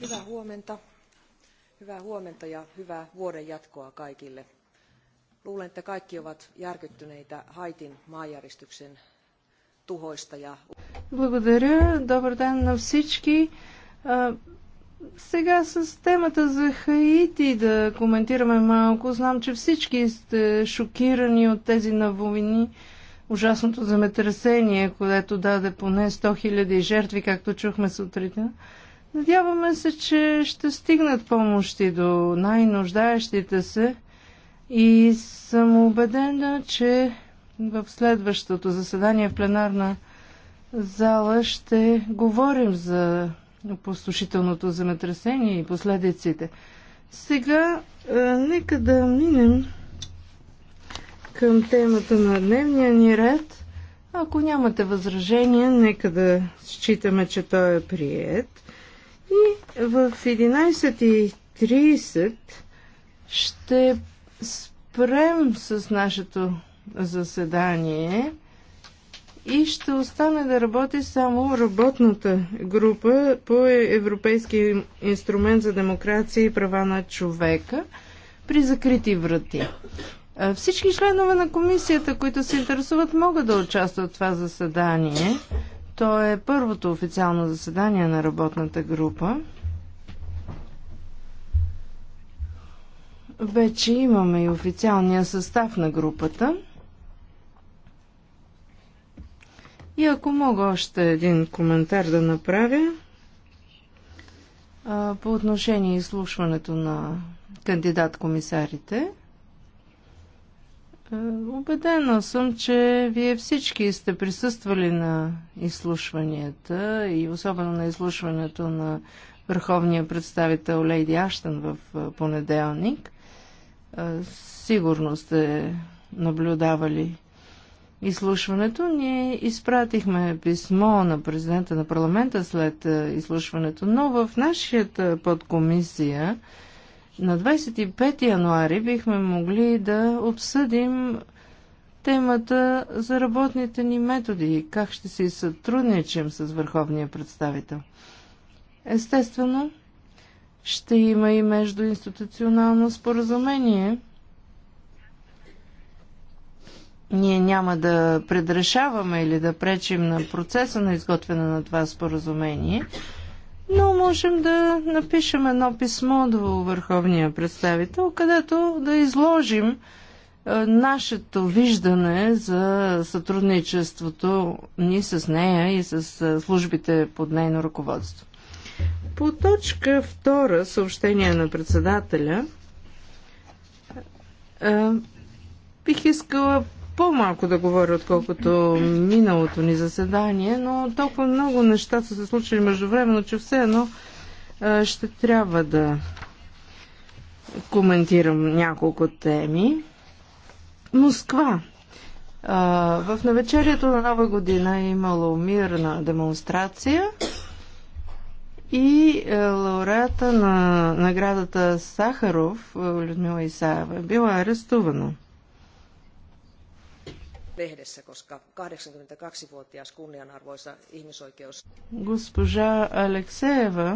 Hyvää huomenta. Hyvää huomenta ja hyvää vuoden jatkoa kaikille. Luulen, että kaikki ovat järkyttyneitä Haitin maanjäristyksen tuhoista ja... Благодаря. Добър ден на всички. Сега с темата за Хаити да коментираме малко. Знам, че всички сте шокирани от тези навойни. Ужасното земетресение, което даде поне 100 000 жертви, както чухме сутринта. Надяваме се, че ще стигнат помощи до най-нуждаещите се и съм убедена, че в следващото заседание в пленарна зала ще говорим за опустошителното земетресение и последиците. Сега е, нека да минем към темата на дневния ни ред. Ако нямате възражения, нека да считаме, че той е прият. И в 11.30 ще спрем с нашето заседание и ще остане да работи само работната група по Европейски инструмент за демокрация и права на човека при закрити врати. Всички членове на комисията, които се интересуват, могат да участват в това заседание. То е първото официално заседание на работната група. Вече имаме и официалния състав на групата. И ако мога още един коментар да направя по отношение изслушването на кандидат-комисарите, Обедена е, съм, че вие всички сте присъствали на изслушванията и особено на изслушването на върховния представител Лейди Аштън в е, понеделник. Е, сигурно сте наблюдавали изслушването. Ние изпратихме писмо на президента на парламента след изслушването, но в нашата подкомисия на 25 януари бихме могли да обсъдим темата за работните ни методи и как ще си сътрудничим с върховния представител. Естествено, ще има и междуинституционално споразумение. Ние няма да предрешаваме или да пречим на процеса на изготвяне на това споразумение – но можем да напишем едно писмо до върховния представител, където да изложим е, нашето виждане за сътрудничеството ни с нея и с е, службите под нейно ръководство. По точка втора съобщение на председателя е, бих искала по-малко да говоря, отколкото миналото ни заседание, но толкова много неща са се случили междувременно, че все едно ще трябва да коментирам няколко теми. Москва. В навечерието на Нова година е имало мирна демонстрация и е, лауреата на наградата Сахаров, е, Людмила Исаева, е била арестувана lehdessä, koska kahdeksankymmentäkaksi vuotias kunnianarvoisa ihmisoikeus... Госпожа Алексеева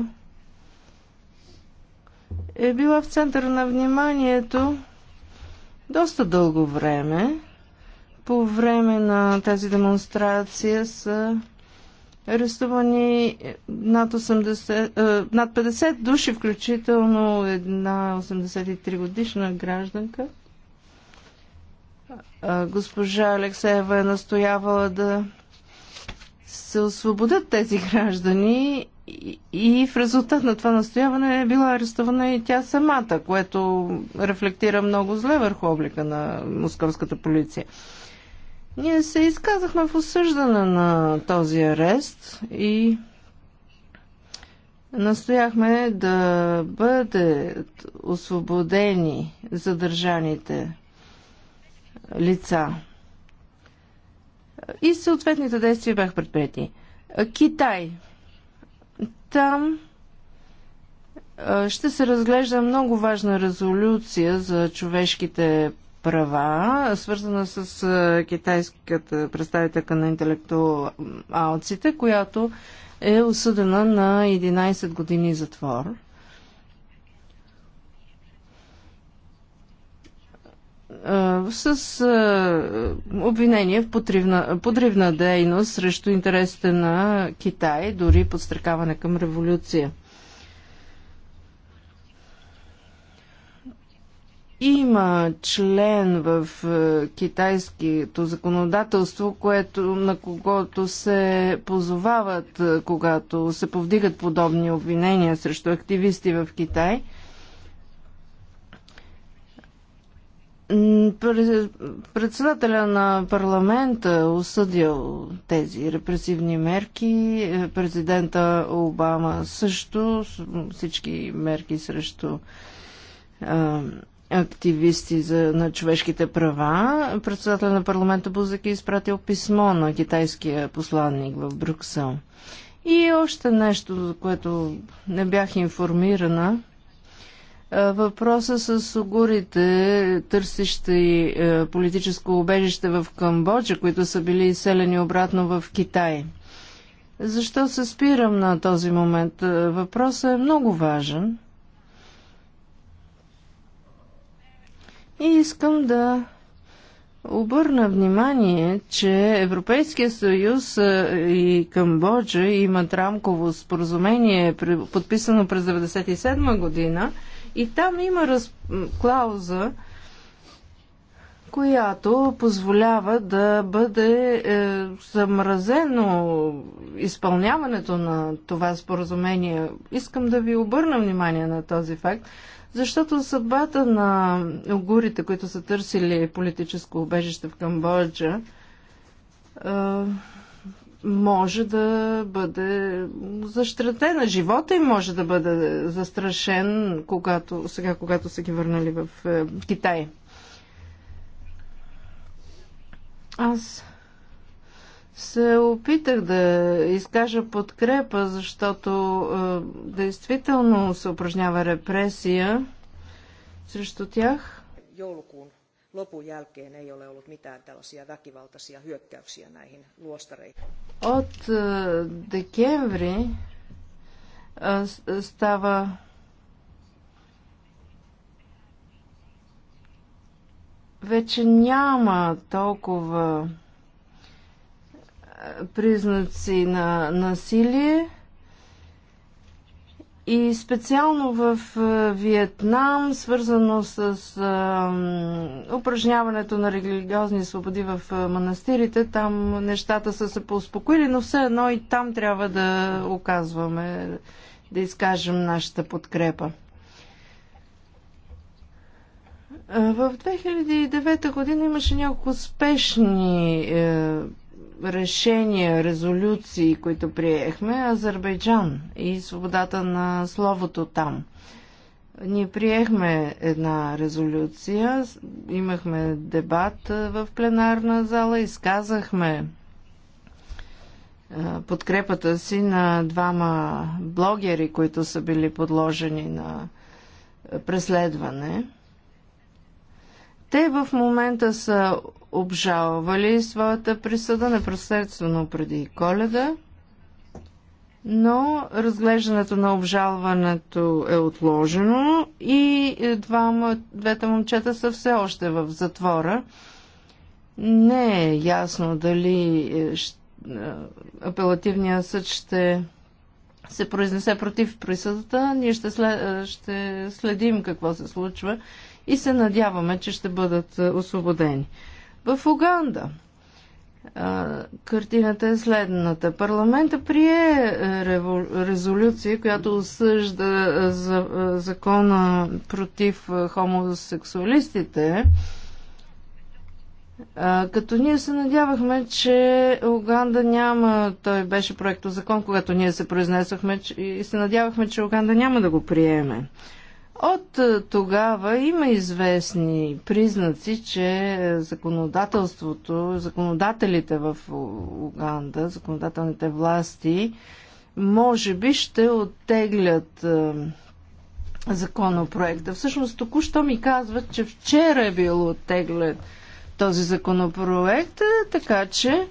е била в центъра на вниманието доста дълго време. По време на тази демонстрация са арестувани над, 80, е, над 50 души, включително една 83 годишна гражданка. Госпожа Алексеева е настоявала да се освободят тези граждани и в резултат на това настояване е била арестувана и тя самата, което рефлектира много зле върху облика на московската полиция. Ние се изказахме в осъждане на този арест и настояхме да бъдат освободени задържаните лица. И съответните действия бях предприяти. Китай. Там ще се разглежда много важна резолюция за човешките права, свързана с китайската представителка на интелектуалците, която е осъдена на 11 години затвор. с а, обвинение в подривна, подривна дейност срещу интересите на Китай, дори подстрекаване към революция. Има член в китайското законодателство, което, на когото се позовават, когато се повдигат подобни обвинения срещу активисти в Китай – Председателя на парламента осъдил тези репресивни мерки, е, президента Обама също, всички мерки срещу а, активисти за, на човешките права. Председателя на парламента Бузък е изпратил писмо на китайския посланник в Брюксел. И още нещо, за което не бях информирана е, въпроса с огурите, търсещи е, политическо убежище в Камбоджа, които са били изселени обратно в Китай. Защо се спирам на този момент? Е, въпросът е много важен. И искам да обърна внимание, че Европейския съюз и Камбоджа имат рамково споразумение, подписано през 1997 година, и там има раз... клауза, която позволява да бъде е, замразено изпълняването на това споразумение. Искам да ви обърна внимание на този факт, защото съдбата на огурите, които са търсили политическо убежище в Камбоджа, е, може да бъде защратена. Живота им може да бъде застрашен, когато, сега, когато са ги върнали в е, Китай. Аз се опитах да изкажа подкрепа, защото е, действително се упражнява репресия срещу тях lopun jälkeen ei ole ollut mitään tällaisia väkivaltaisia hyökkäyksiä näihin luostareihin. От декември става вече няма толкова признаци на насилие. И специално в е, Виетнам, свързано с е, упражняването на религиозни свободи в е, манастирите, там нещата са се поуспокоили, но все едно и там трябва да оказваме, да изкажем нашата подкрепа. В 2009 година имаше няколко спешни решения, резолюции, които приехме, Азербайджан и свободата на словото там. Ние приехме една резолюция, имахме дебат в пленарна зала, изказахме подкрепата си на двама блогери, които са били подложени на преследване. Те в момента са обжалвали своята присъда непосредствено преди коледа, но разглеждането на обжалването е отложено и двама, двете момчета са все още в затвора. Не е ясно дали е, е, апелативният съд ще се произнесе против присъдата. Ние ще, след, е, ще следим какво се случва и се надяваме, че ще бъдат освободени. В Уганда картината е следната. Парламента прие е, резолюция, която осъжда е, за, е, закона против хомосексуалистите, като ние се надявахме, че Уганда няма, той беше проекто закон, когато ние се произнесохме и се надявахме, че Уганда няма да го приеме. От е, тогава има известни признаци, че законодателството, законодателите в Уганда, законодателните власти, може би ще оттеглят е, законопроекта. Всъщност току-що ми казват, че вчера е бил оттеглен този законопроект, е, така че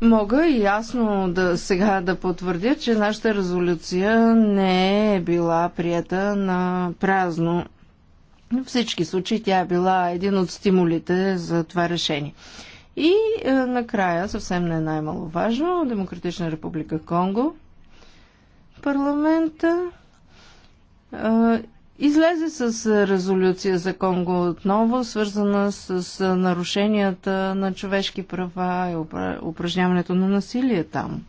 Мога и ясно да сега да потвърдя, че нашата резолюция не е била прията на празно. В всички случаи тя е била един от стимулите за това решение. И е, накрая, съвсем не е най-маловажно, Демократична република Конго, парламента е, излезе с резолюция за Конго отново, свързана с нарушенията на човешки права и упражняването на насилие там.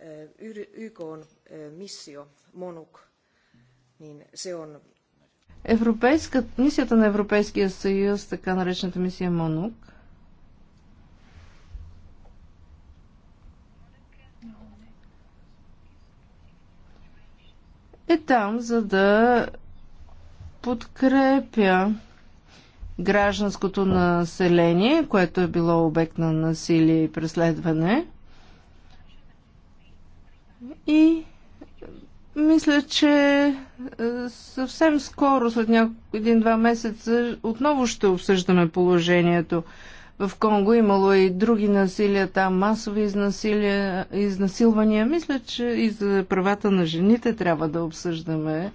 Е, е, Европейска, мисията на Европейския съюз, така наречената мисия МОНУК, е там, за да подкрепя гражданското население, което е било обект на насилие и преследване. И мисля, че е, съвсем скоро, след един-два месеца, отново ще обсъждаме положението в Конго имало и други насилия, там масови изнасилия, изнасилвания. Мисля, че и за правата на жените трябва да обсъждаме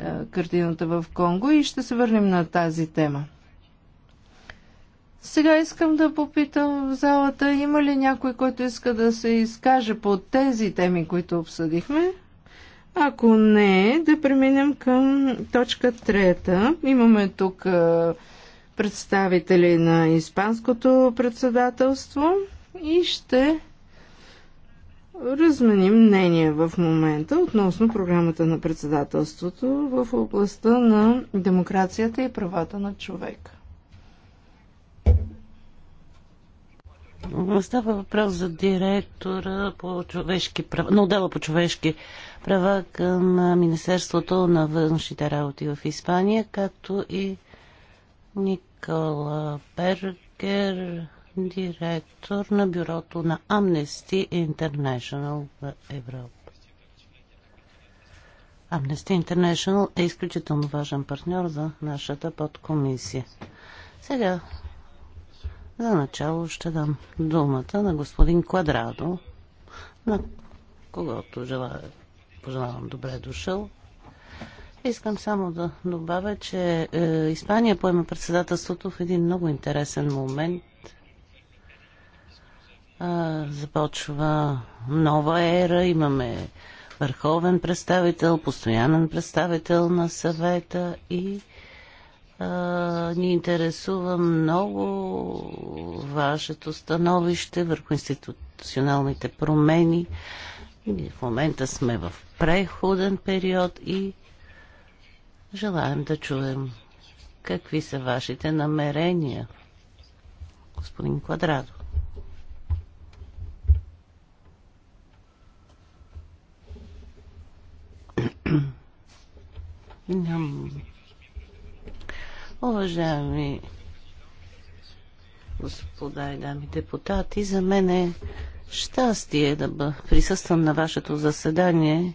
е, картината в Конго и ще се върнем на тази тема. Сега искам да попитам в залата, има ли някой, който иска да се изкаже по тези теми, които обсъдихме? Ако не, да преминем към точка трета. Имаме тук е, представители на Испанското председателство и ще разменим мнение в момента относно програмата на председателството в областта на демокрацията и правата на човека. Става въпрос за директора по човешки права, на отдела по човешки права към Министерството на външните работи в Испания, както и Никола Бергер, директор на бюрото на Amnesty International в Европа. Amnesty International е изключително важен партньор за нашата подкомисия. Сега за начало ще дам думата на господин Квадрадо, на когото желая, пожелавам добре дошъл Искам само да добавя, че е, Испания поема председателството в един много интересен момент. Е, започва нова ера, имаме върховен представител, постоянен представител на съвета и е, ни интересува много вашето становище върху институционалните промени. Ние в момента сме в преходен период и Желаем да чуем какви са вашите намерения, господин Квадрадо. Уважаеми господа и дами депутати, за мен е щастие да присъствам на вашето заседание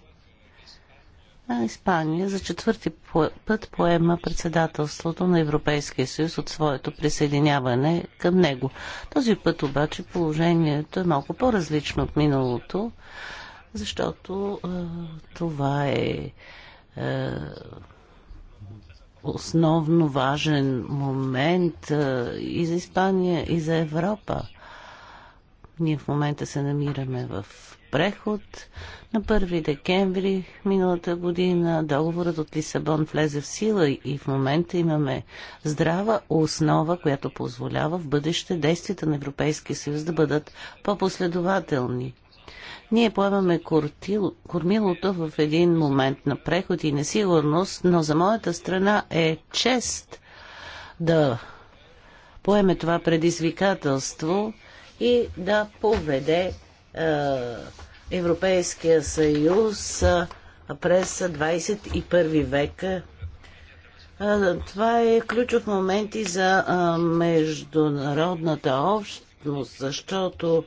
а Испания за четвърти път поема председателството на Европейския съюз от своето присъединяване към него. Този път обаче положението е малко по-различно от миналото, защото а, това е а, основно важен момент а, и за Испания, и за Европа. Ние в момента се намираме в преход. На 1 декември миналата година договорът от Лисабон влезе в сила и в момента имаме здрава основа, която позволява в бъдеще действията на Европейския съюз да бъдат по-последователни. Ние поемаме кортил, кормилото в един момент на преход и несигурност, но за моята страна е чест да поеме това предизвикателство – и да поведе е, Европейския съюз е, през 21 век. Е, това е ключов момент и за международната общност, защото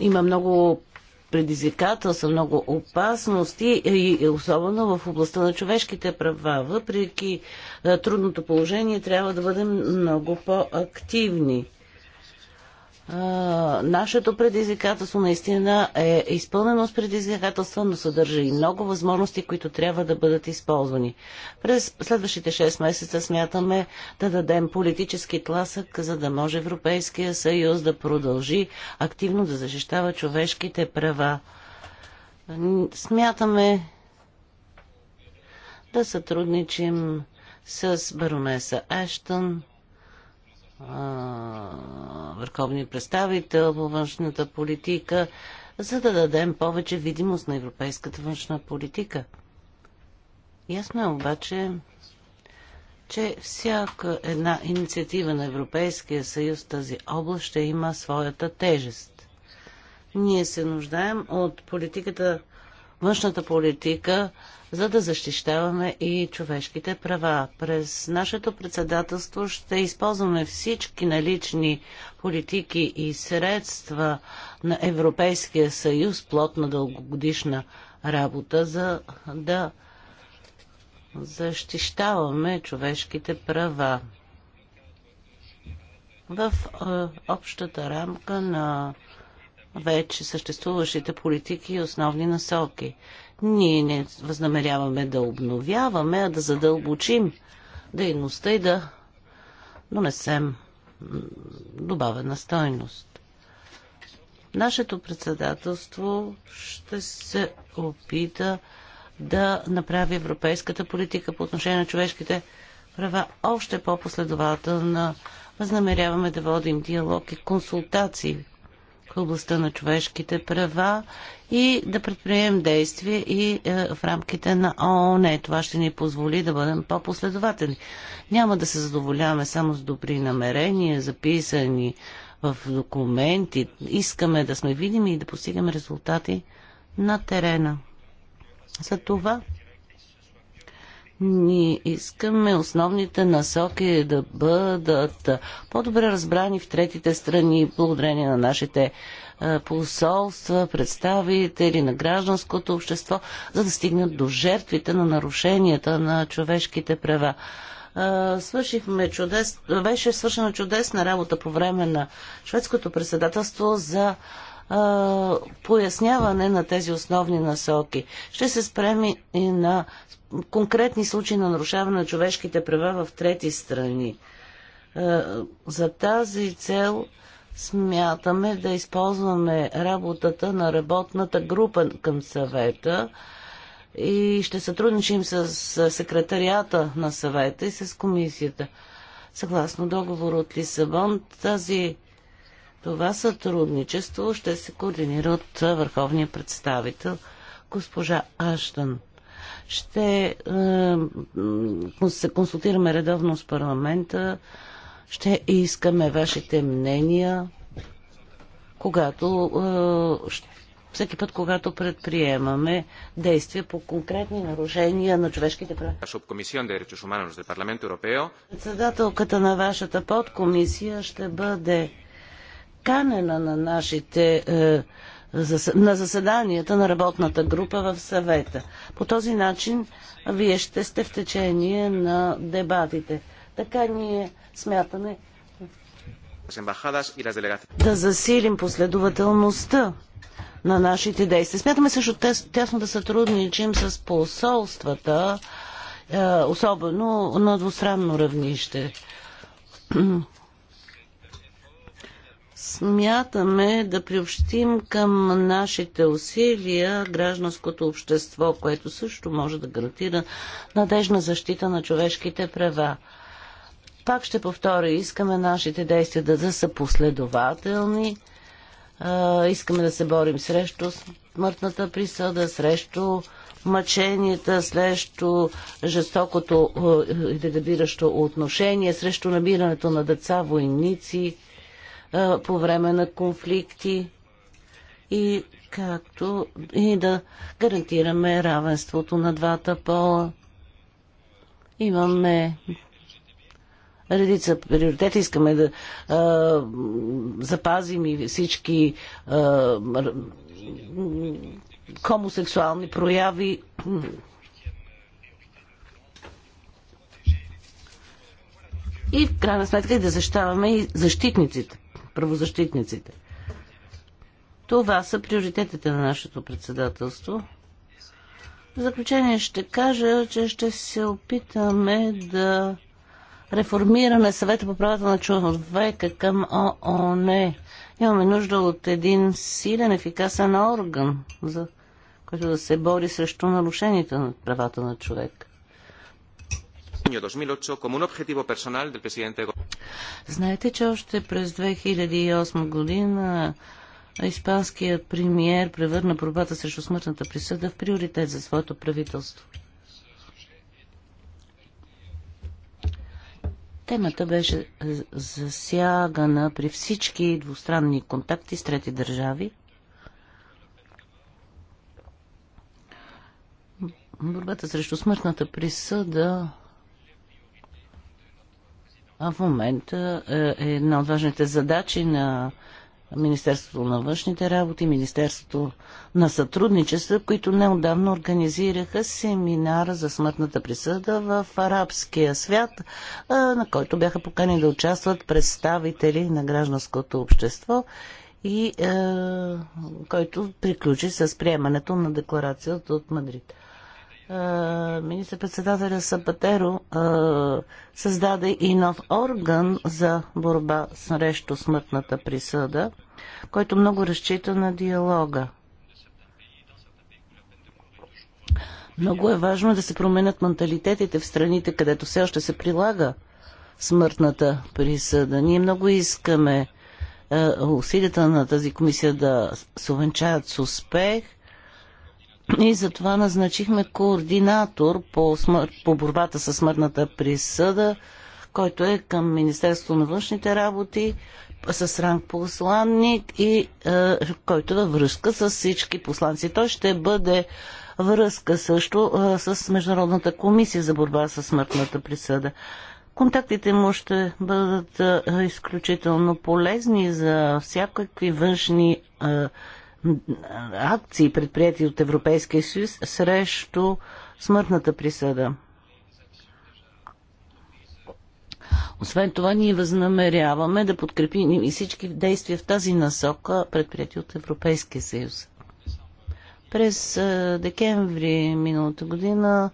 има много предизвикателства, много опасности и особено в областта на човешките права. Въпреки е, трудното положение трябва да бъдем много по-активни нашето предизвикателство наистина е изпълнено с предизвикателства, но съдържа и много възможности, които трябва да бъдат използвани. През следващите 6 месеца смятаме да дадем политически тласък, за да може Европейския съюз да продължи активно да защищава човешките права. Смятаме да сътрудничим с баронеса Ештън, върховния представител по външната политика, за да дадем повече видимост на европейската външна политика. Ясно е обаче, че всяка една инициатива на Европейския съюз в тази област ще има своята тежест. Ние се нуждаем от политиката, външната политика, за да защищаваме и човешките права. През нашето председателство ще използваме всички налични политики и средства на Европейския съюз, плотна дългогодишна работа, за да защищаваме човешките права. В е, общата рамка на вече съществуващите политики и основни насоки. Ние не възнамеряваме да обновяваме, а да задълбочим дейността и да донесем добавена стойност. Нашето председателство ще се опита да направи европейската политика по отношение на човешките права още по-последователна. Възнамеряваме да водим диалог и консултации областта на човешките права и да предприемем действия и е, в рамките на ООН. Това ще ни позволи да бъдем по последователни Няма да се задоволяваме само с добри намерения, записани в документи. Искаме да сме видими и да постигаме резултати на терена. За това ние искаме основните насоки да бъдат по-добре разбрани в третите страни, благодарение на нашите е, посолства, представители на гражданското общество, за да стигнат до жертвите на нарушенията на човешките права. Е, свършихме чудес... Беше свършена чудесна работа по време на шведското председателство за е, поясняване на тези основни насоки. Ще се спреми и на конкретни случаи на нарушаване на човешките права в трети страни. Е, за тази цел смятаме да използваме работата на работната група към съвета и ще сътрудничим с секретарията на съвета и с комисията. Съгласно договор от Лисабон, тази, това сътрудничество ще се координира от върховния представител госпожа Аштън. Ще е, се консултираме редовно с парламента. Ще искаме вашите мнения, когато е, всеки път, когато предприемаме действия по конкретни нарушения на човешките права. Председателката на вашата подкомисия ще бъде канена на нашите е, на заседанията на работната група в съвета. По този начин вие ще сте в течение на дебатите. Така ние смятаме да засилим последователността на нашите действия. Смятаме също тясно да сътрудничим с посолствата, е, особено на двустранно равнище. Смятаме да приобщим към нашите усилия гражданското общество, което също може да гарантира надежна защита на човешките права. Пак ще повторя, искаме нашите действия да, да са последователни, искаме да се борим срещу смъртната присъда, срещу мъченията, срещу жестокото и дегадиращо отношение, срещу набирането на деца, войници – а, по време на конфликти и както и да гарантираме равенството на двата пола. Имаме редица приоритети. Искаме да а, запазим и всички а, хомосексуални прояви. И в крайна сметка и да защитаваме и защитниците правозащитниците. Това са приоритетите на нашето председателство. В заключение ще кажа, че ще се опитаме да реформираме съвета по правата на човека към ООН. Имаме нужда от един силен, ефикасен орган, за който да се бори срещу нарушенията на правата на човека como un objetivo personal del presidente. Знаете, че още през 2008 година испанският премиер превърна борбата срещу смъртната присъда в приоритет за своето правителство. Темата беше засягана при всички двустранни контакти с трети държави. Борбата срещу смъртната присъда а в момента е, е една от важните задачи на Министерството на външните работи, Министерството на сътрудничество, които неодавно организираха семинара за смъртната присъда в арабския свят, е, на който бяха покани да участват представители на гражданското общество и е, който приключи с приемането на декларацията от Мадрид министър-председателя Сапатеро създаде и нов орган за борба срещу смъртната присъда, който много разчита на диалога. Много е важно да се променят менталитетите в страните, където все още се прилага смъртната присъда. Ние много искаме усилията на тази комисия да се увенчаят с успех – и затова назначихме координатор по, смър... по борбата със смъртната присъда, който е към Министерство на външните работи с ранг посланник и е, който е във връзка с всички посланци. Той ще бъде връзка също е, с Международната комисия за борба с смъртната присъда. Контактите му ще бъдат е, изключително полезни за всякакви външни е, акции, предприяти от Европейския съюз срещу смъртната присъда. Освен това, ние възнамеряваме да подкрепим и всички действия в тази насока, предприяти от Европейския съюз. През декември миналата година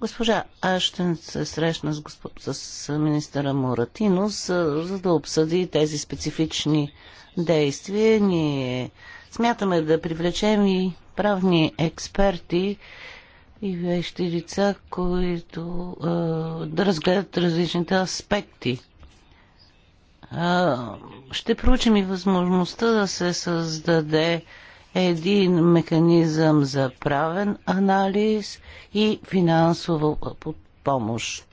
госпожа Аштен се срещна с, госп... с министъра Муратинос, за да обсъди тези специфични действия. Ние Смятаме да привлечем и правни експерти и вещи лица, които а, да разгледат различните аспекти. А, ще проучим и възможността да се създаде един механизъм за правен анализ и финансова помощ.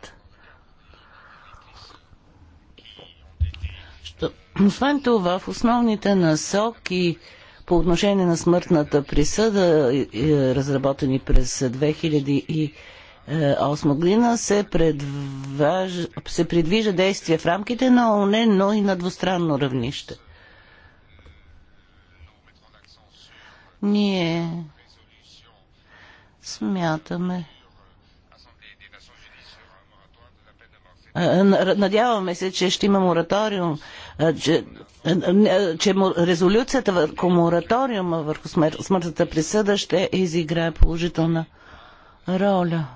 Що, освен това, в основните насоки по отношение на смъртната присъда, е, е, разработени през 2008 година, се, предваж... се предвижда действие в рамките на ОНЕ, но и на двустранно равнище. Ние смятаме. Е, надяваме се, че ще има мораториум че, че резолюцията върху мораториума върху смъртната присъда ще изиграе положителна роля.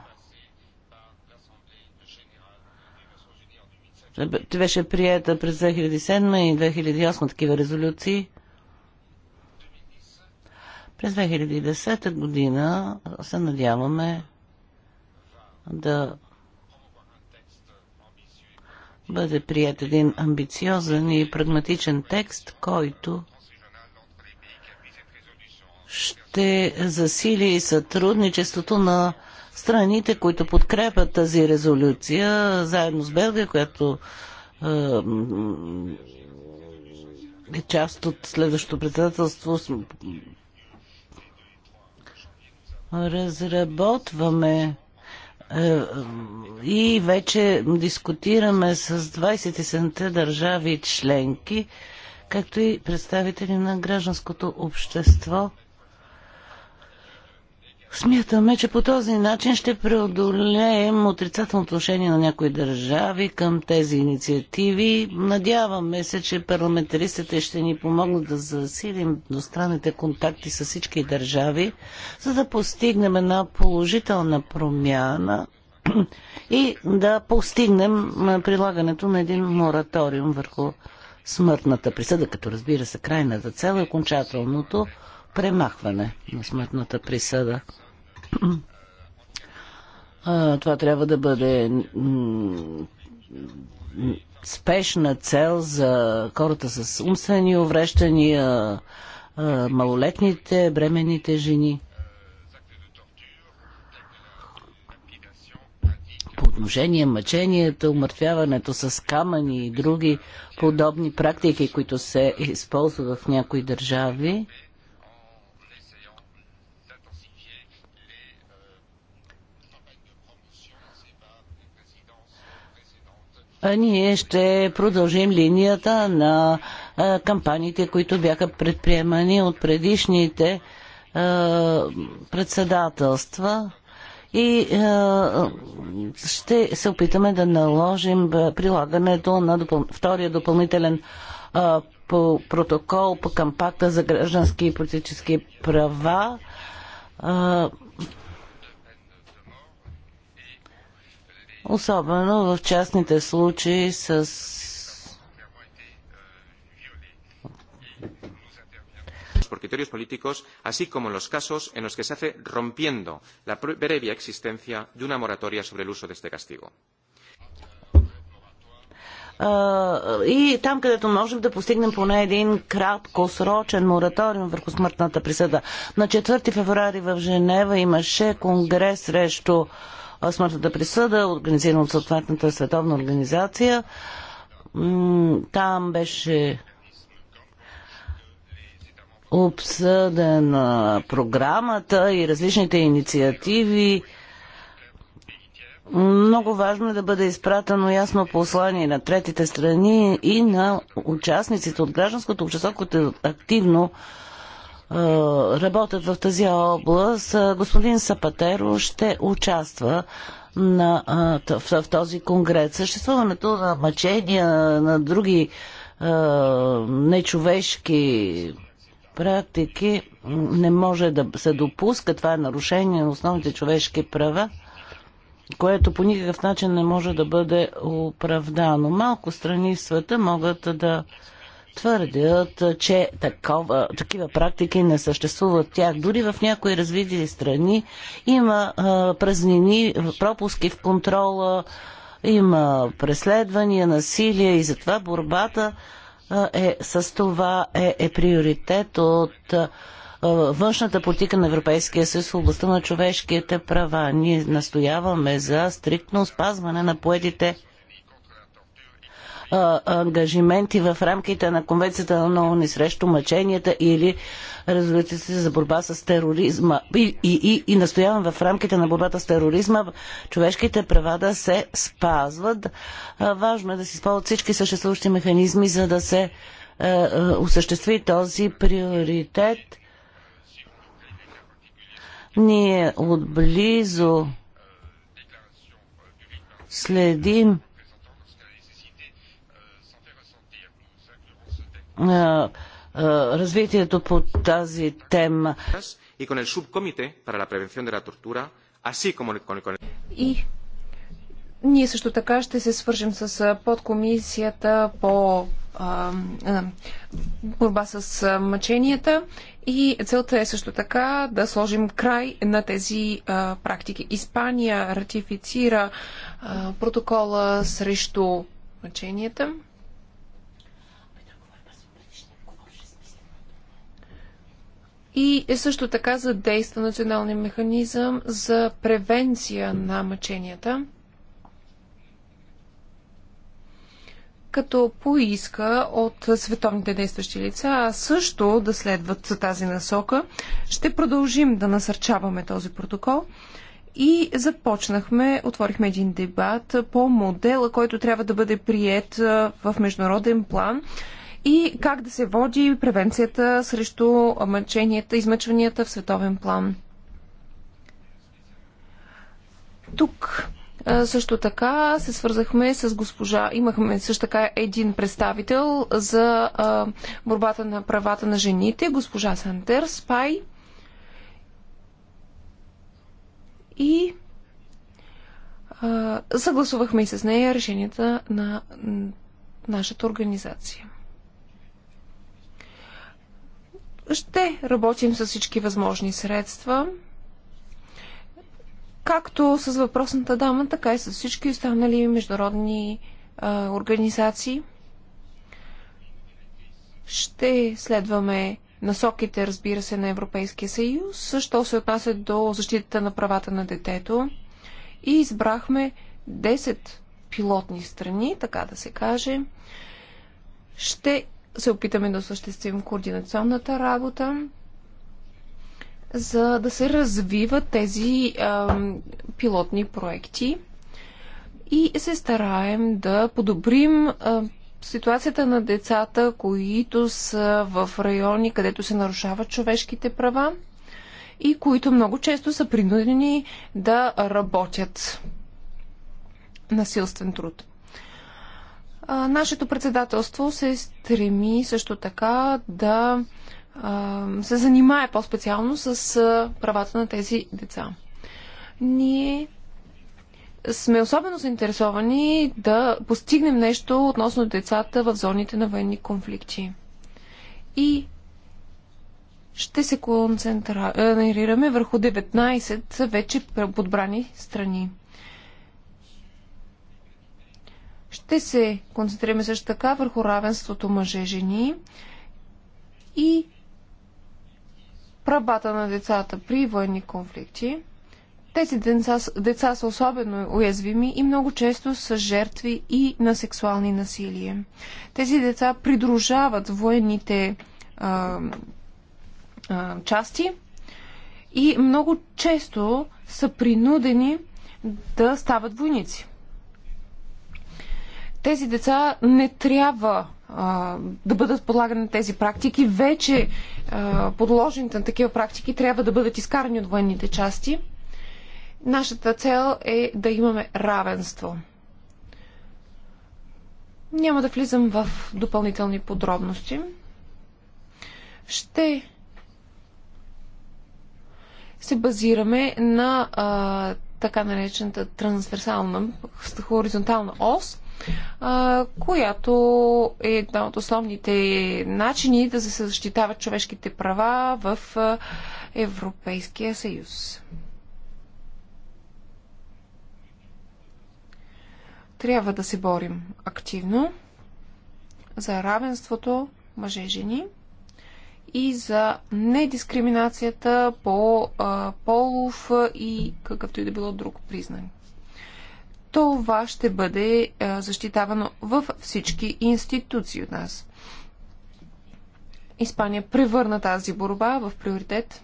Ти беше приета през 2007 и 2008 такива резолюции. През 2010 година се надяваме да бъде прият един амбициозен и прагматичен текст, който ще засили сътрудничеството на страните, които подкрепят тази резолюция, заедно с Белгия, която е, част от следващото председателство. Разработваме е, е, и вече дискутираме с 27-те държави членки, както и представители на гражданското общество – Смятаме, че по този начин ще преодолеем отрицателното отношение на някои държави към тези инициативи. Надяваме се, че парламентаристите ще ни помогнат да засилим двустранните контакти с всички държави, за да постигнем една положителна промяна и да постигнем прилагането на един мораториум върху смъртната присъда, като разбира се крайната цел е окончателното премахване на смъртната присъда. Това трябва да бъде спешна цел за хората с умствени увреждания, малолетните, бременните жени. По отношение мъченията, умъртвяването с камъни и други подобни практики, които се използват в някои държави, ние ще продължим линията на кампаниите, които бяха предприемани от предишните председателства и ще се опитаме да наложим прилагането на втория допълнителен по протокол по кампакта за граждански и политически права. Особено в частните случаи с por criterios políticos, así como en los casos en los que se hace rompiendo la previa existencia de una moratoria sobre el uso de este castigo. Uh, И там, където можем да постигнем поне един краткосрочен мораториум върху смъртната присъда. На 4 феврари в Женева имаше конгрес срещу uh, смъртната присъда, организирана от съответната световна организация. Там беше обсъдена програмата и различните инициативи. Много важно е да бъде изпратено ясно послание на третите страни и на участниците от гражданското общество, които активно работят в тази област, господин Сапатеро ще участва на, в, в този конгрес. Съществуването на мъчения, на други нечовешки практики не може да се допуска. Това е нарушение на основните човешки права, което по никакъв начин не може да бъде оправдано. Малко страни в света могат да твърдят, че такова, такива практики не съществуват тях. Дори в някои развити страни има а, празнини, пропуски в контрола, има преследвания, насилие и затова борбата а, е, с това е, е приоритет от а, външната политика на Европейския съюз в областта на човешките права. Ние настояваме за стриктно спазване на поедите ангажименти в рамките на конвенцията на ООН срещу мъченията или резолюцията за борба с тероризма. И, и, и, и настоявам в рамките на борбата с тероризма човешките права да се спазват. важно е да се използват всички съществуващи механизми, за да се осъществи този приоритет. Ние отблизо следим развитието по тази тема. И ние също така ще се свържем с подкомисията по борба с мъченията и целта е също така да сложим край на тези а, практики. Испания ратифицира протокола срещу мъченията. и е също така задейства националния механизъм за превенция на мъченията, като поиска от световните действащи лица също да следват за тази насока. Ще продължим да насърчаваме този протокол и започнахме, отворихме един дебат по модела, който трябва да бъде прият в международен план – и как да се води превенцията срещу мъченията, измъчванията в световен план. Тук също така се свързахме с госпожа, имахме също така един представител за борбата на правата на жените, госпожа Сантер Спай. И съгласувахме и с нея решенията на нашата организация. Ще работим с всички възможни средства, както с въпросната дама, така и с всички останали международни а, организации. Ще следваме насоките, разбира се, на Европейския съюз, що се отнася до защитата на правата на детето. И избрахме 10 пилотни страни, така да се каже. Ще се опитаме да осъществим координационната работа, за да се развиват тези а, пилотни проекти и се стараем да подобрим а, ситуацията на децата, които са в райони, където се нарушават човешките права и които много често са принудени да работят насилствен труд нашето председателство се стреми също така да се занимае по-специално с правата на тези деца. Ние сме особено заинтересовани да постигнем нещо относно децата в зоните на военни конфликти. И ще се концентрираме е, върху 19 вече подбрани страни. Ще се концентрираме също така върху равенството мъже-жени и правата на децата при военни конфликти. Тези деца, деца са особено уязвими и много често са жертви и на сексуални насилие. Тези деца придружават военните а, а, части и много често са принудени да стават войници тези деца не трябва да бъдат подлагани на тези практики. Вече подложените на такива практики трябва да бъдат изкарани от военните части. Нашата цел е да имаме равенство. Няма да влизам в допълнителни подробности. Ще се базираме на а, така наречената трансверсална, хоризонтална ост която е една от основните начини да се защитават човешките права в Европейския съюз. Трябва да се борим активно за равенството мъже жени и за недискриминацията по а, полов и какъвто и да било друг признак това ще бъде е, защитавано в всички институции от нас. Испания превърна тази борба в приоритет.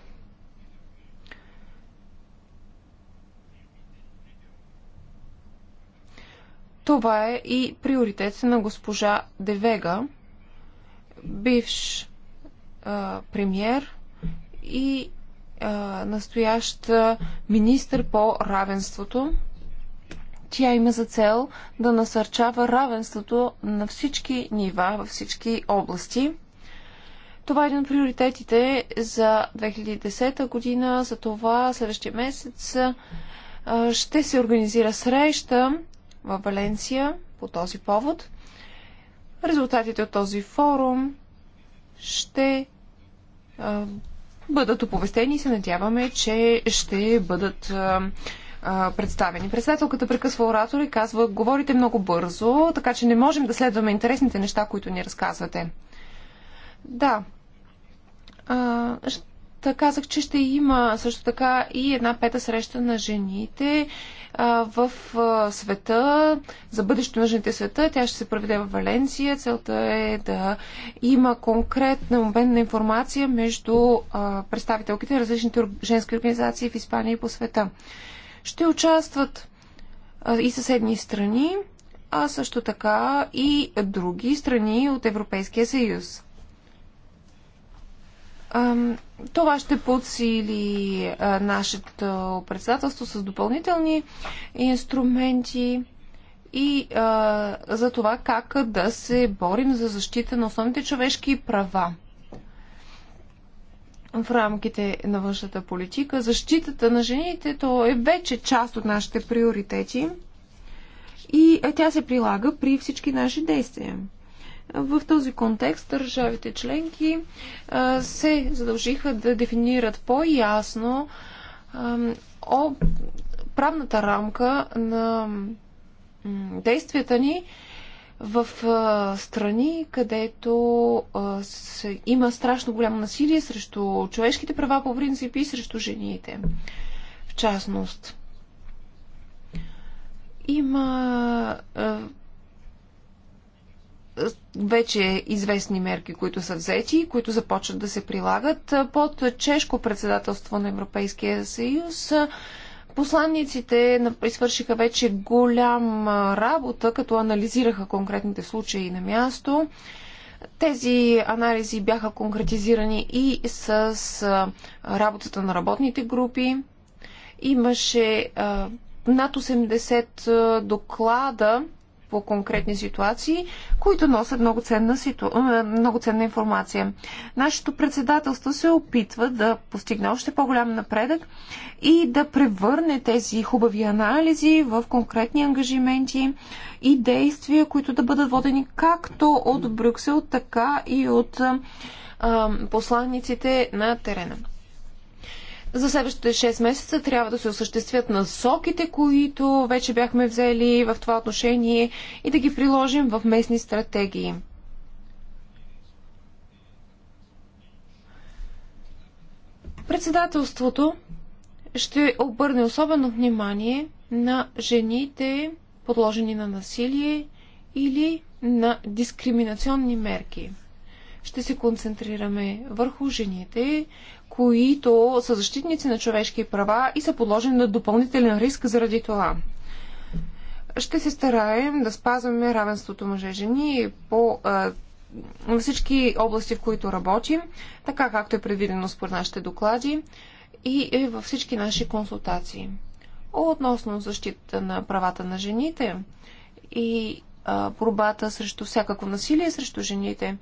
Това е и приоритет на госпожа Девега, бивш е, премьер и а, е, настоящ министр по равенството тя има за цел да насърчава равенството на всички нива, във всички области. Това е един от приоритетите за 2010 година. За това следващия месец ще се организира среща в Валенсия по този повод. Резултатите от този форум ще бъдат оповестени и се надяваме, че ще бъдат представени. Председателката прекъсва оратор и казва, говорите много бързо, така че не можем да следваме интересните неща, които ни разказвате. Да. А, казах, че ще има също така и една пета среща на жените а, в а, света, за бъдещето на жените света. Тя ще се проведе в Валенсия. Целта е да има конкретна обменна информация между а, представителките на различните женски организации в Испания и по света. Ще участват и съседни страни, а също така и други страни от Европейския съюз. Това ще подсили нашето председателство с допълнителни инструменти и а, за това как да се борим за защита на основните човешки права в рамките на външната политика. Защитата на жените то е вече част от нашите приоритети и е, тя се прилага при всички наши действия. В този контекст държавите членки е, се задължиха да дефинират по-ясно е, правната рамка на действията ни в страни, където има страшно голямо насилие срещу човешките права по принцип и срещу жените. В частност, има вече известни мерки, които са взети, които започват да се прилагат под чешко председателство на Европейския съюз. Посланниците извършиха вече голяма работа, като анализираха конкретните случаи на място. Тези анализи бяха конкретизирани и с работата на работните групи. Имаше над 80 доклада по конкретни ситуации, които носят много ценна, ситу... Е, много ценна информация. Нашето председателство се опитва да постигне още по-голям напредък и да превърне тези хубави анализи в конкретни ангажименти и действия, които да бъдат водени както от Брюксел, така и от е, е, посланниците на терена за следващите 6 месеца трябва да се осъществят насоките, които вече бяхме взели в това отношение и да ги приложим в местни стратегии. Председателството ще обърне особено внимание на жените, подложени на насилие или на дискриминационни мерки. Ще се концентрираме върху жените, които са защитници на човешки права и са подложени на допълнителен риск заради това. Ще се стараем да спазваме равенството мъже-жени по а, всички области, в които работим, така както е предвидено според нашите доклади и е във всички наши консултации. Относно защита на правата на жените и борбата срещу всякакво насилие срещу жените.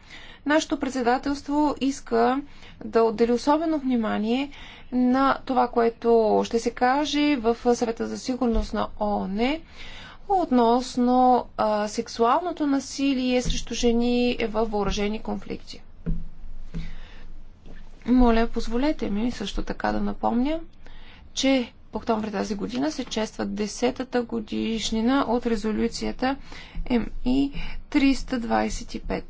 Нашето председателство иска да отдели особено внимание на това, което ще се каже в съвета за сигурност на ООН относно а, сексуалното насилие срещу жени в въоръжени конфликти. Моля, позволете ми също така да напомня, че октомври тази година се чества 10-та годишнина от резолюцията МИ 325.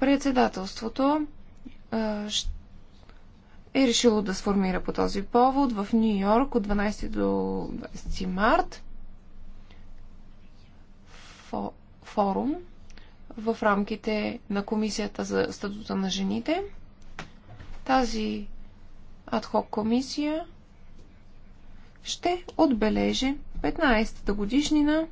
Председателството е решило да сформира по този повод в Нью Йорк от 12 до 20 март форум в рамките на Комисията за статута на жените. Тази адхок комисия ще отбележи 15-та годишнина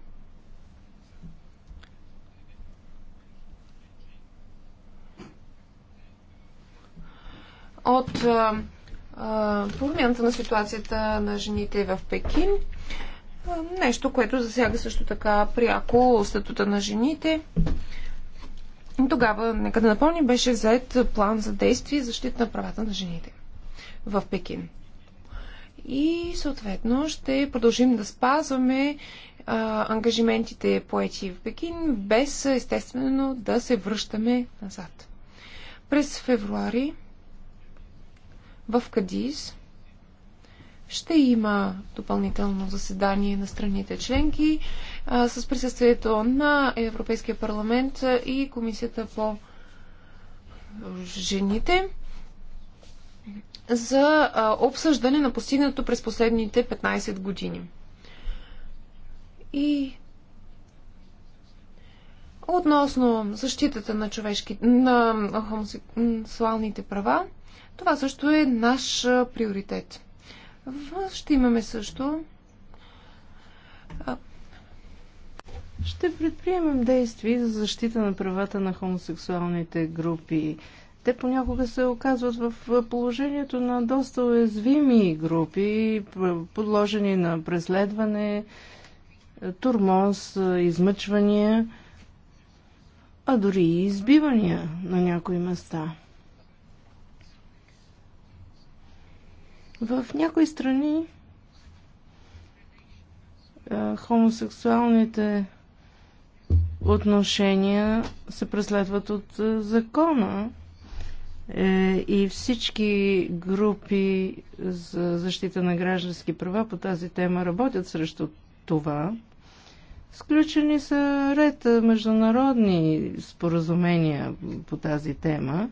от промяната на ситуацията на жените в Пекин. Нещо, което засяга също така пряко статута на жените. Тогава, нека да напомним, беше взет план за действие и защита на правата на жените в Пекин. И съответно ще продължим да спазваме а, ангажиментите поети в Пекин, без естествено да се връщаме назад. През февруари в Кадис ще има допълнително заседание на страните членки а, с присъствието на Европейския парламент и Комисията по жените за обсъждане на постигнато през последните 15 години. И относно защитата на, човешки, на хомосексуалните права, това също е наш приоритет. Ще имаме също. Ще предприемем действия за защита на правата на хомосексуалните групи те понякога се оказват в положението на доста уязвими групи, подложени на преследване, турмоз, измъчвания, а дори и избивания на някои места. В някои страни хомосексуалните отношения се преследват от закона е, и всички групи за защита на граждански права по тази тема работят срещу това. Сключени са ред международни споразумения по тази тема,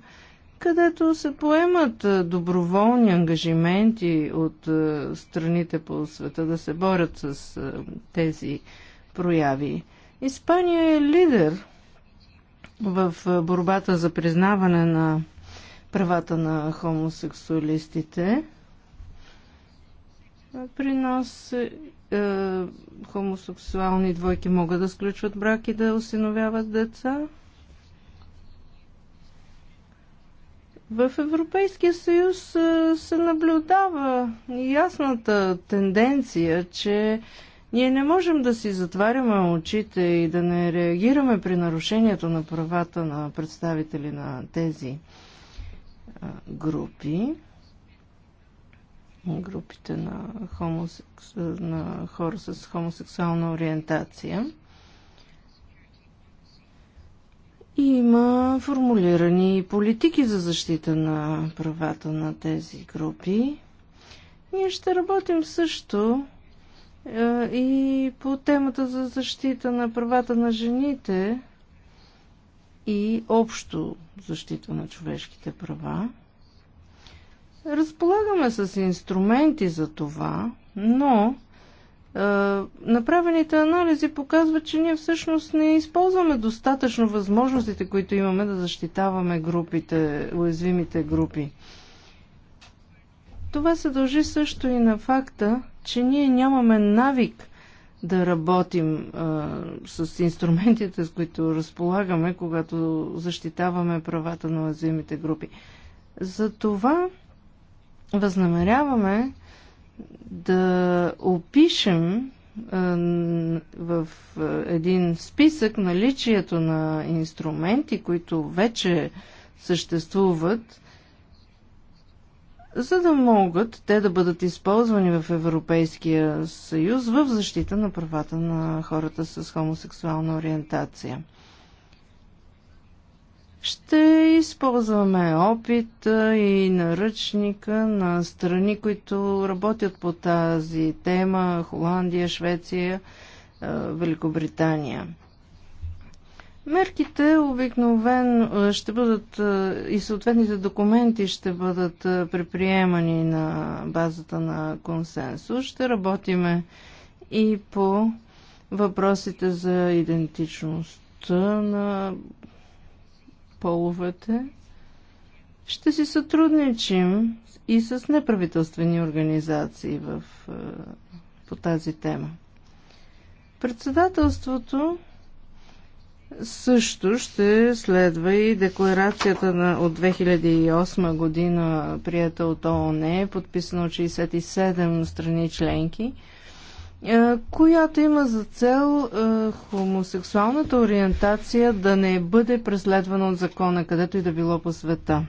където се поемат е, доброволни ангажименти от е, страните по света да се борят с тези прояви. Испания е лидер в борбата за признаване на правата на хомосексуалистите. При нас е, е, хомосексуални двойки могат да сключват брак и да осиновяват деца. В Европейския съюз е, се наблюдава ясната тенденция, че ние не можем да си затваряме очите и да не реагираме при нарушението на правата на представители на тези групи. Групите на, хомосекс... на хора с хомосексуална ориентация. И има формулирани политики за защита на правата на тези групи. Ние ще работим също и по темата за защита на правата на жените и общо защита на човешките права. Разполагаме с инструменти за това, но е, направените анализи показват, че ние всъщност не използваме достатъчно възможностите, които имаме да защитаваме групите, уязвимите групи. Това се дължи също и на факта, че ние нямаме навик – да работим а, с инструментите, с които разполагаме, когато защитаваме правата на уязвимите групи. За това възнамеряваме да опишем в един списък наличието на инструменти, които вече съществуват за да могат те да бъдат използвани в Европейския съюз в защита на правата на хората с хомосексуална ориентация. Ще използваме опита и наръчника на страни, които работят по тази тема Холандия, Швеция, е, Великобритания. Мерките обикновено ще бъдат и съответните документи ще бъдат приприемани на базата на консенсус. Ще работиме и по въпросите за идентичност на половете. Ще си сътрудничим и с неправителствени организации в, по тази тема. Председателството също ще следва и декларацията на, от 2008 година, прията от ООН, подписана от 67 страни членки, е, която има за цел е, хомосексуалната ориентация да не бъде преследвана от закона, където и да било по света.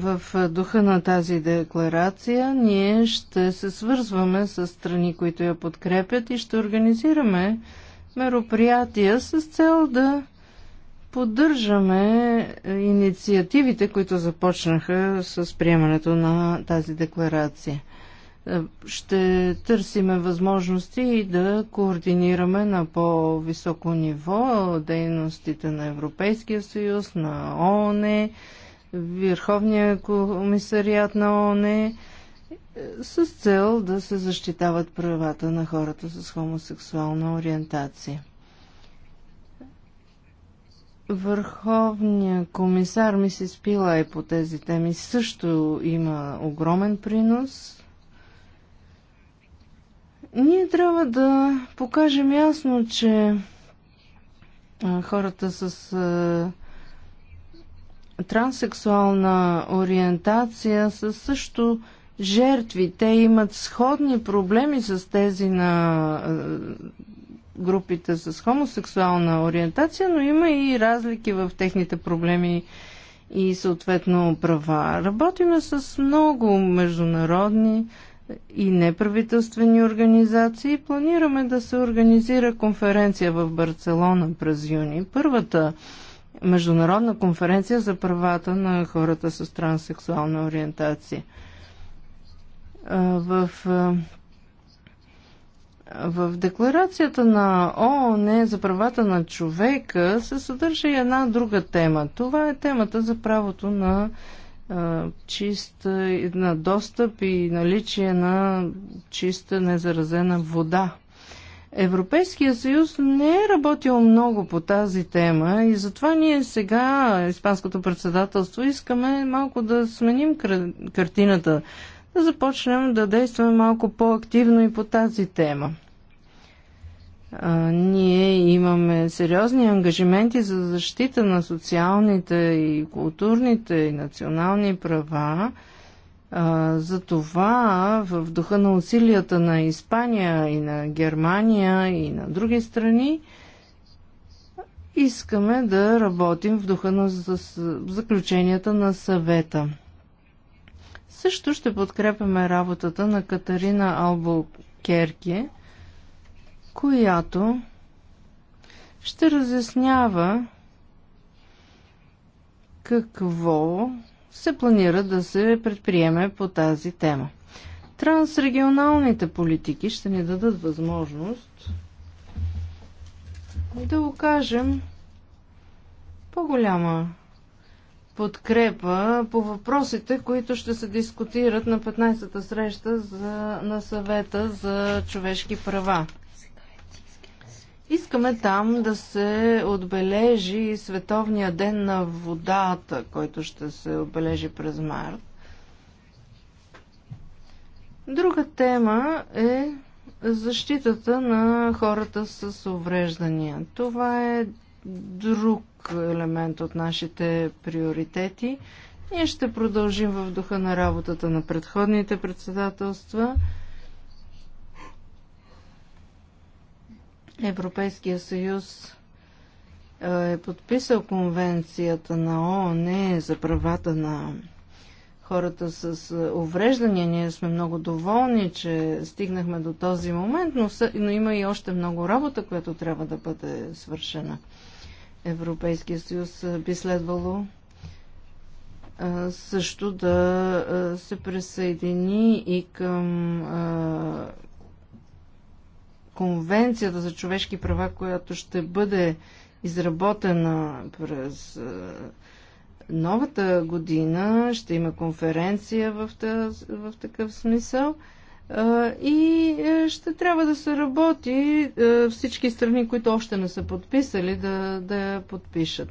В духа на тази декларация ние ще се свързваме с страни, които я подкрепят и ще организираме мероприятия с цел да поддържаме е, инициативите, които започнаха с приемането на тази декларация. Е, ще търсиме възможности и да координираме на по-високо ниво дейностите на Европейския съюз, на ООН, Върховния комисариат на ООН е, с цел да се защитават правата на хората с хомосексуална ориентация. Върховният комисар Мисис Пила е по тези теми също има огромен принос. Ние трябва да покажем ясно, че хората с транссексуална ориентация са също жертви. Те имат сходни проблеми с тези на групите с хомосексуална ориентация, но има и разлики в техните проблеми и съответно права. Работиме с много международни и неправителствени организации. Планираме да се организира конференция в Барселона през юни. Първата международна конференция за правата на хората с транссексуална ориентация. В, в декларацията на ООН за правата на човека се съдържа и една друга тема. Това е темата за правото на чист, на достъп и наличие на чиста незаразена вода Европейския съюз не е работил много по тази тема и затова ние сега, Испанското председателство, искаме малко да сменим картината, да започнем да действаме малко по-активно и по тази тема. А, ние имаме сериозни ангажименти за защита на социалните и културните и национални права. Затова в духа на усилията на Испания и на Германия и на други страни искаме да работим в духа на заключенията на съвета. Също ще подкрепяме работата на Катарина Керке, която ще разяснява какво се планира да се предприеме по тази тема. Трансрегионалните политики ще ни дадат възможност да окажем по-голяма подкрепа по въпросите, които ще се дискутират на 15-та среща за, на съвета за човешки права. Искаме там да се отбележи Световния ден на водата, който ще се отбележи през март. Друга тема е защитата на хората с увреждания. Това е друг елемент от нашите приоритети. Ние ще продължим в духа на работата на предходните председателства. Европейския съюз е, е подписал конвенцията на ООН за правата на хората с е, увреждания. Ние сме много доволни, че стигнахме до този момент, но, са, но има и още много работа, която трябва да бъде свършена. Европейския съюз е, би следвало също да се присъедини и към конвенцията за човешки права, която ще бъде изработена през е, новата година, ще има конференция в, тъ... в такъв смисъл е, и е, ще трябва да се работи всички страни, които още не са подписали, да, да я подпишат.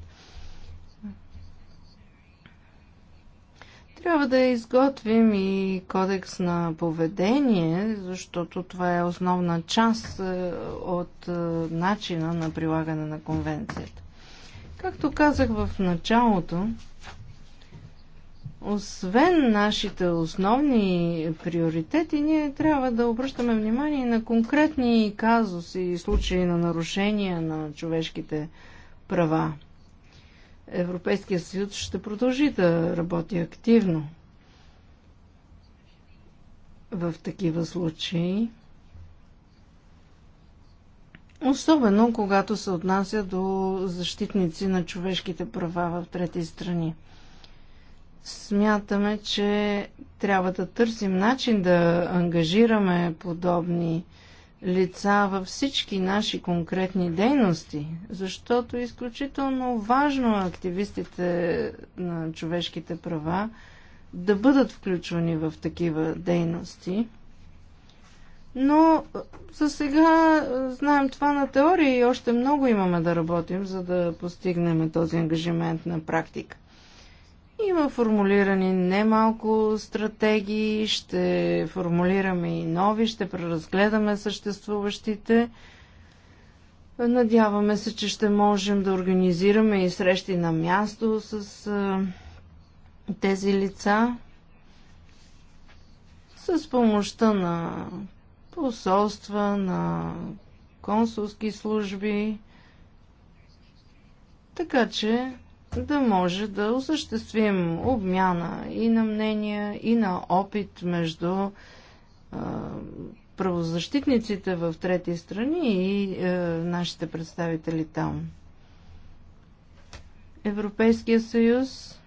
Трябва да изготвим и кодекс на поведение, защото това е основна част е, от е, начина на прилагане на конвенцията. Както казах в началото, освен нашите основни приоритети, ние трябва да обръщаме внимание на конкретни казуси и случаи на нарушения на човешките права. Европейския съюз ще продължи да работи активно в такива случаи. Особено когато се отнася до защитници на човешките права в трети страни. Смятаме, че трябва да търсим начин да ангажираме подобни лица във всички наши конкретни дейности, защото е изключително важно активистите на човешките права да бъдат включвани в такива дейности. Но за сега е, знаем това на теория и още много имаме да работим, за да постигнем този ангажимент на практика. Има формулирани немалко стратегии, ще формулираме и нови, ще преразгледаме съществуващите. Надяваме се, че ще можем да организираме и срещи на място с а, тези лица. С помощта на посолства, на консулски служби. Така че да може да осъществим обмяна и на мнения, и на опит между правозащитниците в трети страни и е, нашите представители там. Европейския съюз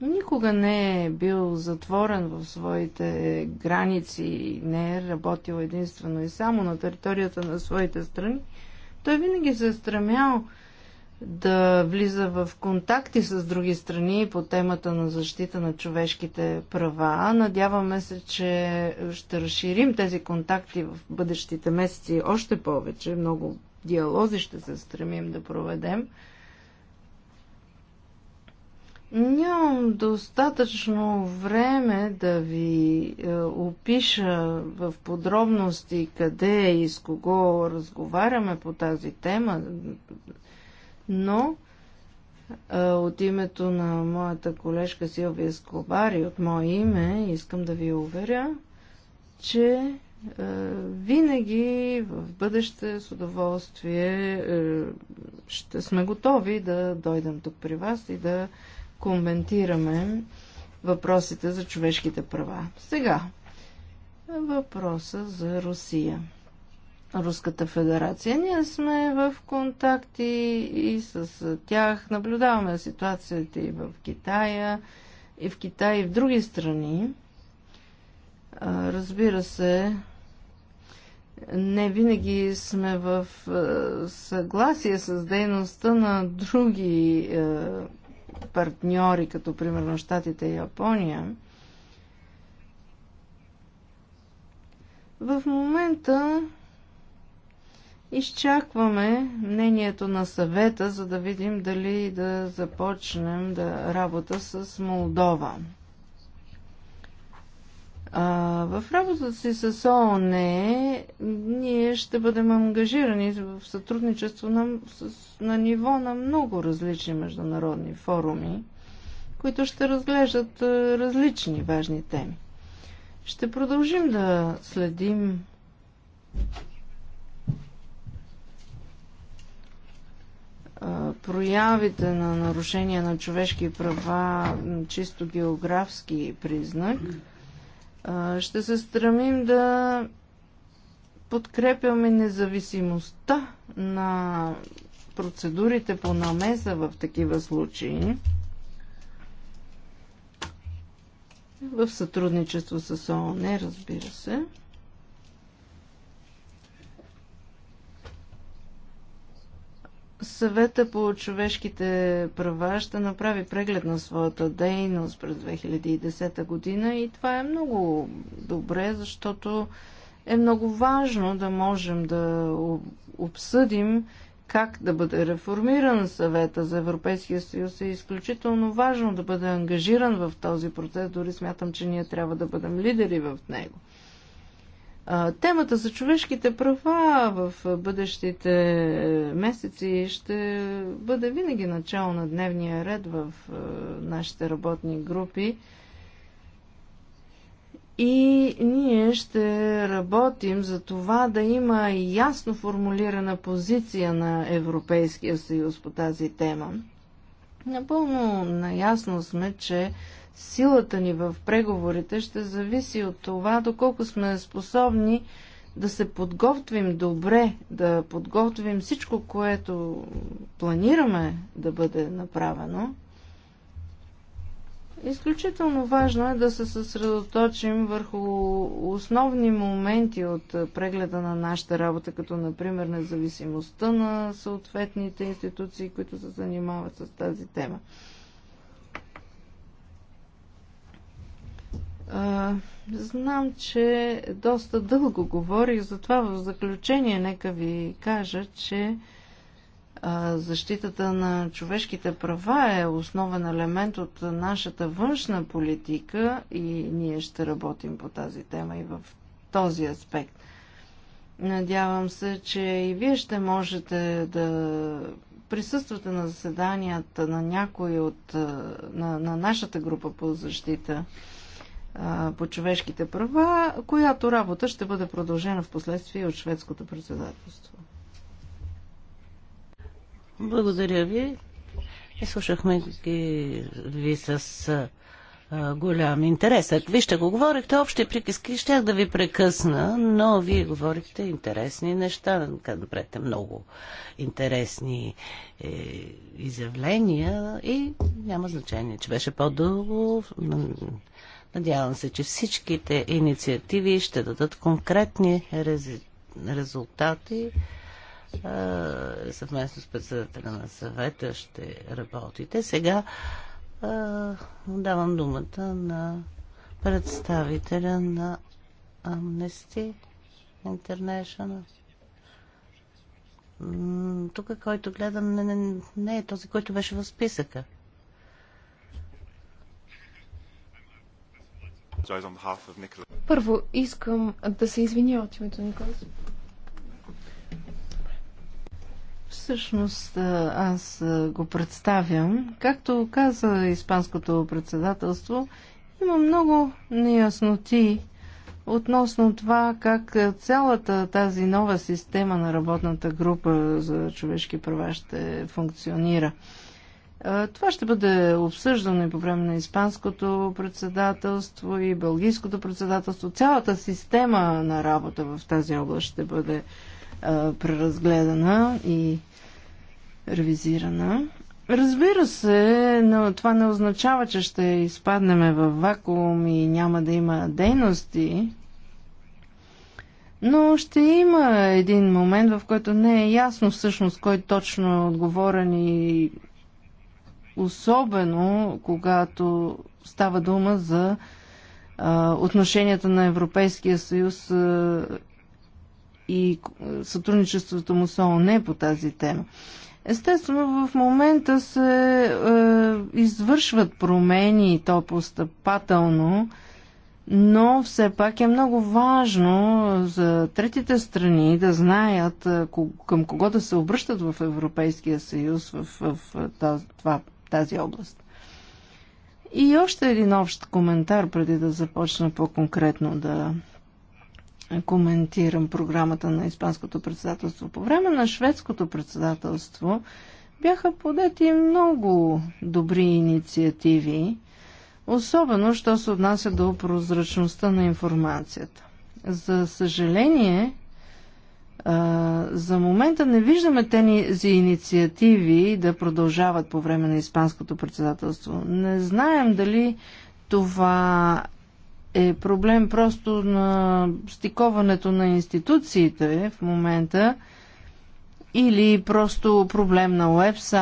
никога не е бил затворен в своите граници, не е работил единствено и само на територията на своите страни. Той винаги се е стремял да влиза в контакти с други страни по темата на защита на човешките права. Надяваме се, че ще разширим тези контакти в бъдещите месеци още повече. Много диалози ще се стремим да проведем. Нямам достатъчно време да ви е, опиша в подробности къде и с кого разговаряме по тази тема но от името на моята колежка Силвия Скобари, и от мое име искам да ви уверя, че винаги в бъдеще с удоволствие ще сме готови да дойдем тук при вас и да коментираме въпросите за човешките права. Сега, въпроса за Русия. Руската федерация. Ние сме в контакти и с тях. Наблюдаваме ситуацията и в Китая, и в Китай, и в други страни. Разбира се, не винаги сме в съгласие с дейността на други партньори, като примерно Штатите и Япония. В момента Изчакваме мнението на съвета, за да видим дали да започнем да работа с Молдова. А, в работата си с ООН ние ще бъдем ангажирани в сътрудничество на, с, на ниво на много различни международни форуми, които ще разглеждат различни важни теми. Ще продължим да следим проявите на нарушения на човешки права чисто географски признак, ще се стремим да подкрепяме независимостта на процедурите по намеса в такива случаи в сътрудничество с ООН, разбира се. Съвета по човешките права ще направи преглед на своята дейност през 2010 година и това е много добре, защото е много важно да можем да обсъдим как да бъде реформиран съвета за Европейския съюз е изключително важно да бъде ангажиран в този процес, дори смятам, че ние трябва да бъдем лидери в него. Темата за човешките права в бъдещите месеци ще бъде винаги начало на дневния ред в нашите работни групи. И ние ще работим за това да има ясно формулирана позиция на Европейския съюз по тази тема. Напълно наясно сме, че силата ни в преговорите ще зависи от това, доколко сме способни да се подготвим добре, да подготвим всичко, което планираме да бъде направено. Изключително важно е да се съсредоточим върху основни моменти от прегледа на нашата работа, като например независимостта на съответните институции, които се занимават с тази тема. А, знам, че доста дълго говорих, затова в заключение нека ви кажа, че а, защитата на човешките права е основен елемент от нашата външна политика и ние ще работим по тази тема и в този аспект. Надявам се, че и вие ще можете да присъствате на заседанията на някой от на, на нашата група по защита по човешките права, която работа ще бъде продължена в последствие от шведското председателство. Благодаря ви. Слушахме ги ви с а, голям интерес. Ако ще го говорихте общи приказки, щях да ви прекъсна, но вие говорихте интересни неща. Направете много интересни е, изявления и няма значение, че беше по-дълго Надявам се, че всичките инициативи ще дадат конкретни рез... резултати. Съвместно с председателя на съвета ще работите. Сега давам думата на представителя на Amnesty International. Тук, който гледам, не, не, не е този, който беше в списъка. Първо искам да се извиня от името на Николас. Всъщност аз го представям. Както каза Испанското председателство, има много неясноти относно това как цялата тази нова система на работната група за човешки права ще функционира. Това ще бъде обсъждано и по време на Испанското председателство и Бългийското председателство. Цялата система на работа в тази област ще бъде преразгледана и ревизирана. Разбира се, но това не означава, че ще изпаднеме в вакуум и няма да има дейности. Но ще има един момент, в който не е ясно всъщност кой точно е отговорен и особено когато става дума за отношенията на Европейския съюз и сътрудничеството му с ООН по тази тема. Естествено, в момента се е, извършват промени и то постъпателно, но все пак е много важно за третите страни да знаят към кого да се обръщат в Европейския съюз в, в, в това тази област. И още един общ коментар, преди да започна по-конкретно да коментирам програмата на Испанското председателство. По време на шведското председателство бяха подети много добри инициативи, особено що се отнася до прозрачността на информацията. За съжаление, а, за момента не виждаме тези инициативи да продължават по време на Испанското председателство. Не знаем дали това е проблем просто на стиковането на институциите в момента или просто проблем на уебсайта,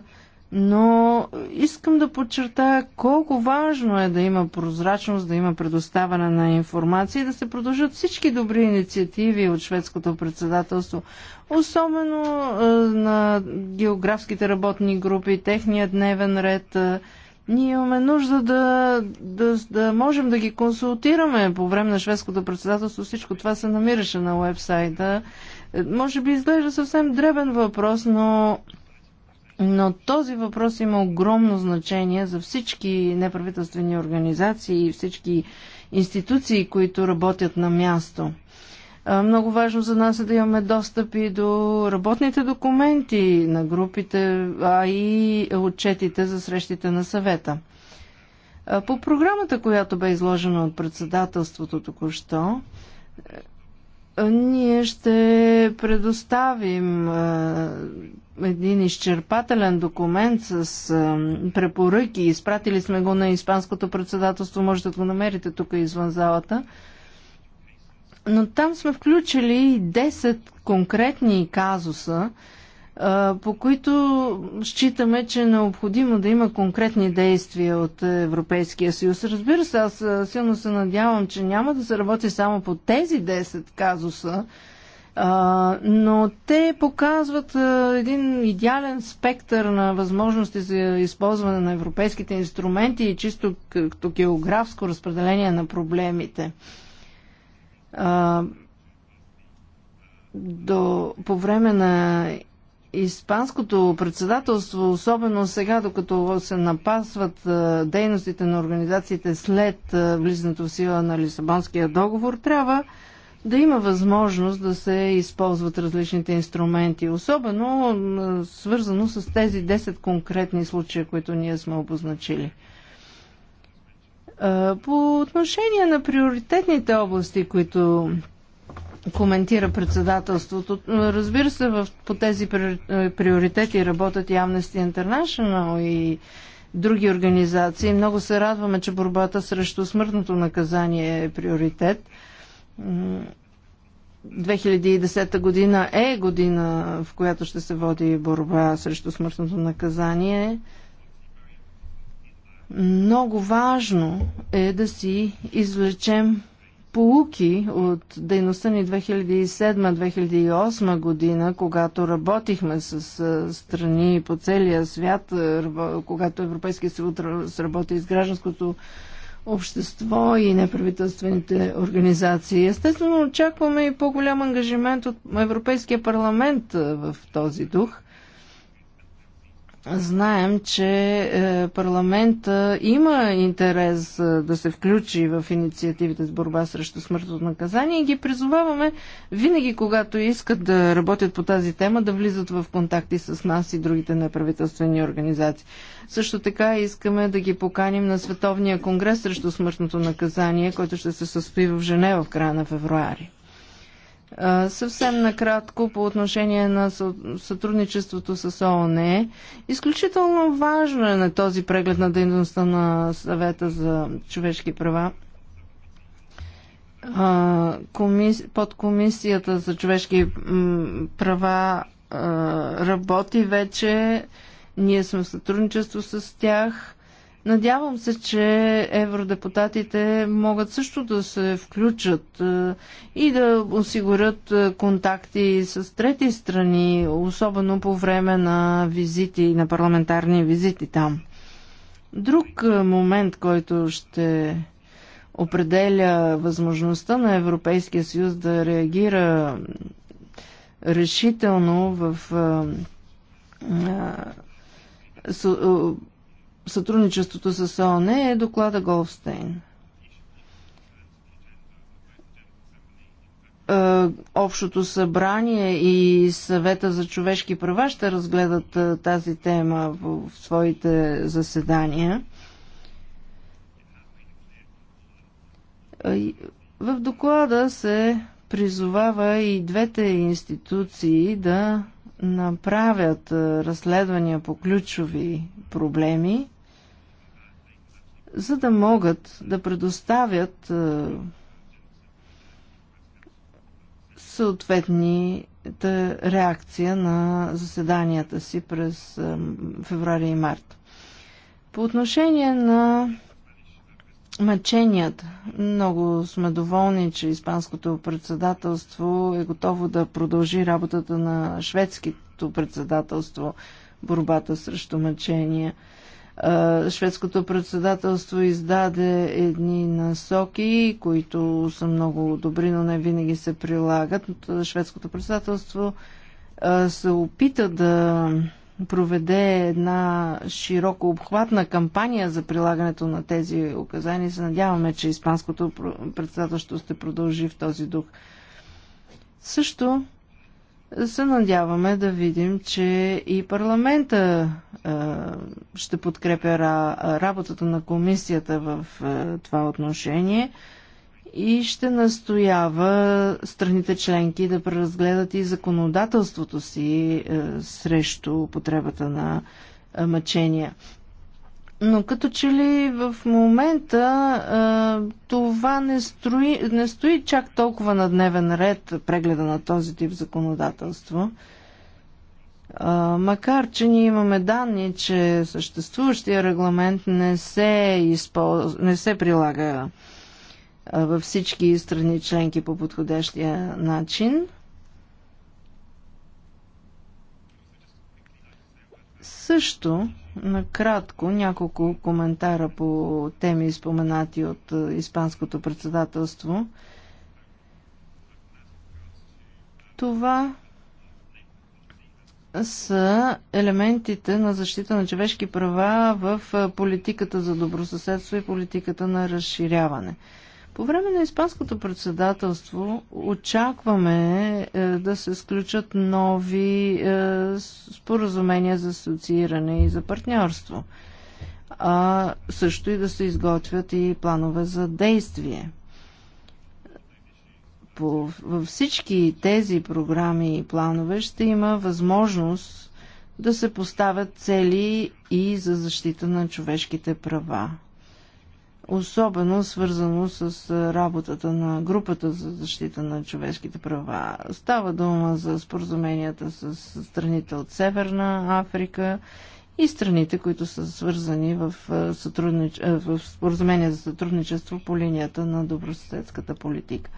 сайта но искам да подчертая колко важно е да има прозрачност, да има предоставяне на информация и да се продължат всички добри инициативи от шведското председателство, особено е, на географските работни групи, техния дневен ред. Е, ние имаме нужда да, да, да можем да ги консултираме по време на шведското председателство. Всичко това се намираше на уебсайта. Е, може би изглежда съвсем дребен въпрос, но но този въпрос има огромно значение за всички неправителствени организации и всички институции, които работят на място. Много важно за нас е да имаме достъп и до работните документи на групите, а и отчетите за срещите на съвета. По програмата, която бе изложена от председателството току-що, е, ние ще предоставим е, един изчерпателен документ с препоръки. Изпратили сме го на Испанското председателство, може да го намерите тук извън залата. Но там сме включили 10 конкретни казуса, по които считаме, че е необходимо да има конкретни действия от Европейския съюз. Разбира се, аз силно се надявам, че няма да се работи само по тези 10 казуса, а, но те показват а, един идеален спектър на възможности за използване на европейските инструменти и чисто като географско разпределение на проблемите. А, до, по време на Испанското председателство, особено сега, докато се напасват дейностите на организациите след влизането в сила на Лисабонския договор, трябва да има възможност да се използват различните инструменти, особено свързано с тези 10 конкретни случая, които ние сме обозначили. По отношение на приоритетните области, които коментира председателството. Разбира се, в, по тези приоритети работят и Amnesty International и други организации. Много се радваме, че борбата срещу смъртното наказание е приоритет. 2010 година е година, в която ще се води борба срещу смъртното наказание. Много важно е да си извлечем полуки от дейността ни 2007-2008 година, когато работихме с страни по целия свят, когато Европейския съюз работи с гражданското общество и неправителствените организации. Естествено, очакваме и по-голям ангажимент от Европейския парламент в този дух – Знаем, че е, парламента има интерес е, да се включи в инициативите с борба срещу смъртното наказание и ги призоваваме винаги, когато искат да работят по тази тема, да влизат в контакти с нас и другите неправителствени организации. Също така искаме да ги поканим на Световния конгрес срещу смъртното наказание, който ще се състои в Женева в края на февруари. Съвсем накратко по отношение на сътрудничеството с ООН. Изключително важно е на този преглед на дейността на съвета за човешки права. Под Комисията за човешки права работи вече. Ние сме в сътрудничество с тях Надявам се, че евродепутатите могат също да се включат е, и да осигурят е, контакти с трети страни, особено по време на визити, на парламентарни визити там. Друг е, момент, който ще определя възможността на Европейския съюз да реагира решително в сътрудничеството с ООН е доклада Голфстейн. Е, общото събрание и съвета за човешки права ще разгледат е, тази тема в своите заседания. Е, в доклада се призовава и двете институции да направят разследвания по ключови проблеми, за да могат да предоставят съответните реакция на заседанията си през феврари и март. По отношение на мъченията. Много сме доволни, че Испанското председателство е готово да продължи работата на шведското председателство борбата срещу мъчения. Шведското председателство издаде едни насоки, които са много добри, но не винаги се прилагат. Шведското председателство се опита да проведе една широко обхватна кампания за прилагането на тези указания. Се надяваме, че Испанското председателство ще продължи в този дух. Също се надяваме да видим, че и парламента е, ще подкрепя работата на комисията в е, това отношение и ще настоява страните членки да преразгледат и законодателството си е, срещу потребата на е, мъчения. Но като че ли в момента е, това не, строи, не стои чак толкова на дневен ред прегледа на този тип законодателство. Е, макар, че ние имаме данни, че съществуващия регламент не се, използ... не се прилага във всички страни членки по подходящия начин. Също, накратко, няколко коментара по теми, споменати от Испанското председателство. Това са елементите на защита на човешки права в политиката за добросъседство и политиката на разширяване. По време на Испанското председателство очакваме е, да се сключат нови е, споразумения за асоцииране и за партньорство, а също и да се изготвят и планове за действие. По, във всички тези програми и планове ще има възможност да се поставят цели и за защита на човешките права особено свързано с работата на групата за защита на човешките права. Става дума за споразуменията с страните от Северна Африка и страните, които са свързани в, сътруднич... в споразумение за сътрудничество по линията на добросъседската политика.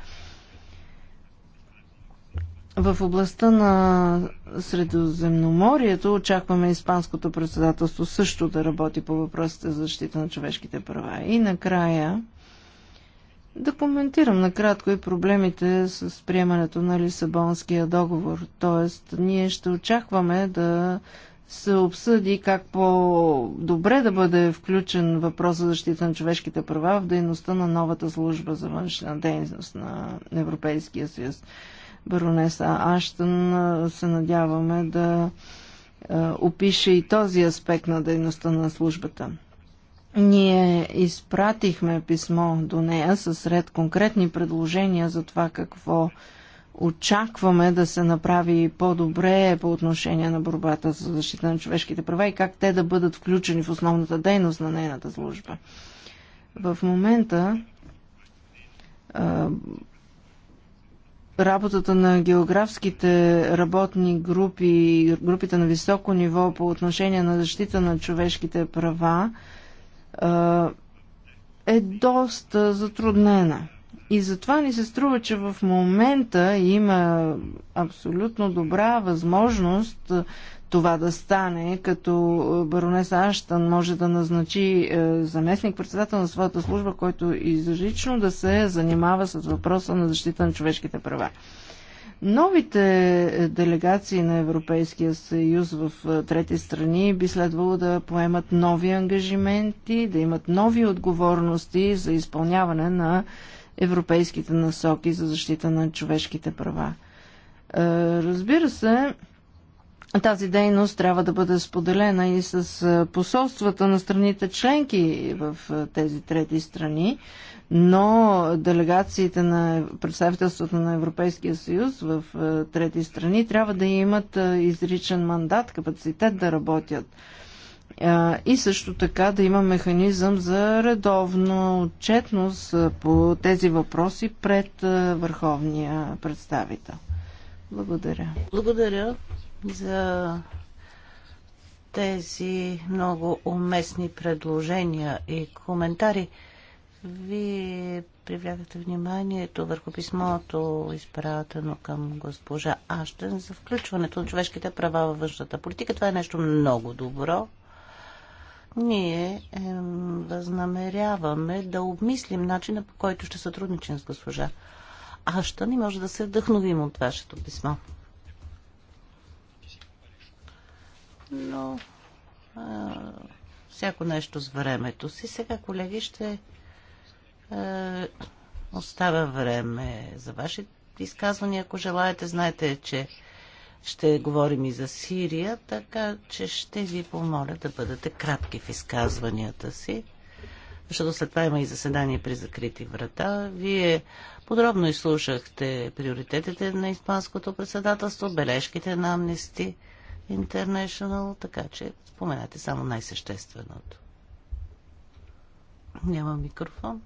В областта на Средоземноморието очакваме Испанското председателство също да работи по въпросите за защита на човешките права. И накрая да коментирам накратко и проблемите с приемането на Лисабонския договор. Тоест, ние ще очакваме да се обсъди как по-добре да бъде включен въпрос за защита на човешките права в дейността на новата служба за външна дейност на Европейския съюз баронеса Аштън се надяваме да опише и този аспект на дейността на службата. Ние изпратихме писмо до нея със ред конкретни предложения за това какво очакваме да се направи по-добре по отношение на борбата за защита на човешките права и как те да бъдат включени в основната дейност на нейната служба. В момента работата на географските работни групи, групите на високо ниво по отношение на защита на човешките права е доста затруднена. И затова ни се струва, че в момента има абсолютно добра възможност това да стане, като е, баронеса Аштън може да назначи е, заместник-председател на своята служба, който изрично да се занимава с въпроса на защита на човешките права. Новите е, делегации на Европейския съюз в трети страни би следвало да поемат нови ангажименти, да имат нови отговорности за изпълняване на европейските насоки за защита на човешките права. Разбира се, тази дейност трябва да бъде споделена и с посолствата на страните членки в тези трети страни, но делегациите на представителството на Европейския съюз в трети страни трябва да имат изричен мандат, капацитет да работят. И също така да има механизъм за редовно отчетност по тези въпроси пред върховния представител. Благодаря. Благодаря за тези много уместни предложения и коментари. Вие привлякате вниманието върху писмото, изпратено към госпожа Аштен за включването на човешките права във външната политика. Това е нещо много добро. Ние е, възнамеряваме да обмислим начина по който ще сътрудничим с госпожа Аштън и може да се вдъхновим от вашето писмо. но а, всяко нещо с времето си. Сега, колеги, ще а, оставя време за вашите изказвания, ако желаете. Знаете, че ще говорим и за Сирия, така че ще ви помоля да бъдете кратки в изказванията си, защото след това има и заседание при закрити врата. Вие подробно изслушахте приоритетите на Испанското председателство, бележките на Амнести. International, така че споменате само най-същественото. Няма микрофон.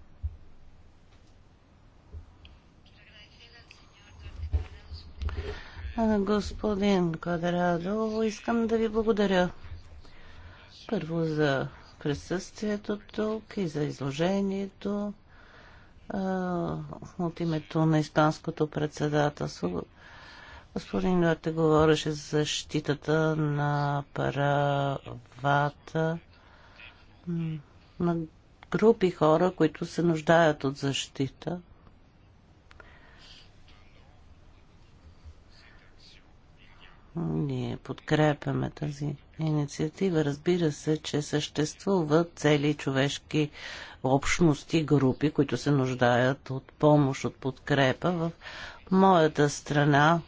Господин Кадрадо, искам да ви благодаря първо за присъствието тук и за изложението от името на Испанското председателство. Господин Лете говореше за защитата на правата на групи хора, които се нуждаят от защита. Ние подкрепяме тази инициатива. Разбира се, че съществуват цели човешки общности, групи, които се нуждаят от помощ, от подкрепа. В моята страна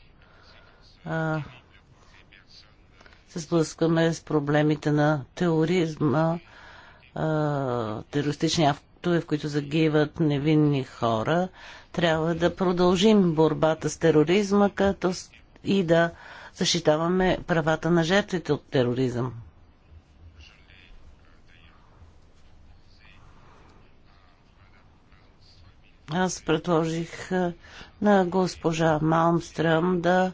се сблъскваме с проблемите на тероризма, терористични автове, в които загиват невинни хора. Трябва да продължим борбата с тероризма като и да защитаваме правата на жертвите от тероризъм. Аз предложих на госпожа Малмстръм да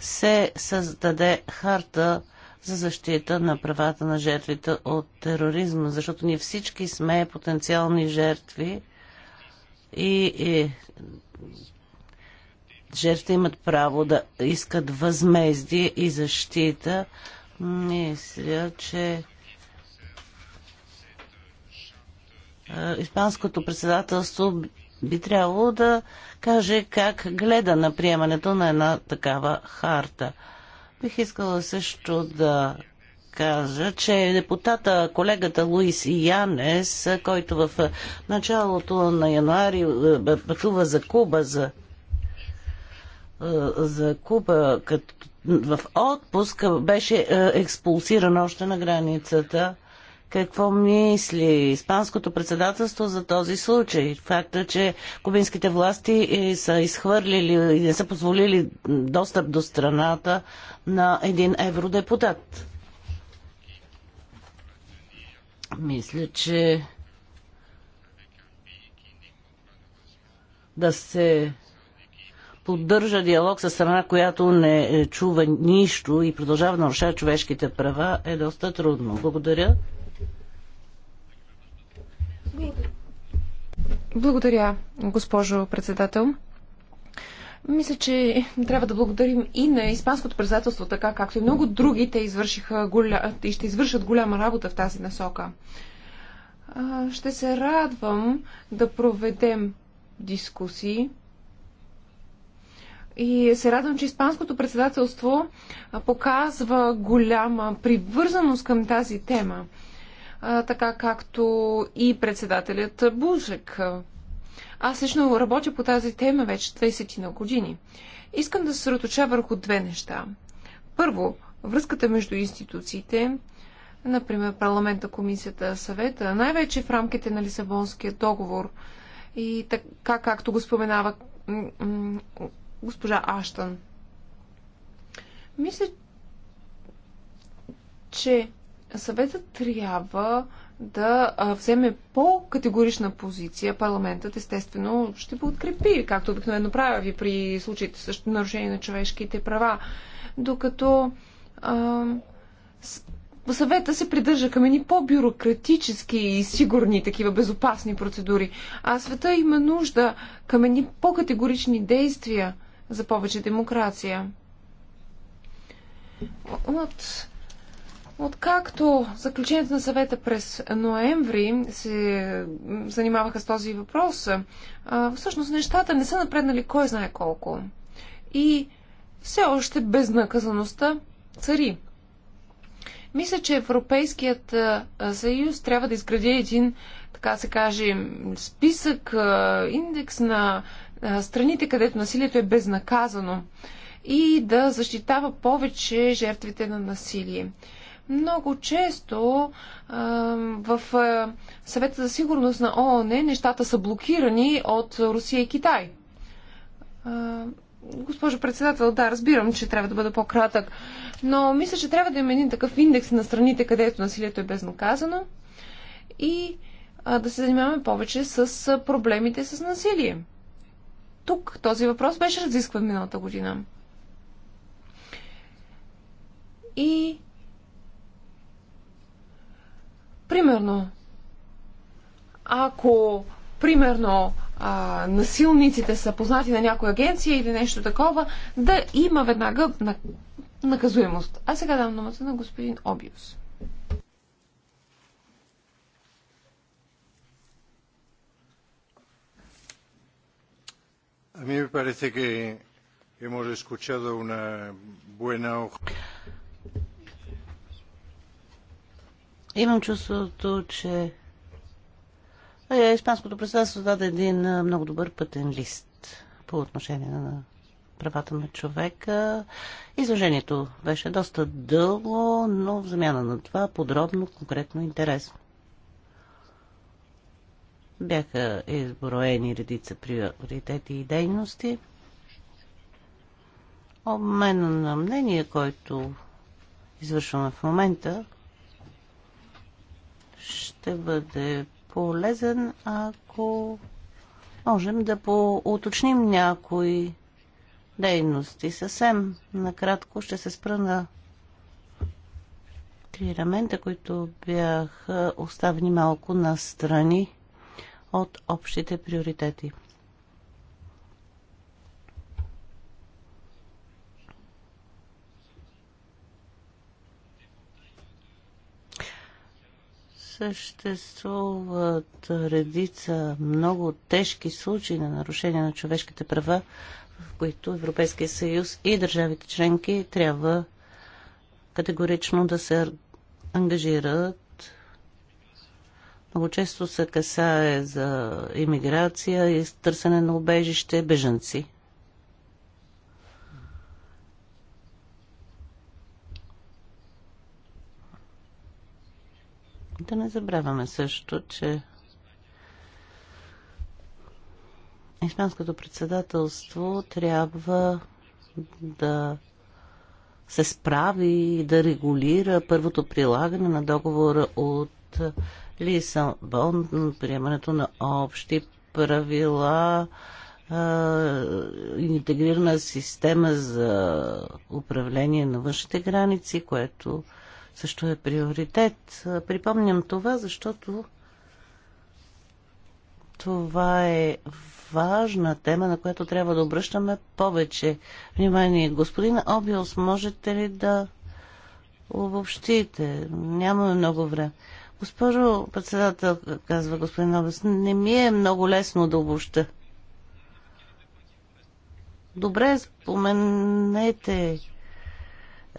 се създаде харта за защита на правата на жертвите от тероризма, защото ние всички сме потенциални жертви и, и жертвите имат право да искат възмездие и защита. Мисля, че е, Испанското председателство би трябвало да каже как гледа на приемането на една такава харта. Бих искала също да кажа, че депутата, колегата Луис Янес, който в началото на януари е, пътува за Куба, за, е, за Куба като в отпуск, беше е, експулсиран още на границата какво мисли Испанското председателство за този случай. Факта, че кубинските власти са изхвърлили и не са позволили достъп до страната на един евродепутат. Мисля, че да се поддържа диалог с страна, която не чува нищо и продължава да нарушава човешките права, е доста трудно. Благодаря. Благодаря, госпожо председател. Мисля, че трябва да благодарим и на Испанското председателство, така както и много други. Те извършиха голя... и ще извършат голяма работа в тази насока. Ще се радвам да проведем дискусии. И се радвам, че Испанското председателство показва голяма привързаност към тази тема така както и председателят Бузек. Аз лично работя по тази тема вече 20 на години. Искам да се съроточа върху две неща. Първо, връзката между институциите, например парламента, комисията, съвета, най-вече в рамките на Лисабонския договор и така както го споменава госпожа Аштън. Мисля, че съветът трябва да вземе по-категорична позиция. Парламентът, естествено, ще подкрепи, както обикновено прави при случаите също нарушение на човешките права. Докато а, съвета се придържа към едни по-бюрократически и сигурни, такива безопасни процедури. А света има нужда към едни по-категорични действия за повече демокрация. От Откакто заключението на съвета през ноември се занимаваха с този въпрос, всъщност нещата не са напреднали кой знае колко. И все още безнаказаността цари. Мисля, че Европейският съюз трябва да изгради един, така се каже, списък, индекс на страните, където насилието е безнаказано и да защитава повече жертвите на насилие. Много често в съвета за сигурност на ООН нещата са блокирани от Русия и Китай. Госпожо председател, да, разбирам, че трябва да бъда по-кратък, но мисля, че трябва да има един такъв индекс на страните, където насилието е безнаказано и а, да се занимаваме повече с проблемите с насилие. Тук този въпрос беше разискван миналата година. И Примерно, ако, примерно, а, насилниците са познати на някоя агенция или нещо такова, да има веднага наказуемост. А сега дам думата на господин Обиус. A mí me que hemos escuchado una buena. Имам чувството, че Испанското председателство даде един много добър пътен лист по отношение на правата на човека. Изложението беше доста дълго, но в замяна на това подробно, конкретно, интересно. Бяха изброени редица приоритети и дейности. Обмена на мнение, който извършваме в момента, ще бъде полезен, ако можем да поуточним някои дейности. Съвсем накратко ще се спра на три елемента, които бяха оставени малко на страни от общите приоритети. Съществуват редица много тежки случаи на нарушение на човешките права, в които Европейския съюз и държавите членки трябва категорично да се ангажират. Много често се касае за иммиграция и търсене на убежище, бежанци. Да не забравяме също, че Испанското председателство трябва да се справи и да регулира първото прилагане на договора от Лисабон, приемането на общи правила, интегрирана система за управление на външните граници, което също е приоритет. Припомням това, защото това е важна тема, на която трябва да обръщаме повече внимание. Господин Обиос, можете ли да обобщите? Нямаме много време. Госпожо председател, казва господин Обиос, не ми е много лесно да обобща. Добре, споменете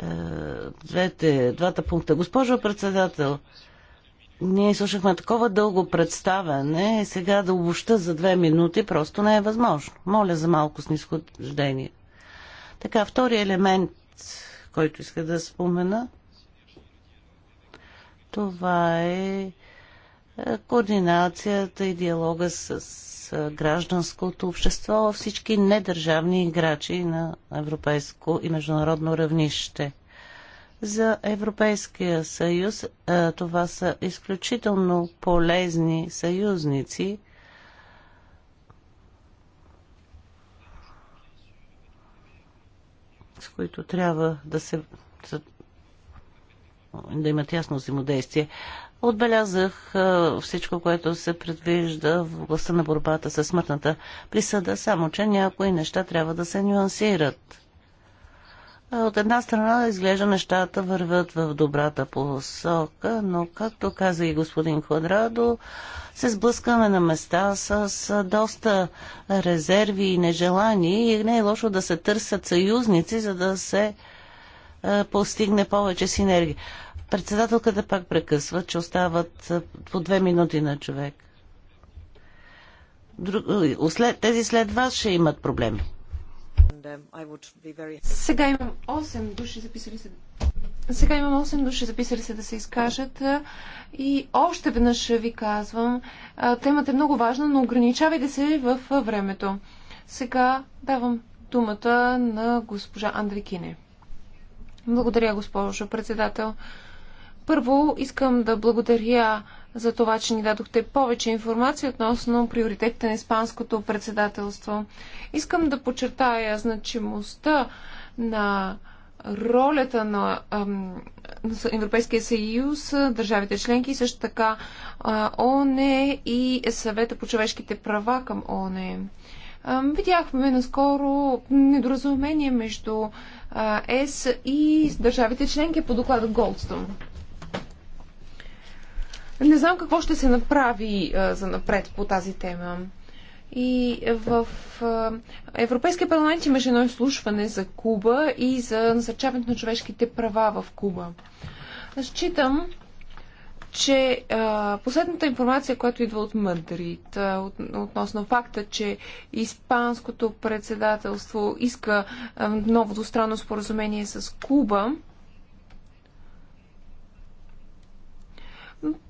е, двете, двата пункта. Госпожо председател, ние слушахме такова дълго представяне, сега да обобща за две минути просто не е възможно. Моля за малко снисхождение. Така, втори елемент, който иска да спомена, това е координацията и диалога с гражданското общество, всички недържавни играчи на европейско и международно равнище. За Европейския съюз е, това са изключително полезни съюзници. с които трябва да се да имат ясно взаимодействие. Отбелязах всичко, което се предвижда в областта на борбата с смъртната присъда, само че някои неща трябва да се нюансират. От една страна изглежда нещата върват в добрата посока, но както каза и господин Квадрадо, се сблъскаме на места с доста резерви и нежелани и не е лошо да се търсят съюзници, за да се постигне повече синергия. Председателката пак прекъсва, че остават по две минути на човек. Друг, след, тези след вас ще имат проблеми. Um, сега имам 8 души записали се. Сега имам 8 души записали се да се изкажат и още веднъж ви казвам, темата е много важна, но ограничавайте се в времето. Сега давам думата на госпожа Андрекине. Благодаря, госпожо председател. Първо искам да благодаря за това, че ни дадохте повече информация относно приоритетите на Испанското председателство. Искам да подчертая значимостта на ролята на, ам, Европейския съюз, държавите членки и също така ООН и съвета по човешките права към ООН. Видяхме наскоро недоразумение между ЕС и държавите членки по доклада Голдстон. Не знам какво ще се направи а, за напред по тази тема. И в а, Европейския парламент имаше едно изслушване за Куба и за насърчаването на човешките права в Куба. Считам, че а, последната информация, която идва от Мадрид, а, от, относно факта, че Испанското председателство иска а, ново двустранно споразумение с Куба,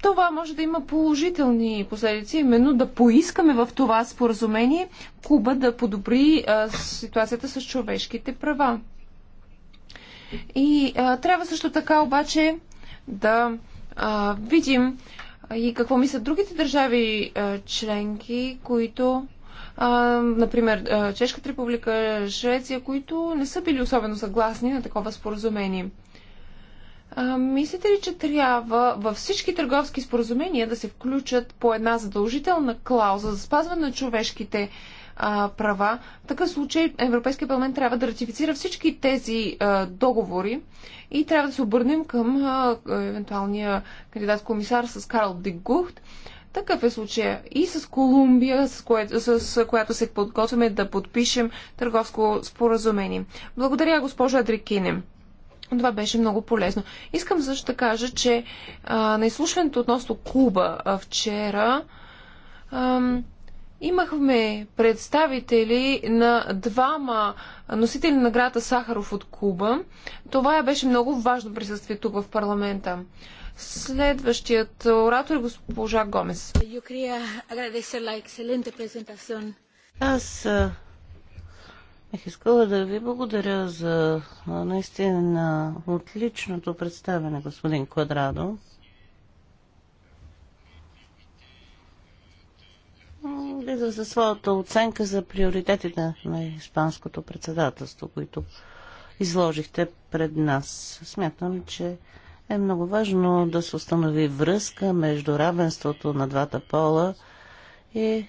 това може да има положителни последици, именно да поискаме в това споразумение Куба да подобри а, ситуацията с човешките права. И а, трябва също така обаче да а, видим и какво мислят другите държави а, членки, които, а, например, а, Чешката република, Швеция, които не са били особено съгласни на такова споразумение. А, мислите ли, че трябва във всички търговски споразумения да се включат по една задължителна клауза за спазване на човешките а, права? В такъв случай Европейския парламент трябва да ратифицира всички тези а, договори и трябва да се обърнем към а, евентуалния кандидат-комисар с Карл Дегухт. Такъв е случая и с Колумбия, с, кое, с която се подготвяме да подпишем търговско споразумение. Благодаря, госпожа Адрикине. Това беше много полезно. Искам също да кажа, че а, на изслушването относно Куба а, вчера а, имахме представители на двама носители на града Сахаров от Куба. Това беше много важно присъствие тук в парламента. Следващият оратор е госпожа Гомес. Аз Бих искала да ви благодаря за наистина отличното представяне, господин Квадрадо. Влиза за своята оценка за приоритетите на Испанското председателство, които изложихте пред нас. Смятам, че е много важно да се установи връзка между равенството на двата пола и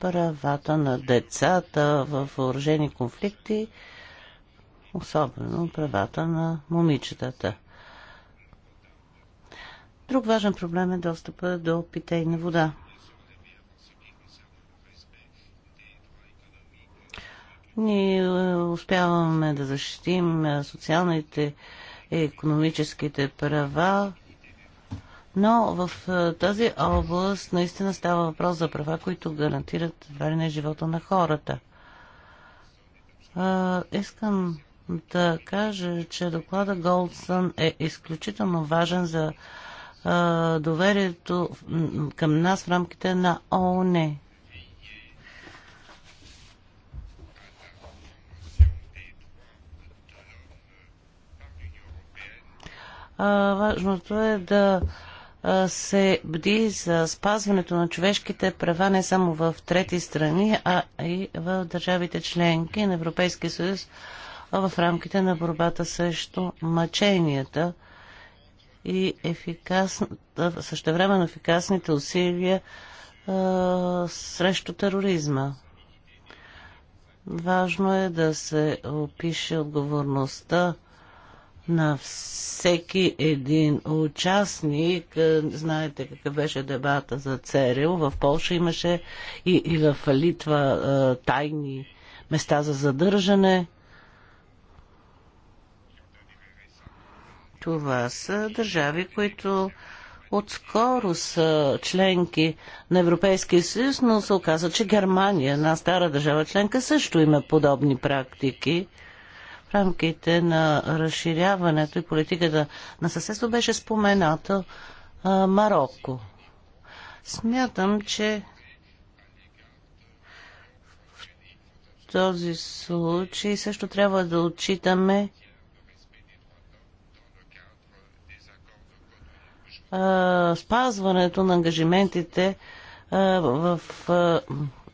правата на децата в въоръжени конфликти, особено правата на момичетата. Друг важен проблем е достъпа до питейна вода. Ние е, успяваме да защитим е, социалните и економическите права но в е, тази област наистина става въпрос за права, които гарантират едва ли не живота на хората. А, е, искам да кажа, че доклада Голдсън е изключително важен за а, е, доверието към нас в рамките на ООН. важното е да а, се бди за спазването на човешките права не само в трети страни, а и в държавите членки на Европейския съюз в рамките на борбата срещу мъченията и ефикасно, същевременно ефикасните усилия а, срещу тероризма. Важно е да се опише отговорността на всеки един участник. Е, знаете какъв беше дебата за ЦРУ. В Польша имаше и, и в Литва е, тайни места за задържане. Това са държави, които отскоро са членки на Европейския съюз, но се оказа, че Германия, една стара държава членка, също има подобни практики в рамките на разширяването и политиката на съседство беше спомената Марокко. Смятам, че в този случай също трябва да отчитаме спазването на ангажиментите в,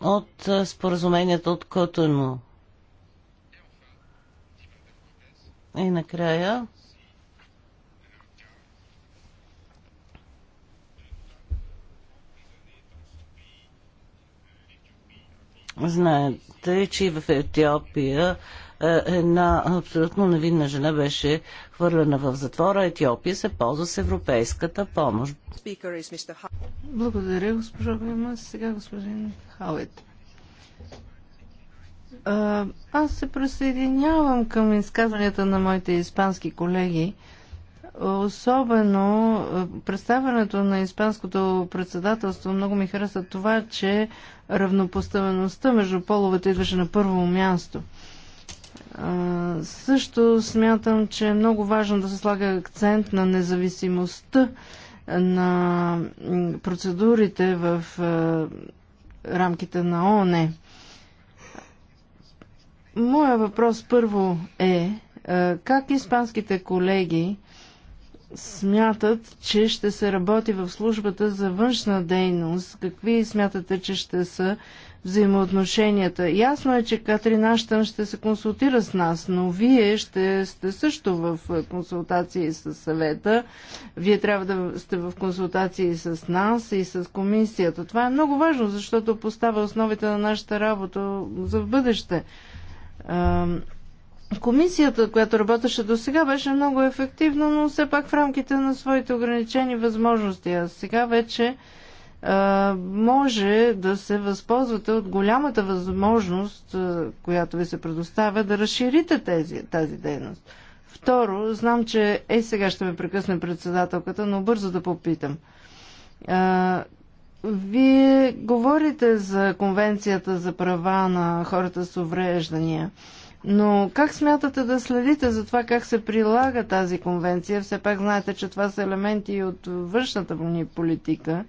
от споразумението от Котону. И накрая Знаете, че и в Етиопия е, една абсолютно невинна жена беше хвърлена в затвора. Етиопия се ползва с европейската помощ. Благодаря, госпожа Вема. Сега господин Хаует. Аз се присъединявам към изказванията на моите испански колеги. Особено представянето на испанското председателство много ми хареса това, че равнопоставеността между половете идваше на първо място. Също смятам, че е много важно да се слага акцент на независимостта на процедурите в рамките на ООН. Моя въпрос първо е, е как испанските колеги смятат, че ще се работи в службата за външна дейност? Какви смятате, че ще са взаимоотношенията? Ясно е, че Катрин Аштън ще се консултира с нас, но вие ще сте също в консултации с съвета. Вие трябва да сте в консултации с нас и с комисията. Това е много важно, защото поставя основите на нашата работа за бъдеще. Комисията, която работеше до сега, беше много ефективна, но все пак в рамките на своите ограничени възможности. А сега вече а, може да се възползвате от голямата възможност, а, която ви се предоставя, да разширите тези, тази дейност. Второ, знам, че е сега ще ме прекъсне председателката, но бързо да попитам. А, вие говорите за Конвенцията за права на хората с увреждания. Но как смятате да следите за това как се прилага тази конвенция? Все пак знаете, че това са елементи от външната ни политика.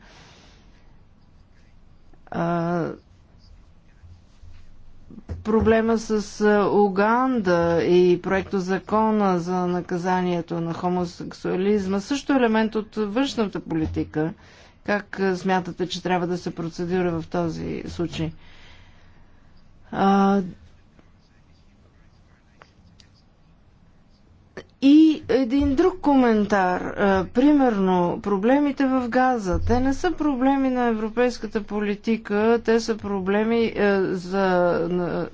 А, проблема с Уганда и проекто закона за наказанието на хомосексуализма също е елемент от външната политика. Как смятате, че трябва да се процедира в този случай? А, И един друг коментар. Примерно, проблемите в Газа. Те не са проблеми на европейската политика, те са проблеми за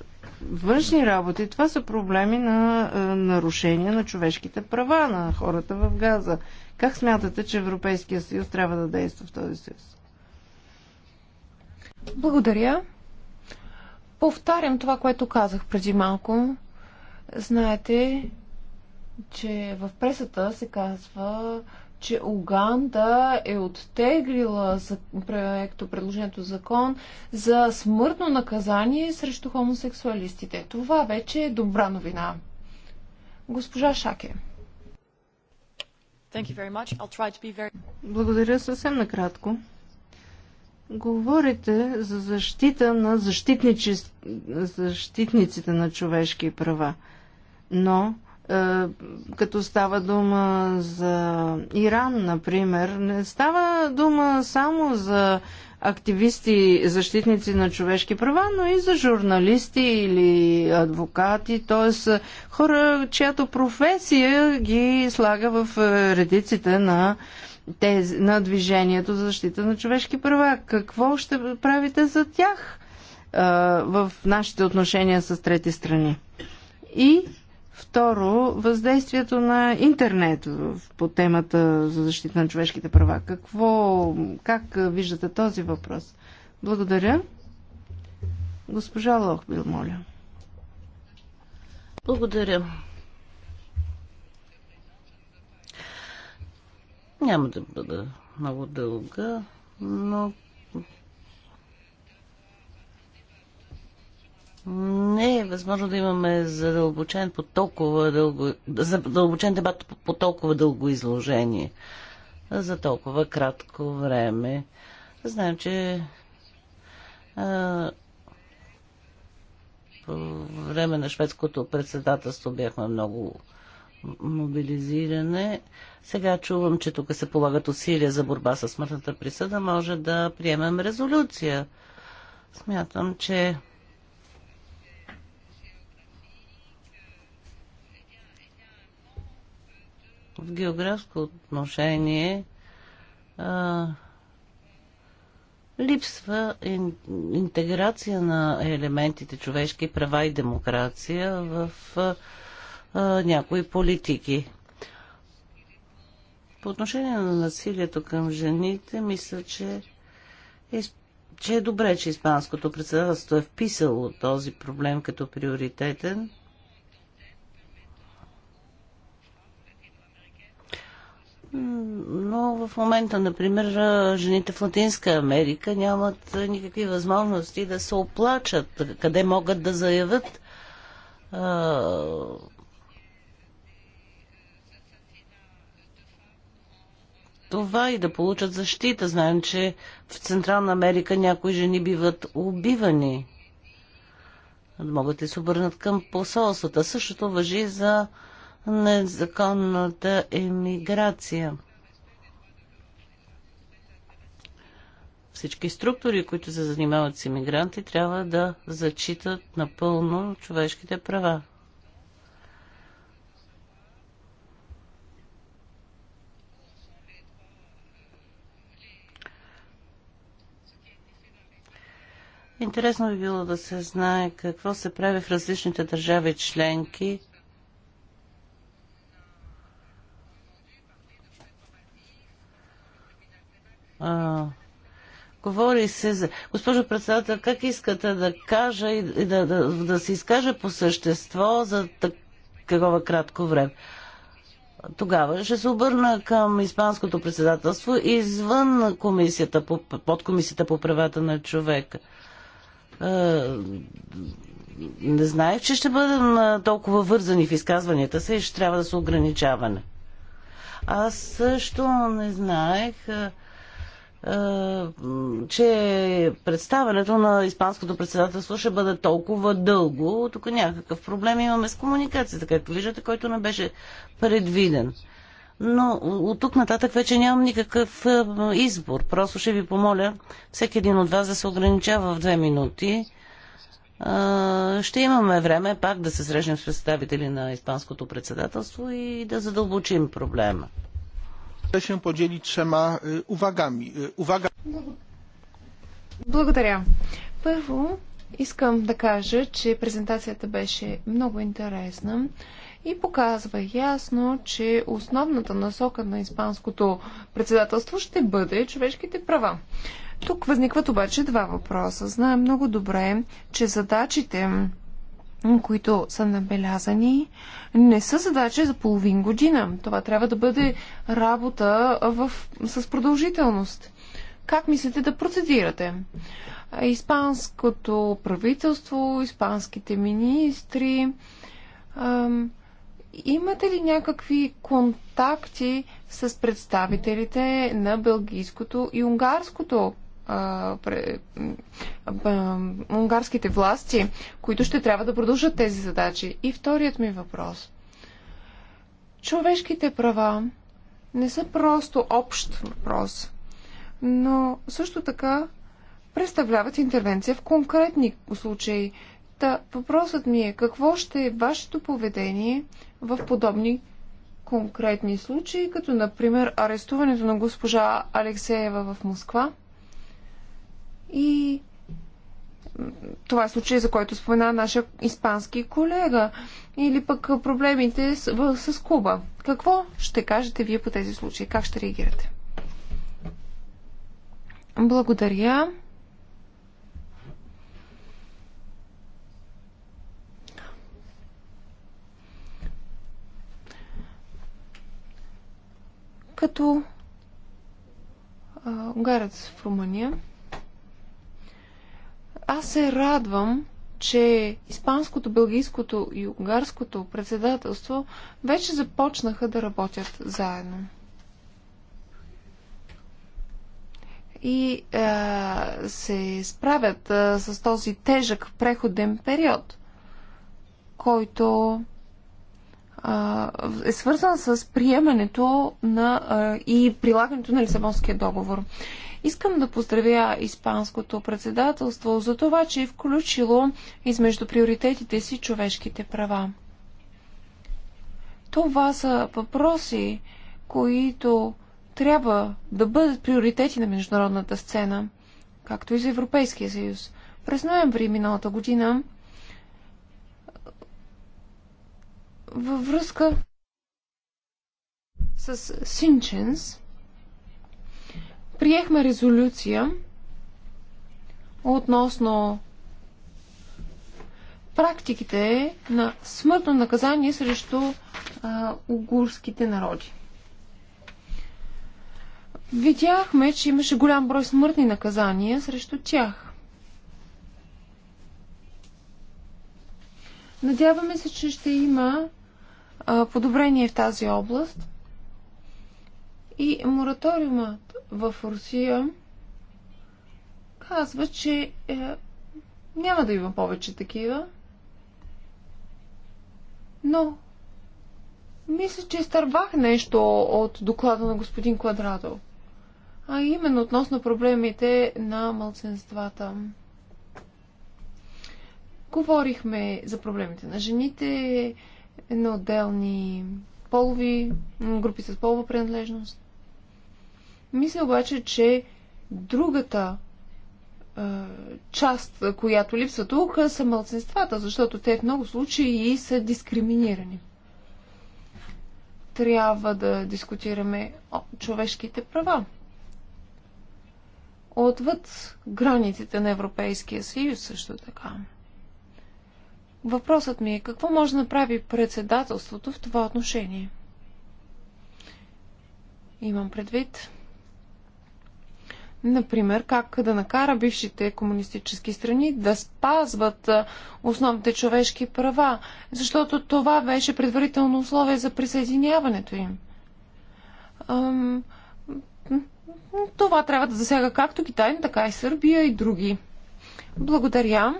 външни работи. Това са проблеми на нарушения на човешките права на хората в Газа. Как смятате, че Европейския съюз трябва да действа в този съюз? Благодаря. Повтарям това, което казах преди малко. Знаете, че в пресата се казва, че Уганда е оттеглила за проекто предложението закон за смъртно наказание срещу хомосексуалистите. Това вече е добра новина. Госпожа Шаке. Благодаря съвсем накратко. Говорите за защита на защитниците на човешки права, но е, като става дума за Иран, например, не става дума само за активисти, защитници на човешки права, но и за журналисти или адвокати, т.е. хора, чиято професия ги слага в е, редиците на, тези, на движението за защита на човешки права. Какво ще правите за тях а, е, в нашите отношения с трети страни? И Второ, въздействието на интернет по темата за защита на човешките права. Какво, как виждате този въпрос? Благодаря. Госпожа Лохбил, моля. Благодаря. Няма да бъда много дълга, но Не е възможно да имаме задълбочен, по толкова дълго, задълбочен дебат по толкова дълго изложение. За толкова кратко време. Знаем, че а, по време на шведското председателство бяхме много мобилизиране. Сега чувам, че тук се полагат усилия за борба с смъртната присъда. Може да приемем резолюция. Смятам, че в географско отношение а, липсва ин, интеграция на елементите човешки права и демокрация в а, а, някои политики. По отношение на насилието към жените, мисля, че е, че е добре, че Испанското председателство е вписало този проблем като приоритетен – Но в момента, например, жените в Латинска Америка нямат никакви възможности да се оплачат, къде могат да заявят това и да получат защита. Знаем, че в Централна Америка някои жени биват убивани. Могат да се обърнат към посолствата. Същото въжи за незаконната емиграция. Всички структури, които се занимават с иммигранти, трябва да зачитат напълно човешките права. Интересно би било да се знае какво се прави в различните държави членки А, говори се за... Госпожо председател, как искате да кажа и да, да, да се изкаже по същество за такова кратко време? Тогава ще се обърна към Испанското председателство извън комисията по, подкомисията по правата на човека. Не знаех, че ще бъдем толкова вързани в изказванията си и ще трябва да се ограничаване. Аз също не знаех. Е, че представането на Испанското председателство ще бъде толкова дълго. Тук някакъв проблем имаме с комуникацията, както виждате, който не беше предвиден. Но от тук нататък вече нямам никакъв е, избор. Просто ще ви помоля всеки един от вас да се ограничава в две минути. Е, ще имаме време пак да се срещнем с представители на Испанското председателство и да задълбочим проблема się podzielić trzema uwagami. Uwaga... Благодаря. Първо, искам да кажа, че презентацията беше много интересна и показва ясно, че основната насока на испанското председателство ще бъде човешките права. Тук възникват обаче два въпроса. Знаем много добре, че задачите които са набелязани, не са задача за половин година. Това трябва да бъде работа в, с продължителност. Как мислите да процедирате? Испанското правителство, испанските министри. Ам, имате ли някакви контакти с представителите на бългийското и унгарското унгарските власти, които ще трябва да продължат тези задачи. И вторият ми въпрос. Човешките права не са просто общ въпрос, но също така представляват интервенция в конкретни случаи. Та въпросът ми е какво ще е вашето поведение в подобни конкретни случаи, като например арестуването на госпожа Алексеева в Москва – и това е случай, за който спомена нашия испански колега. Или пък проблемите с, с Куба. Какво ще кажете вие по тези случаи? Как ще реагирате? Благодаря. Като а, унгарец в Румъния. Аз се радвам, че испанското, бългийското и унгарското председателство вече започнаха да работят заедно. И а, е, се справят а, е, с този тежък преходен период, който а, е, е свързан с приемането на, а, и прилагането на Лисабонския договор. Искам да поздравя Испанското председателство за това, че е включило измежду приоритетите си човешките права. Това са въпроси, които трябва да бъдат приоритети на международната сцена, както и за Европейския съюз. През ноември миналата година във връзка с Синченс приехме резолюция относно практиките на смъртно наказание срещу а, угурските народи. Видяхме, че имаше голям брой смъртни наказания срещу тях. Надяваме се, че ще има а, подобрение в тази област. И мораториума в Русия казва, че е, няма да има повече такива. Но, мисля, че изтървах нещо от доклада на господин Квадрато. А именно относно проблемите на мълценствата. Говорихме за проблемите на жените, на отделни полови, групи с полова принадлежност. Мисля обаче, че другата част, която липсва тук, са мълцинствата, защото те в много случаи и са дискриминирани. Трябва да дискутираме о, човешките права. Отвъд границите на Европейския съюз също така. Въпросът ми е какво може да направи председателството в това отношение? Имам предвид Например, как да накара бившите комунистически страни да спазват основните човешки права, защото това беше предварително условие за присъединяването им. Това трябва да засяга както Китай, така и Сърбия и други. Благодаря.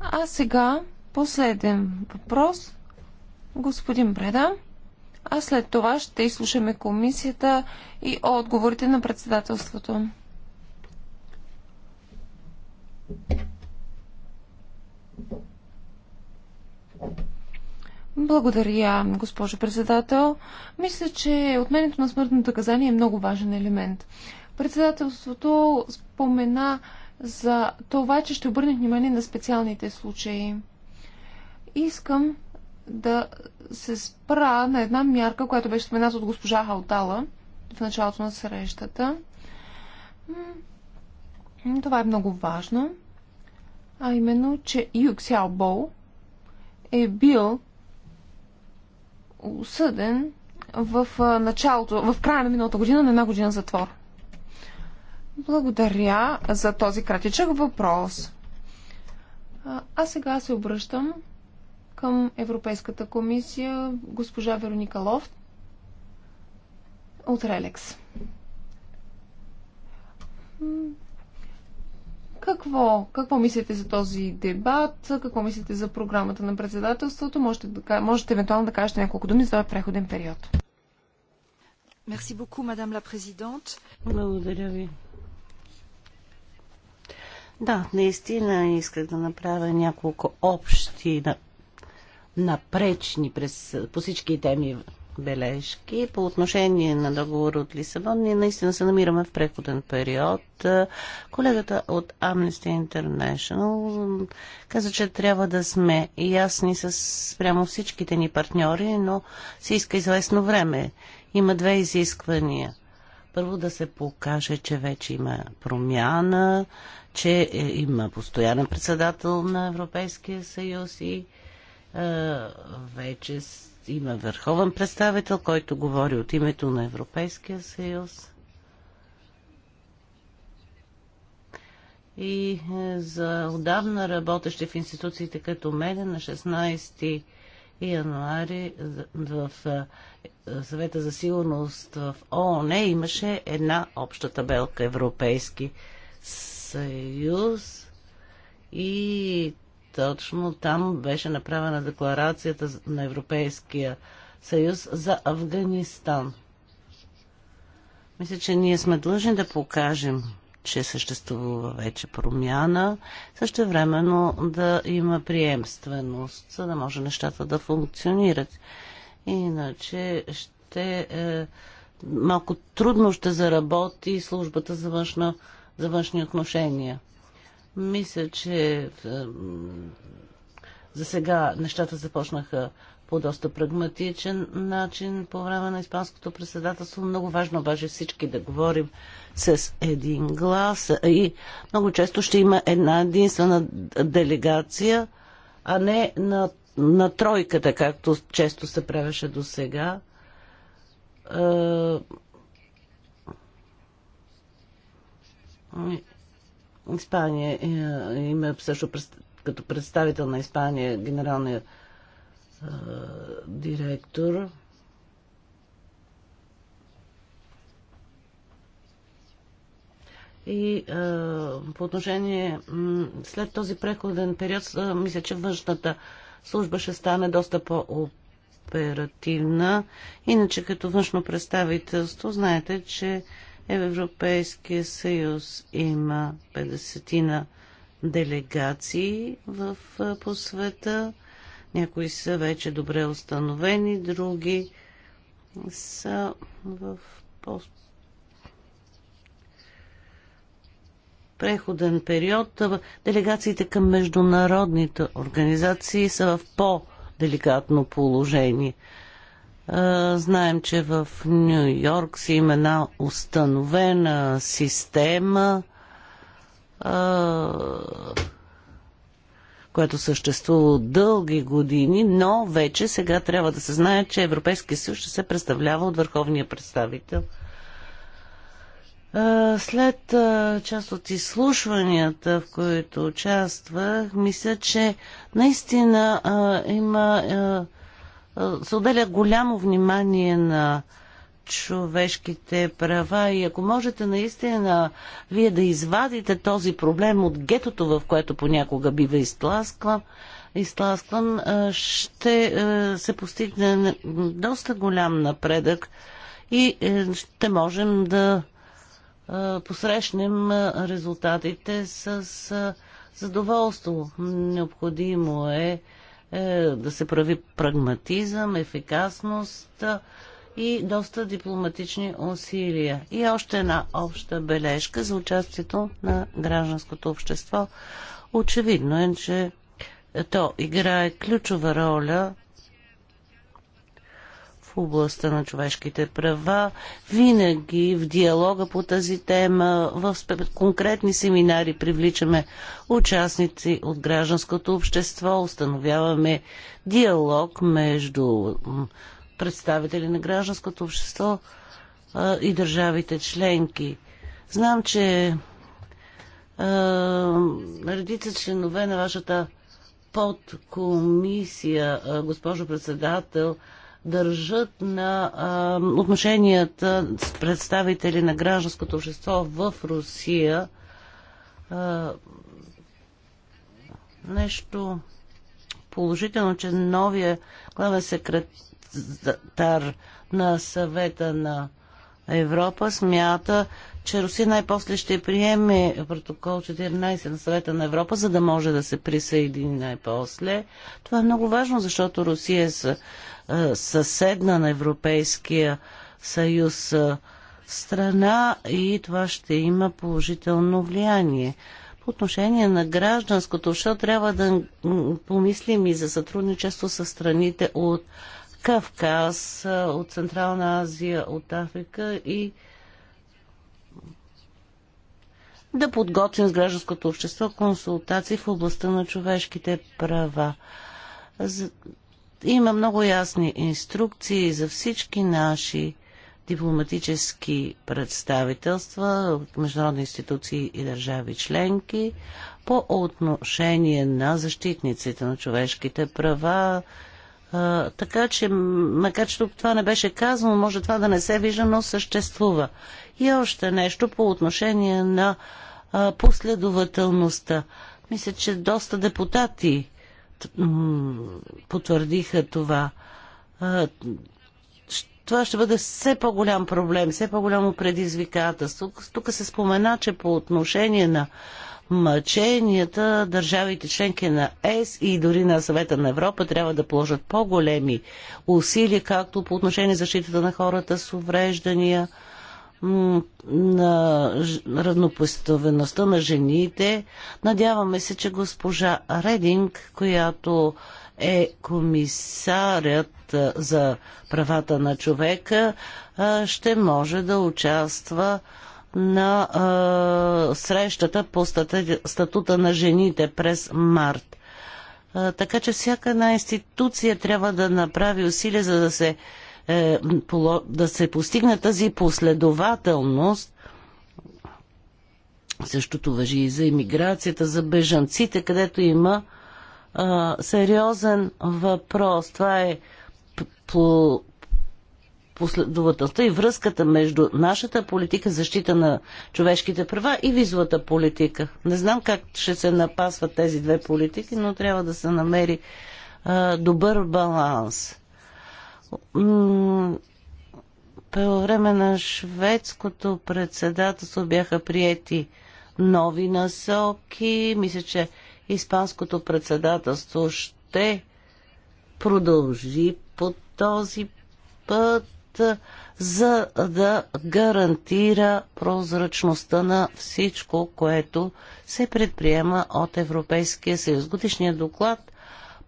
А сега последен въпрос. Господин Бреда а след това ще изслушаме комисията и отговорите на председателството. Благодаря, госпожо председател. Мисля, че отменето на смъртно наказание е много важен елемент. Председателството спомена за това, че ще обърне внимание на специалните случаи. Искам да се спра на една мярка, която беше спомената от госпожа Халтала в началото на срещата. Това е много важно. А именно, че Юг Сяобол е бил осъден в началото, в края на миналата година на една година затвор. Благодаря за този кратичък въпрос. А сега се обръщам към Европейската комисия госпожа Вероника Лофт от Релекс. Какво, какво мислите за този дебат? Какво мислите за програмата на председателството? Можете, да, можете евентуално да кажете няколко думи за този преходен период. Merci beaucoup, Madame la Présidente. Благодаря ви. Да, наистина исках да направя няколко общи напречни през, по всички теми бележки. По отношение на договор от Лисабон, ние наистина се намираме в преходен период. Колегата от Amnesty International каза, че трябва да сме ясни с прямо всичките ни партньори, но се иска известно време. Има две изисквания. Първо да се покаже, че вече има промяна, че е, има постоянен председател на Европейския съюз и вече има върховен представител, който говори от името на Европейския съюз. И е, за отдавна работещи в институциите като мене на 16 януари в е, съвета за сигурност в ООН имаше една обща табелка Европейски съюз и точно там беше направена декларацията на Европейския съюз за Афганистан. Мисля, че ние сме длъжни да покажем, че съществува вече промяна, също времено да има приемственост, за да може нещата да функционират. Иначе ще е, малко трудно ще заработи службата за, външна, за външни отношения. Мисля, че за сега нещата започнаха по доста прагматичен начин по време на Испанското председателство. Много важно обаче всички да говорим с един глас и много често ще има една единствена делегация, а не на, на тройката, както често се правеше до сега. Uh... Испания е, има също като представител на Испания генералния е, директор. И а, е, по отношение след този преходен период, мисля, че външната служба ще стане доста по-оперативна. Иначе като външно представителство, знаете, че Европейския съюз има 50 делегации в, по света. Някои са вече добре установени, други са в по преходен период. Делегациите към международните организации са в по-деликатно положение. Знаем, че в Нью Йорк си има една установена система, което съществува от дълги години, но вече сега трябва да се знае, че Европейския съюз ще се представлява от върховния представител. След част от изслушванията, в които участвах, мисля, че наистина има е, се отделя голямо внимание на човешките права и ако можете наистина вие да извадите този проблем от гетото, в което понякога бива изтласкван, изтласкван е, ще е, се постигне доста голям напредък и ще можем да посрещнем резултатите с задоволство. Необходимо е е, да се прави прагматизъм, ефикасност и доста дипломатични усилия. И още една обща бележка за участието на гражданското общество. Очевидно е, че то играе ключова роля областта на човешките права, винаги в диалога по тази тема, в конкретни семинари привличаме участници от гражданското общество, установяваме диалог между представители на гражданското общество и държавите членки. Знам, че редица членове на вашата подкомисия, госпожо председател, държат на а, отношенията с представители на гражданското общество в Русия. А, нещо положително, че новия главен секретар на съвета на Европа смята, че Русия най-после ще приеме протокол 14 на съвета на Европа, за да може да се присъедини най-после. Това е много важно, защото Русия е съседна на Европейския съюз страна и това ще има положително влияние. По отношение на гражданското, защото трябва да помислим и за сътрудничество с страните от Кавказ, от Централна Азия, от Африка и да подготвим с гражданското общество консултации в областта на човешките права. Има много ясни инструкции за всички наши дипломатически представителства от международни институции и държави членки по отношение на защитниците на човешките права. А, така че, макар че тук това не беше казано, може това да не се вижда, но съществува. И още нещо по отношение на а, последователността. Мисля, че доста депутати потвърдиха това. Това ще бъде все по-голям проблем, все по-голямо предизвикателство. Тук се спомена, че по отношение на мъченията държавите членки на ЕС и дори на съвета на Европа трябва да положат по-големи усилия, както по отношение защитата на хората с увреждания, на равнопоставеността на жените. Надяваме се, че госпожа Рединг, която е комисарят за правата на човека, ще може да участва на срещата по статута на жените през март. Така че всяка една институция трябва да направи усилия, за да се е, да се постигне тази последователност. Същото въжи и за иммиграцията, за бежанците, където има а, сериозен въпрос. Това е по последователността и връзката между нашата политика защита на човешките права и визовата политика. Не знам как ще се напасват тези две политики, но трябва да се намери а, добър баланс по време на шведското председателство бяха приети нови насоки. Мисля, че Испанското председателство ще продължи по този път, за да гарантира прозрачността на всичко, което се предприема от Европейския съюз. Годишният доклад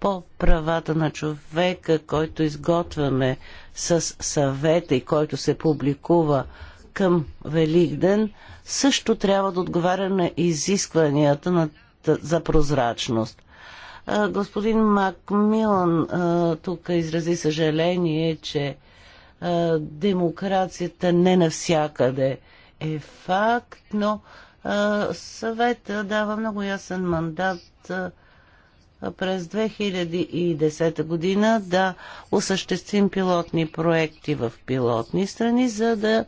по правата на човека, който изготвяме с съвета и който се публикува към Великден, също трябва да отговаря на изискванията на, за прозрачност. Господин Макмилан тук изрази съжаление, че демокрацията не навсякъде е факт, но съвета дава много ясен мандат през 2010 година да осъществим пилотни проекти в пилотни страни, за да е,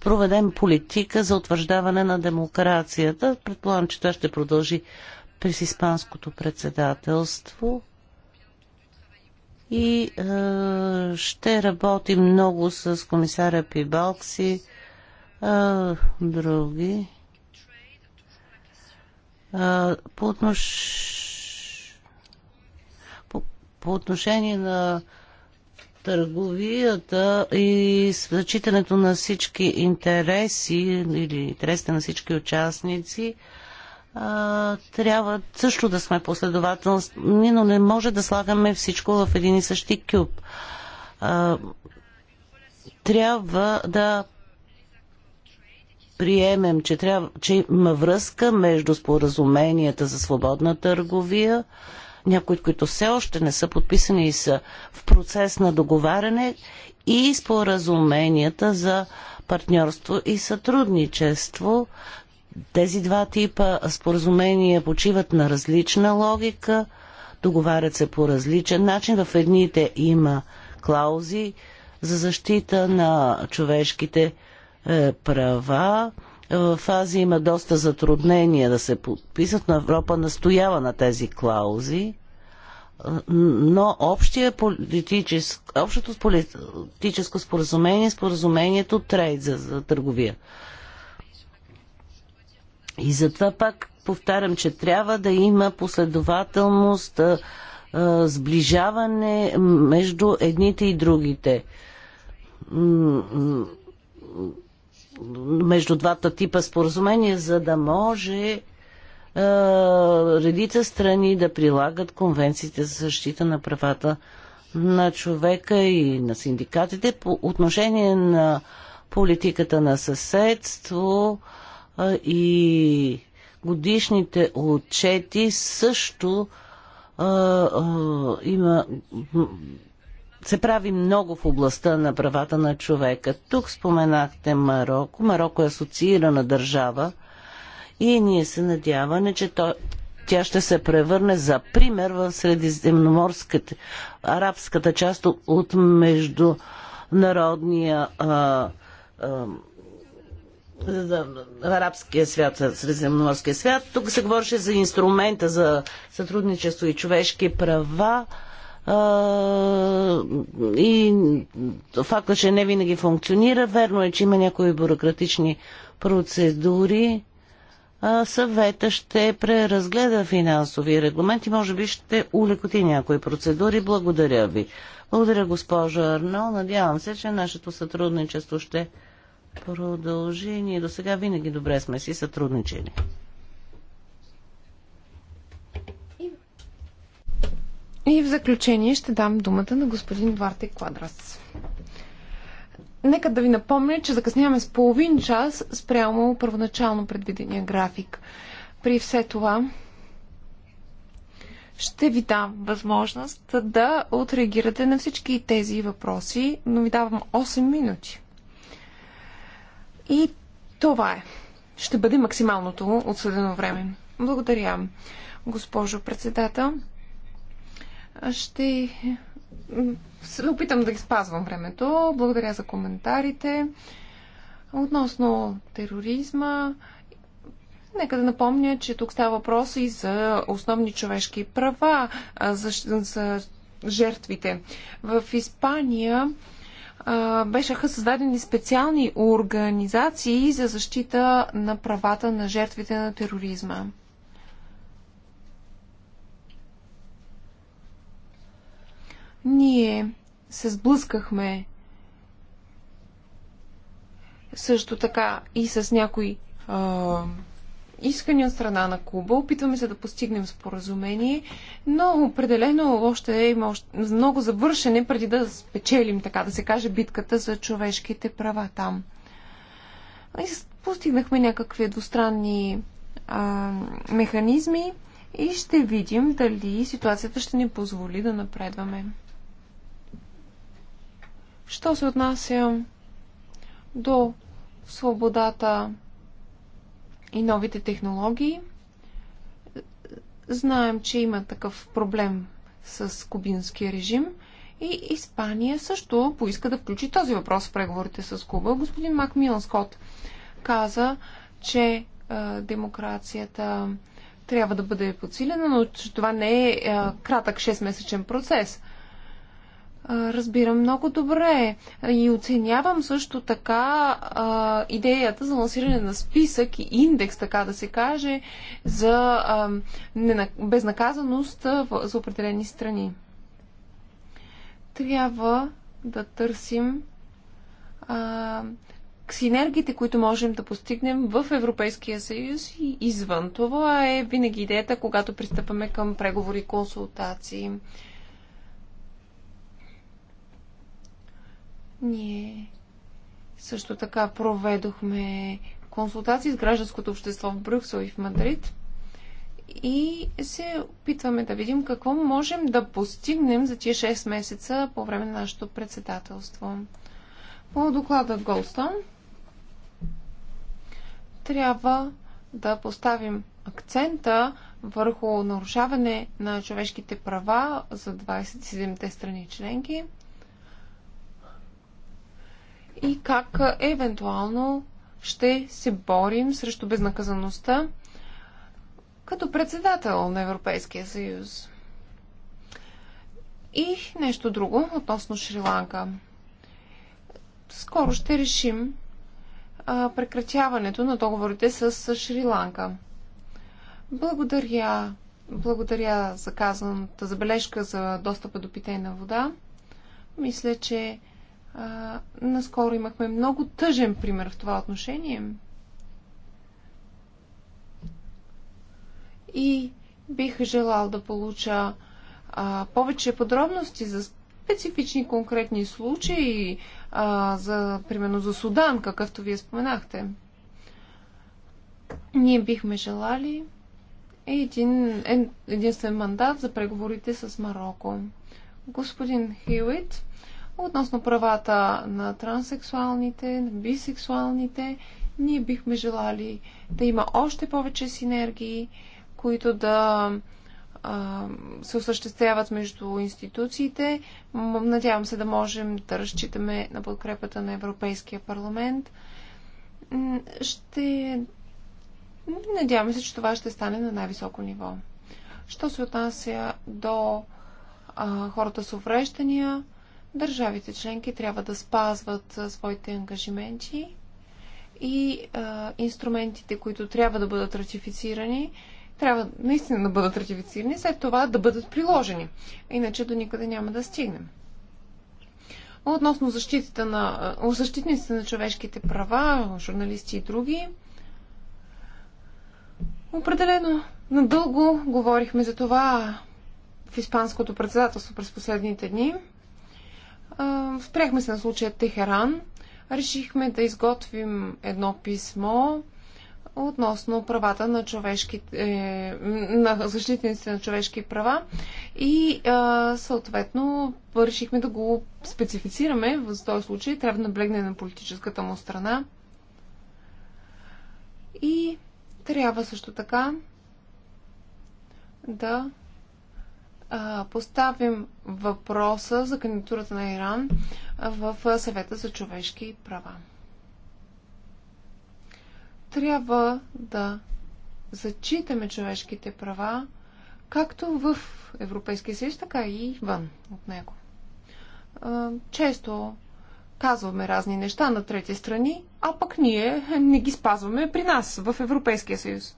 проведем политика за утвърждаване на демокрацията. Предполагам, че това ще продължи през Испанското председателство. И е, ще работим много с комисаря Пибалкси, е, други. По, отнош... по, по отношение на търговията и зачитането на всички интереси или интересите на всички участници, а, трябва също да сме последователни, но не може да слагаме всичко в един и същи кюб. А, трябва да приемем, че, трябва, че има връзка между споразуменията за свободна търговия, някои от които все още не са подписани и са в процес на договаряне, и споразуменията за партньорство и сътрудничество. Тези два типа споразумения почиват на различна логика, договарят се по различен начин. В едните има клаузи за защита на човешките е, права. Е, в Азия има доста затруднения да се подписат, но Европа настоява на тези клаузи. Е, но общия общото политическо споразумение е споразумението трейд за, за търговия. И затова пак повтарям, че трябва да има последователност, сближаване между едните и другите между двата типа споразумения, за да може е, редица страни да прилагат конвенциите за защита на правата на човека и на синдикатите по отношение на политиката на съседство е, и годишните отчети също е, е има се прави много в областта на правата на човека. Тук споменахте Марокко. Марокко е асоциирана държава и ние се надяваме, че то, тя ще се превърне за пример в средиземноморската, арабската част от международния а, а, арабския свят, средиземноморския свят. Тук се говореше за инструмента за сътрудничество и човешки права и факта, че не винаги функционира. Верно е, че има някои бюрократични процедури. Съвета ще преразгледа финансови регламенти, може би ще улекоти някои процедури. Благодаря ви. Благодаря, госпожа Арно. Надявам се, че нашето сътрудничество ще продължи. Ние до сега винаги добре сме си сътрудничени. И в заключение ще дам думата на господин Дварте Квадрас. Нека да ви напомня, че закъсняваме с половин час спрямо първоначално предвидения график. При все това ще ви дам възможност да отреагирате на всички тези въпроси, но ви давам 8 минути. И това е. Ще бъде максималното отсъдено време. Благодаря, госпожо председател. Ще се опитам да ги спазвам времето. Благодаря за коментарите. Относно тероризма, нека да напомня, че тук става въпрос и за основни човешки права, за, за жертвите. В Испания бешаха създадени специални организации за защита на правата на жертвите на тероризма. Ние се сблъскахме също така и с някои а, искани от страна на Куба. Опитваме се да постигнем споразумение, но определено още има още много завършене преди да спечелим, така да се каже, битката за човешките права там. И постигнахме някакви двустранни а, механизми и ще видим дали ситуацията ще ни позволи да напредваме. Що се отнася до свободата и новите технологии, знаем, че има такъв проблем с кубинския режим и Испания също поиска да включи този въпрос в преговорите с Куба. Господин Макмилан Скот каза, че е, демокрацията трябва да бъде подсилена, но че това не е, е кратък 6-месечен процес. Разбирам много добре и оценявам също така а, идеята за лансиране на списък и индекс, така да се каже, за а, безнаказаност в... за определени страни. Трябва да търсим а, синергите, които можем да постигнем в Европейския съюз и извън. Това е винаги идеята, когато пристъпаме към преговори и консултации. Ние също така проведохме консултации с гражданското общество в Брюксел и в Мадрид и се опитваме да видим какво можем да постигнем за тия 6 месеца по време на нашето председателство. По доклада Голстон трябва да поставим акцента върху нарушаване на човешките права за 27-те страни членки – и как евентуално ще се борим срещу безнаказаността като председател на Европейския съюз. И нещо друго относно Шри-Ланка. Скоро ще решим а, прекратяването на договорите с Шри-Ланка. Благодаря, благодаря за казаната забележка за достъпа до питейна вода. Мисля, че а, наскоро имахме много тъжен пример в това отношение. И бих желал да получа а, повече подробности за специфични конкретни случаи, а, за, примерно за Судан, какъвто вие споменахте. Ние бихме желали един единствен мандат за преговорите с Марокко. Господин Хилит, Относно правата на транссексуалните, на бисексуалните, ние бихме желали да има още повече синергии, които да а, се осъществяват между институциите. Надявам се да можем да разчитаме на подкрепата на Европейския парламент. Ще. Надяваме се, че това ще стане на най-високо ниво. Що се отнася до а, хората с увреждания, държавите членки трябва да спазват своите ангажименти и а, инструментите, които трябва да бъдат ратифицирани, трябва наистина да бъдат ратифицирани, след това да бъдат приложени. Иначе до никъде няма да стигнем. Относно защитата на, защитниците на човешките права, журналисти и други, определено надълго говорихме за това в Испанското председателство през последните дни – Спряхме се на случая Техеран. Решихме да изготвим едно писмо относно правата на човешките, е, на защитниците на човешки права и съответно решихме да го специфицираме в този случай. Трябва да наблегне на политическата му страна. И трябва също така да а, поставим въпроса за кандидатурата на Иран в съвета за човешки права. Трябва да зачитаме човешките права както в Европейския съюз, така и вън от него. Често казваме разни неща на трети страни, а пък ние не ги спазваме при нас в Европейския съюз.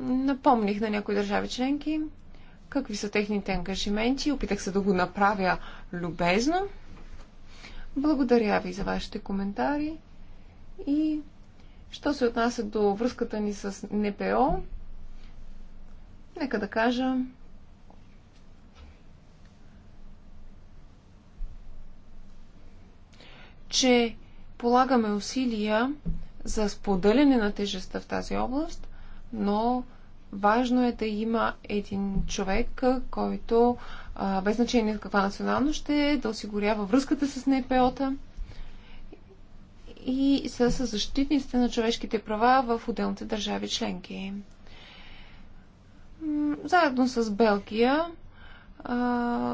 Напомних на някои държави членки, какви са техните ангажименти. Опитах се да го направя любезно. Благодаря ви за вашите коментари и що се отнася до връзката ни с НПО, нека да кажа, че полагаме усилия за споделяне на тежеста в тази област, но Важно е да има един човек, който без значение каква националност ще е, да осигурява връзката с НПО-та и с защитниците на човешките права в отделните държави членки. Заедно с Белгия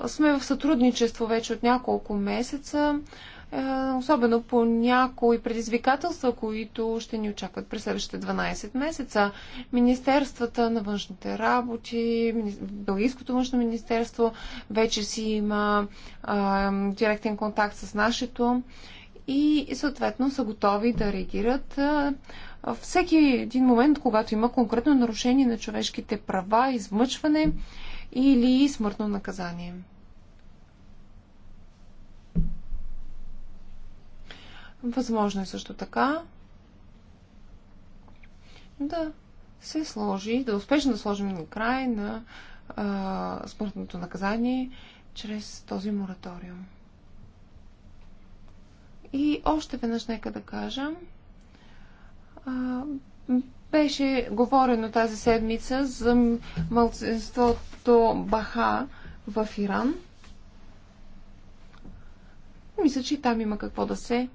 сме в сътрудничество вече от няколко месеца е, особено по някои предизвикателства, които ще ни очакват през следващите 12 месеца. Министерствата на външните работи, белгийското външно министерство вече си има а, директен контакт с нашето и съответно са готови да реагират всеки един момент, когато има конкретно нарушение на човешките права, измъчване или смъртно наказание. Възможно е също така да се сложи, да успешно да сложим на край на а, смъртното наказание чрез този мораториум. И още веднъж нека да кажа, а, беше говорено тази седмица за мълцинството Баха в Иран. Мисля, че и там има какво да се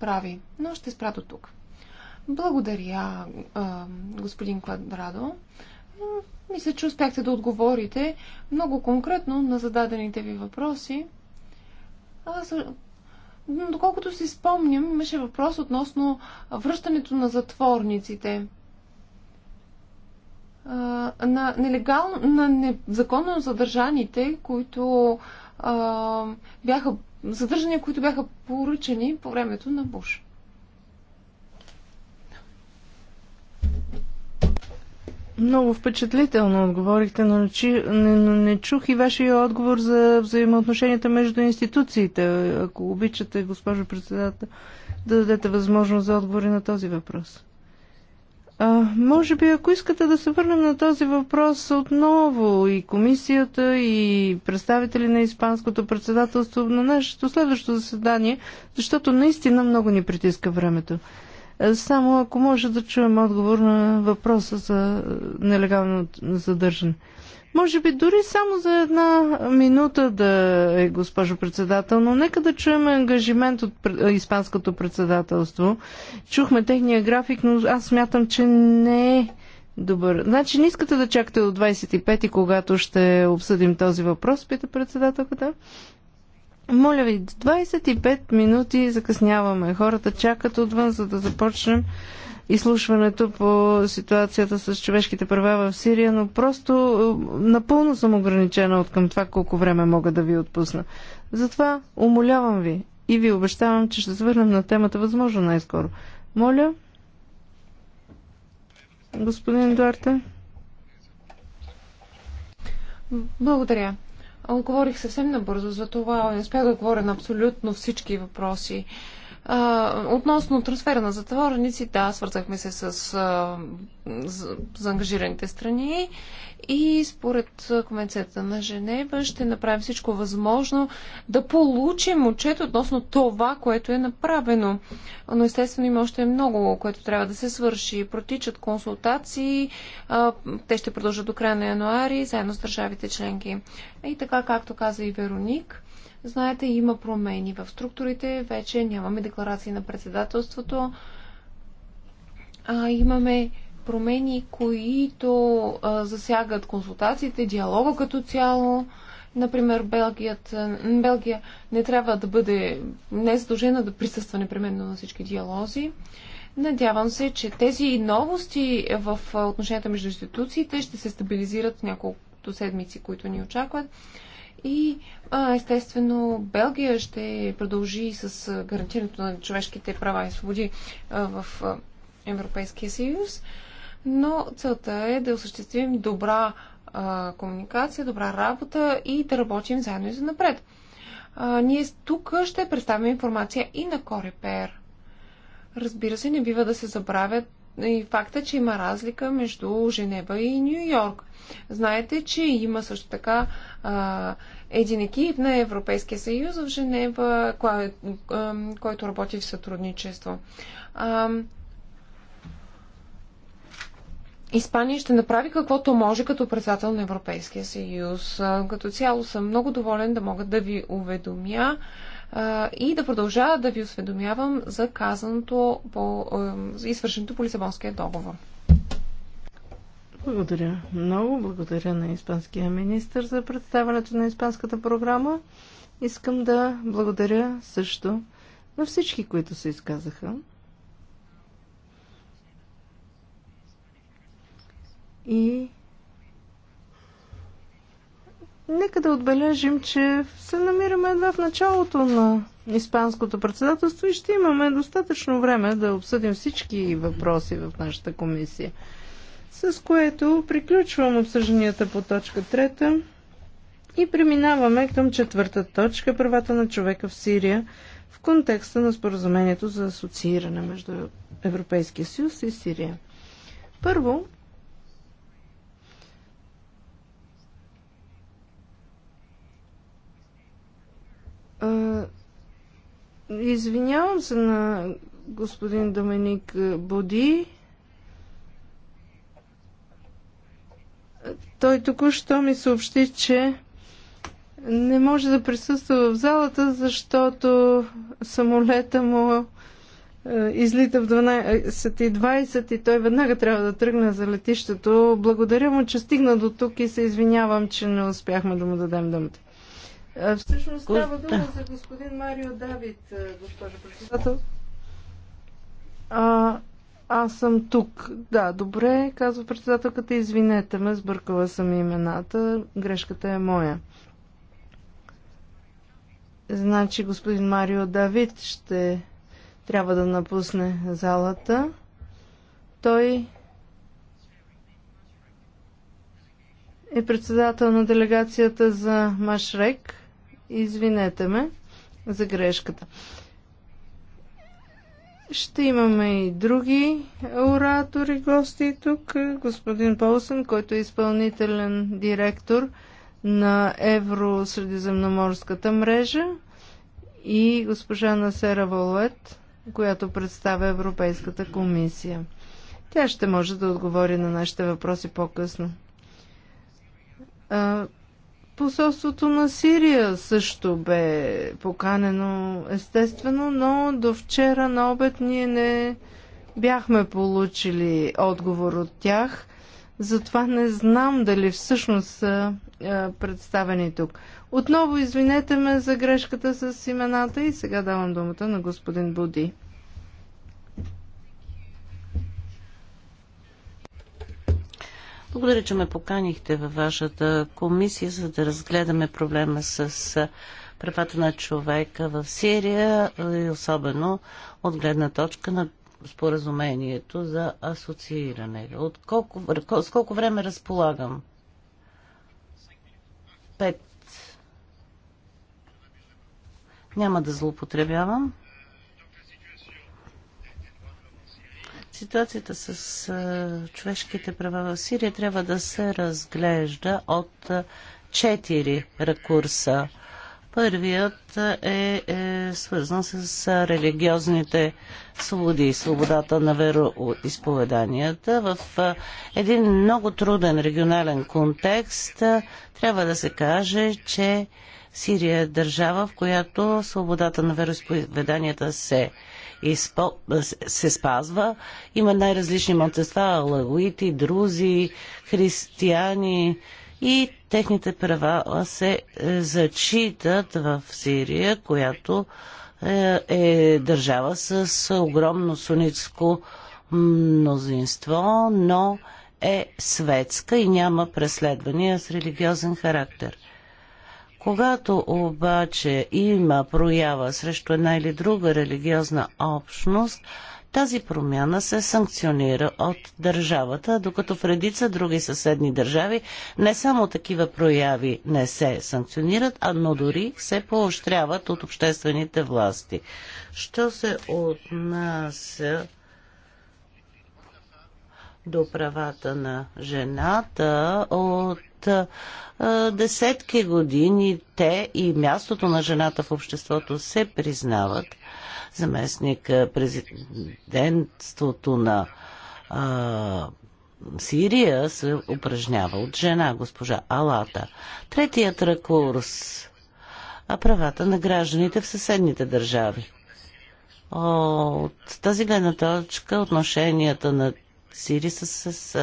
прави. Но ще спра до тук. Благодаря, господин Квадрадо. Мисля, че успяхте да отговорите много конкретно на зададените ви въпроси. Аз, доколкото си спомням, имаше въпрос относно връщането на затворниците. На, нелегално, на незаконно задържаните, които а, бяха задържания, които бяха поръчани по времето на Буш. Много впечатлително отговорихте, но не, но не чух и вашия отговор за взаимоотношенията между институциите. Ако обичате, госпожо председател, да дадете възможност за отговори на този въпрос. А, може би, ако искате да се върнем на този въпрос отново и комисията, и представители на Испанското председателство на нашето следващо заседание, защото наистина много ни притиска времето. Само ако може да чуем отговор на въпроса за нелегално задържане. Може би дори само за една минута да е госпожо председател, но нека да чуем ангажимент от Испанското председателство. Чухме техния график, но аз смятам, че не е добър. Значи не искате да чакате до 25-ти, когато ще обсъдим този въпрос, пита председателката. Моля ви, 25 минути закъсняваме. Хората чакат отвън, за да започнем изслушването по ситуацията с човешките права в Сирия, но просто е, напълно съм ограничена от към това колко време мога да ви отпусна. Затова умолявам ви и ви обещавам, че ще се върнем на темата възможно най-скоро. Моля, господин Дуарте. Благодаря. Отговорих съвсем набързо, за това не спя да говоря на абсолютно всички въпроси. А, относно трансфера на затворници, да, свързахме се с, а, за, за ангажираните страни и според Конвенцията на Женева ще направим всичко възможно да получим отчет относно това, което е направено. Но естествено има още много, което трябва да се свърши. Протичат консултации, а, те ще продължат до края на януари, заедно с държавите членки. И така, както каза и Вероник, Знаете, има промени в структурите, вече нямаме декларации на председателството, а имаме промени, които а, засягат консултациите, диалога като цяло. Например, Белгият, Белгия не трябва да бъде, не е задължена да присъства непременно на всички диалози. Надявам се, че тези новости в отношенията между институциите ще се стабилизират в няколкото седмици, които ни очакват. И а, естествено Белгия ще продължи с гарантирането на човешките права и свободи а, в Европейския съюз, но целта е да осъществим добра а, комуникация, добра работа и да работим заедно и за напред. А, ние тук ще представим информация и на Корипер. Разбира се, не бива да се забравят и факта, че има разлика между Женева и Нью Йорк. Знаете, че има също така а, един екип на Европейския съюз в Женева, кой, а, който работи в сътрудничество. А, Испания ще направи каквото може като председател на Европейския съюз. Като цяло съм много доволен да мога да ви уведомя, и да продължа да ви осведомявам за казаното по извършеното по Лисабонския договор. Благодаря много. Благодаря на испанския министр за представянето на испанската програма. Искам да благодаря също на всички, които се изказаха. И Нека да отбележим, че се намираме едва в началото на Испанското председателство и ще имаме достатъчно време да обсъдим всички въпроси в нашата комисия. С което приключвам обсъжданията по точка трета и преминаваме към четвърта точка правата на човека в Сирия в контекста на споразумението за асоцииране между Европейския съюз и Сирия. Първо, Извинявам се на господин Доминик Боди. Той току-що ми съобщи, че не може да присъства в залата, защото самолета му е, излита в 12.20 и той веднага трябва да тръгне за летището. Благодаря му, че стигна до тук и се извинявам, че не успяхме да му дадем думата. Всъщност става дума за господин Марио Давид, госпожо председател. А, аз съм тук. Да, добре, казва председателката. Извинете ме, сбъркала съм имената. Грешката е моя. Значи господин Марио Давид ще трябва да напусне залата. Той е председател на делегацията за Машрек. Извинете ме за грешката. Ще имаме и други оратори, гости тук. Господин Полсън, който е изпълнителен директор на Евросредиземноморската мрежа и госпожа Насера Волет, която представя Европейската комисия. Тя ще може да отговори на нашите въпроси по-късно. Посолството на Сирия също бе поканено, естествено, но до вчера на обед ние не бяхме получили отговор от тях. Затова не знам дали всъщност са представени тук. Отново извинете ме за грешката с имената и сега давам думата на господин Буди. Благодаря, че ме поканихте във вашата комисия, за да разгледаме проблема с правата на човека в Сирия и особено от гледна точка на споразумението за асоцииране. От колко, с колко време разполагам? Пет. Няма да злоупотребявам. Ситуацията с човешките права в Сирия трябва да се разглежда от четири ракурса. Първият е, е свързан с религиозните свободи и свободата на вероисповеданията. В един много труден регионален контекст трябва да се каже, че Сирия е държава, в която свободата на вероисповеданията се се спазва. Има най-различни младсества, алауити, друзи, християни и техните права се е, зачитат в Сирия, която е, е държава с огромно сунитско мнозинство, но е светска и няма преследвания с религиозен характер. Когато обаче има проява срещу една или друга религиозна общност, тази промяна се санкционира от държавата, докато в редица други съседни държави не само такива прояви не се санкционират, а но дори се поощряват от обществените власти. Що се отнася до правата на жената от десетки години те и мястото на жената в обществото се признават. Заместник президентството на а, Сирия се упражнява от жена, госпожа Алата. Третият ракурс а правата на гражданите в съседните държави. От тази гледна точка отношенията на Сири с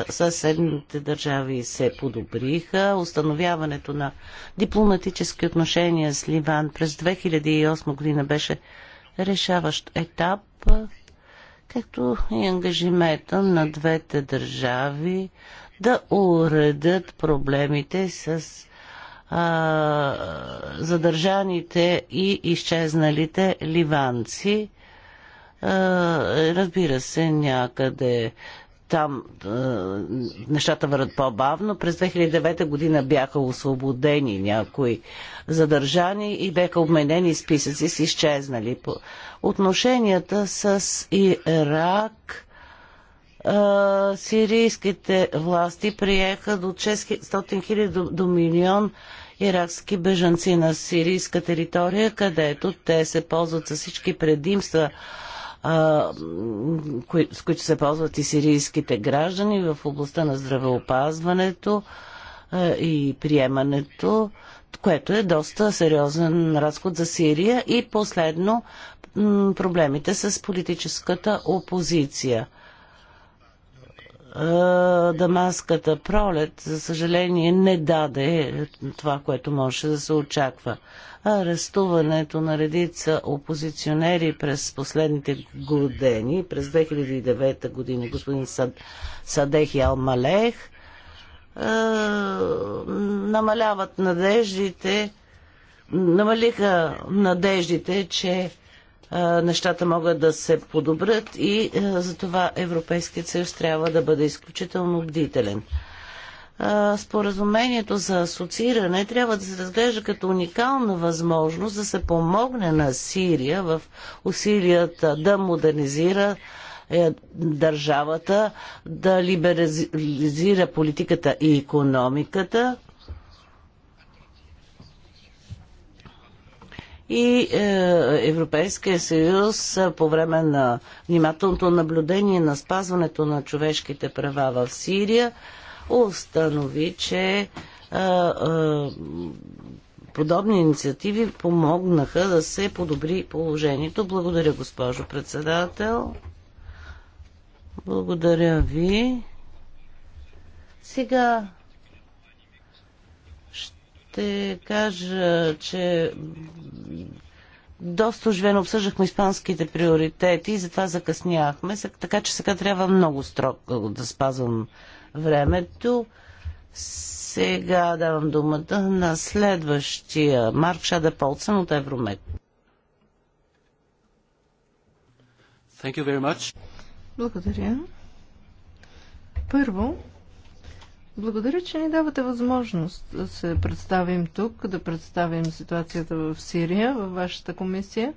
съседните държави се подобриха. Установяването на дипломатически отношения с Ливан през 2008 година беше решаващ етап, както и ангажимента на двете държави да уредят проблемите с а, задържаните и изчезналите ливанци разбира се, някъде там е, нещата върват по-бавно. През 2009 година бяха освободени някои задържани и бяха обменени списъци с изчезнали. Отношенията с Ирак е, сирийските власти приеха до 600 000 до, до милион иракски бежанци на сирийска територия, където те се ползват с всички предимства кои, с които се ползват и сирийските граждани в областта на здравеопазването и приемането, което е доста сериозен разход за Сирия. И последно, проблемите с политическата опозиция. Дамаската пролет, за съжаление, не даде това, което можеше да се очаква. Арестуването на редица опозиционери през последните години, през 2009 година, господин Сад, Садех и Алмалех, намаляват надеждите, намалиха надеждите, че нещата могат да се подобрят и затова Европейският съюз трябва да бъде изключително бдителен. Споразумението за асоцииране трябва да се разглежда като уникална възможност да се помогне на Сирия в усилията да модернизира е, държавата, да либерализира политиката и економиката, и е, Европейския съюз е, по време на внимателното наблюдение на спазването на човешките права в Сирия установи, че е, подобни инициативи помогнаха да се подобри положението. Благодаря, госпожо председател. Благодаря ви. Сега ще кажа, че доста оживено обсъждахме испанските приоритети и затова закъсняхме, така че сега трябва много строго да спазвам времето. Сега давам думата на следващия Марк Шада Полцен от Евромед. Thank you very much. Благодаря. Първо, благодаря, че ни давате възможност да се представим тук, да представим ситуацията в Сирия, във вашата комисия.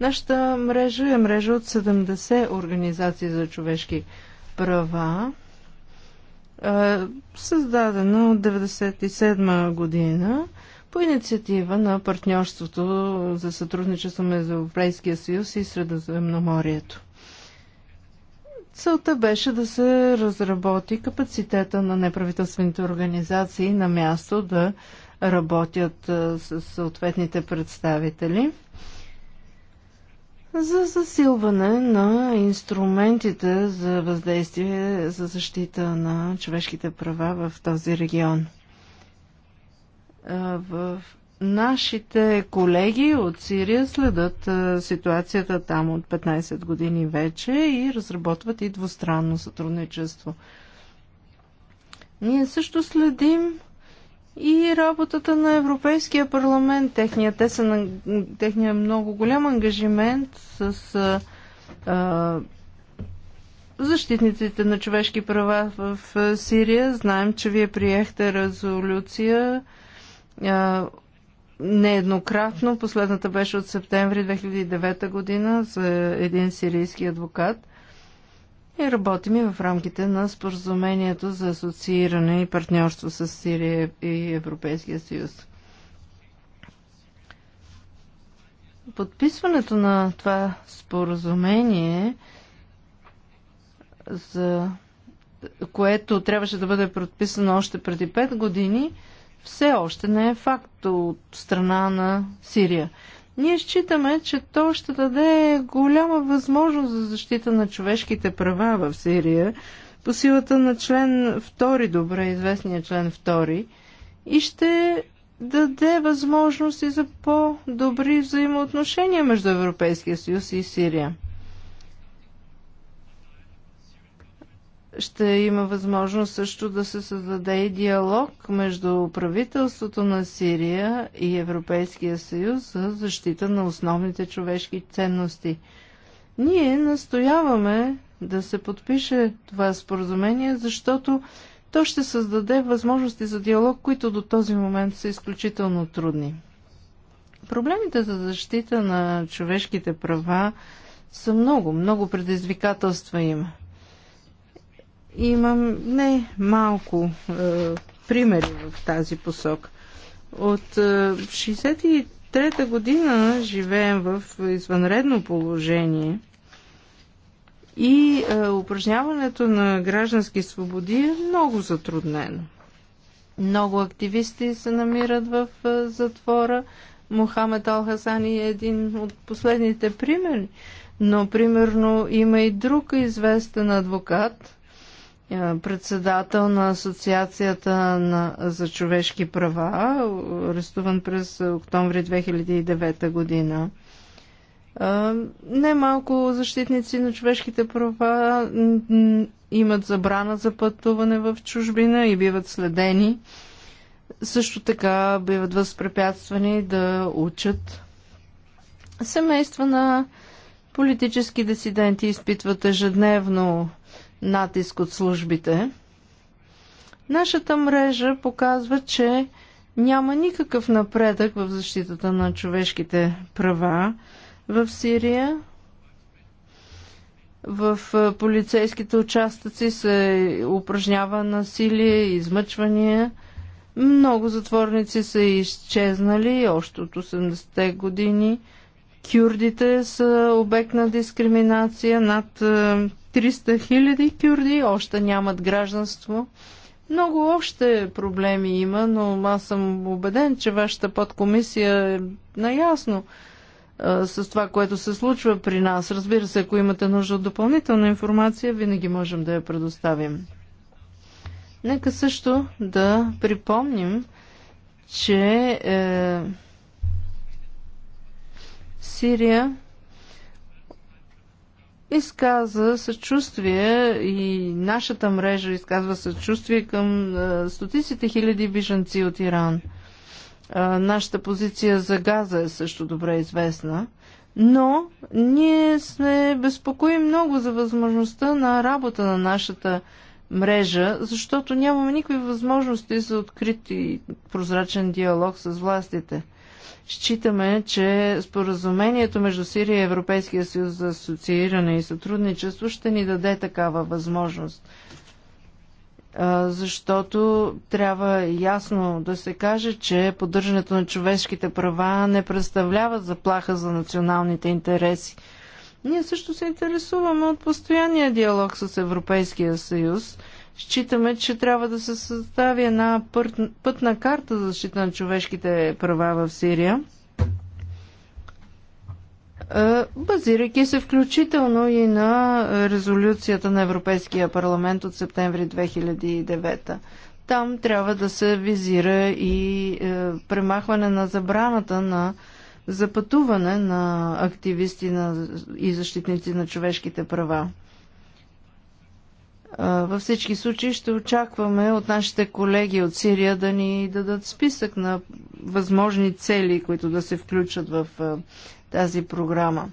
Нашата мрежа е мрежа от 70 организации за човешки права, е, създадена от 1997 година по инициатива на партньорството за сътрудничество между Европейския съюз и Средоземноморието. Целта беше да се разработи капацитета на неправителствените организации на място да работят с съответните представители за засилване на инструментите за въздействие за защита на човешките права в този регион. В Нашите колеги от Сирия следат ситуацията там от 15 години вече и разработват и двустранно сътрудничество. Ние също следим и работата на Европейския парламент. Техния, те са, техния много голям ангажимент с а, защитниците на човешки права в Сирия. Знаем, че вие приехте резолюция нееднократно. Последната беше от септември 2009 година за един сирийски адвокат. И работим и в рамките на споразумението за асоцииране и партньорство с Сирия и Европейския съюз. Подписването на това споразумение за което трябваше да бъде подписано още преди 5 години, все още не е факт от страна на Сирия. Ние считаме, че то ще даде голяма възможност за защита на човешките права в Сирия по силата на член 2, добре известния член 2, и ще даде възможности за по-добри взаимоотношения между Европейския съюз и Сирия. ще има възможност също да се създаде и диалог между правителството на Сирия и Европейския съюз за защита на основните човешки ценности. Ние настояваме да се подпише това споразумение, защото то ще създаде възможности за диалог, които до този момент са изключително трудни. Проблемите за защита на човешките права са много, много предизвикателства има. Имам не малко е, примери в тази посок. От е, 63-та година живеем в извънредно положение и е, упражняването на граждански свободи е много затруднено. Много активисти се намират в е, затвора. Мохамед Алхасани е един от последните примери. Но, примерно, има и друг известен адвокат, е, председател на Асоциацията на, за човешки права, арестуван през октомври 2009 година. Е, немалко защитници на човешките права имат забрана за пътуване в чужбина и биват следени. Също така биват възпрепятствани да учат. Семейства на политически дисиденти изпитват ежедневно натиск от службите. Нашата мрежа показва, че няма никакъв напредък в защитата на човешките права в Сирия. В полицейските участъци се упражнява насилие, измъчвания. Много затворници са изчезнали още от 80-те години. Кюрдите са обект на дискриминация. Над 300 хиляди кюрди още нямат гражданство. Много още проблеми има, но аз съм убеден, че вашата подкомисия е наясно а, с това, което се случва при нас. Разбира се, ако имате нужда от допълнителна информация, винаги можем да я предоставим. Нека също да припомним, че е, Сирия изказа съчувствие и нашата мрежа изказва съчувствие към стотиците хиляди бижанци от Иран. Нашата позиция за газа е също добре известна. Но ние сме безпокоим много за възможността на работа на нашата мрежа, защото нямаме никакви възможности за открит и прозрачен диалог с властите. Считаме, че споразумението между Сирия и Европейския съюз за асоцииране и сътрудничество ще ни даде такава възможност. Защото трябва ясно да се каже, че поддържането на човешките права не представлява заплаха за националните интереси. Ние също се интересуваме от постоянния диалог с Европейския съюз – Считаме, че трябва да се състави една пътна карта за защита на човешките права в Сирия, базирайки се включително и на резолюцията на Европейския парламент от септември 2009 там трябва да се визира и е, премахване на забраната на запътуване на активисти на, и защитници на човешките права. Във всички случаи ще очакваме от нашите колеги от Сирия да ни дадат списък на възможни цели, които да се включат в тази програма.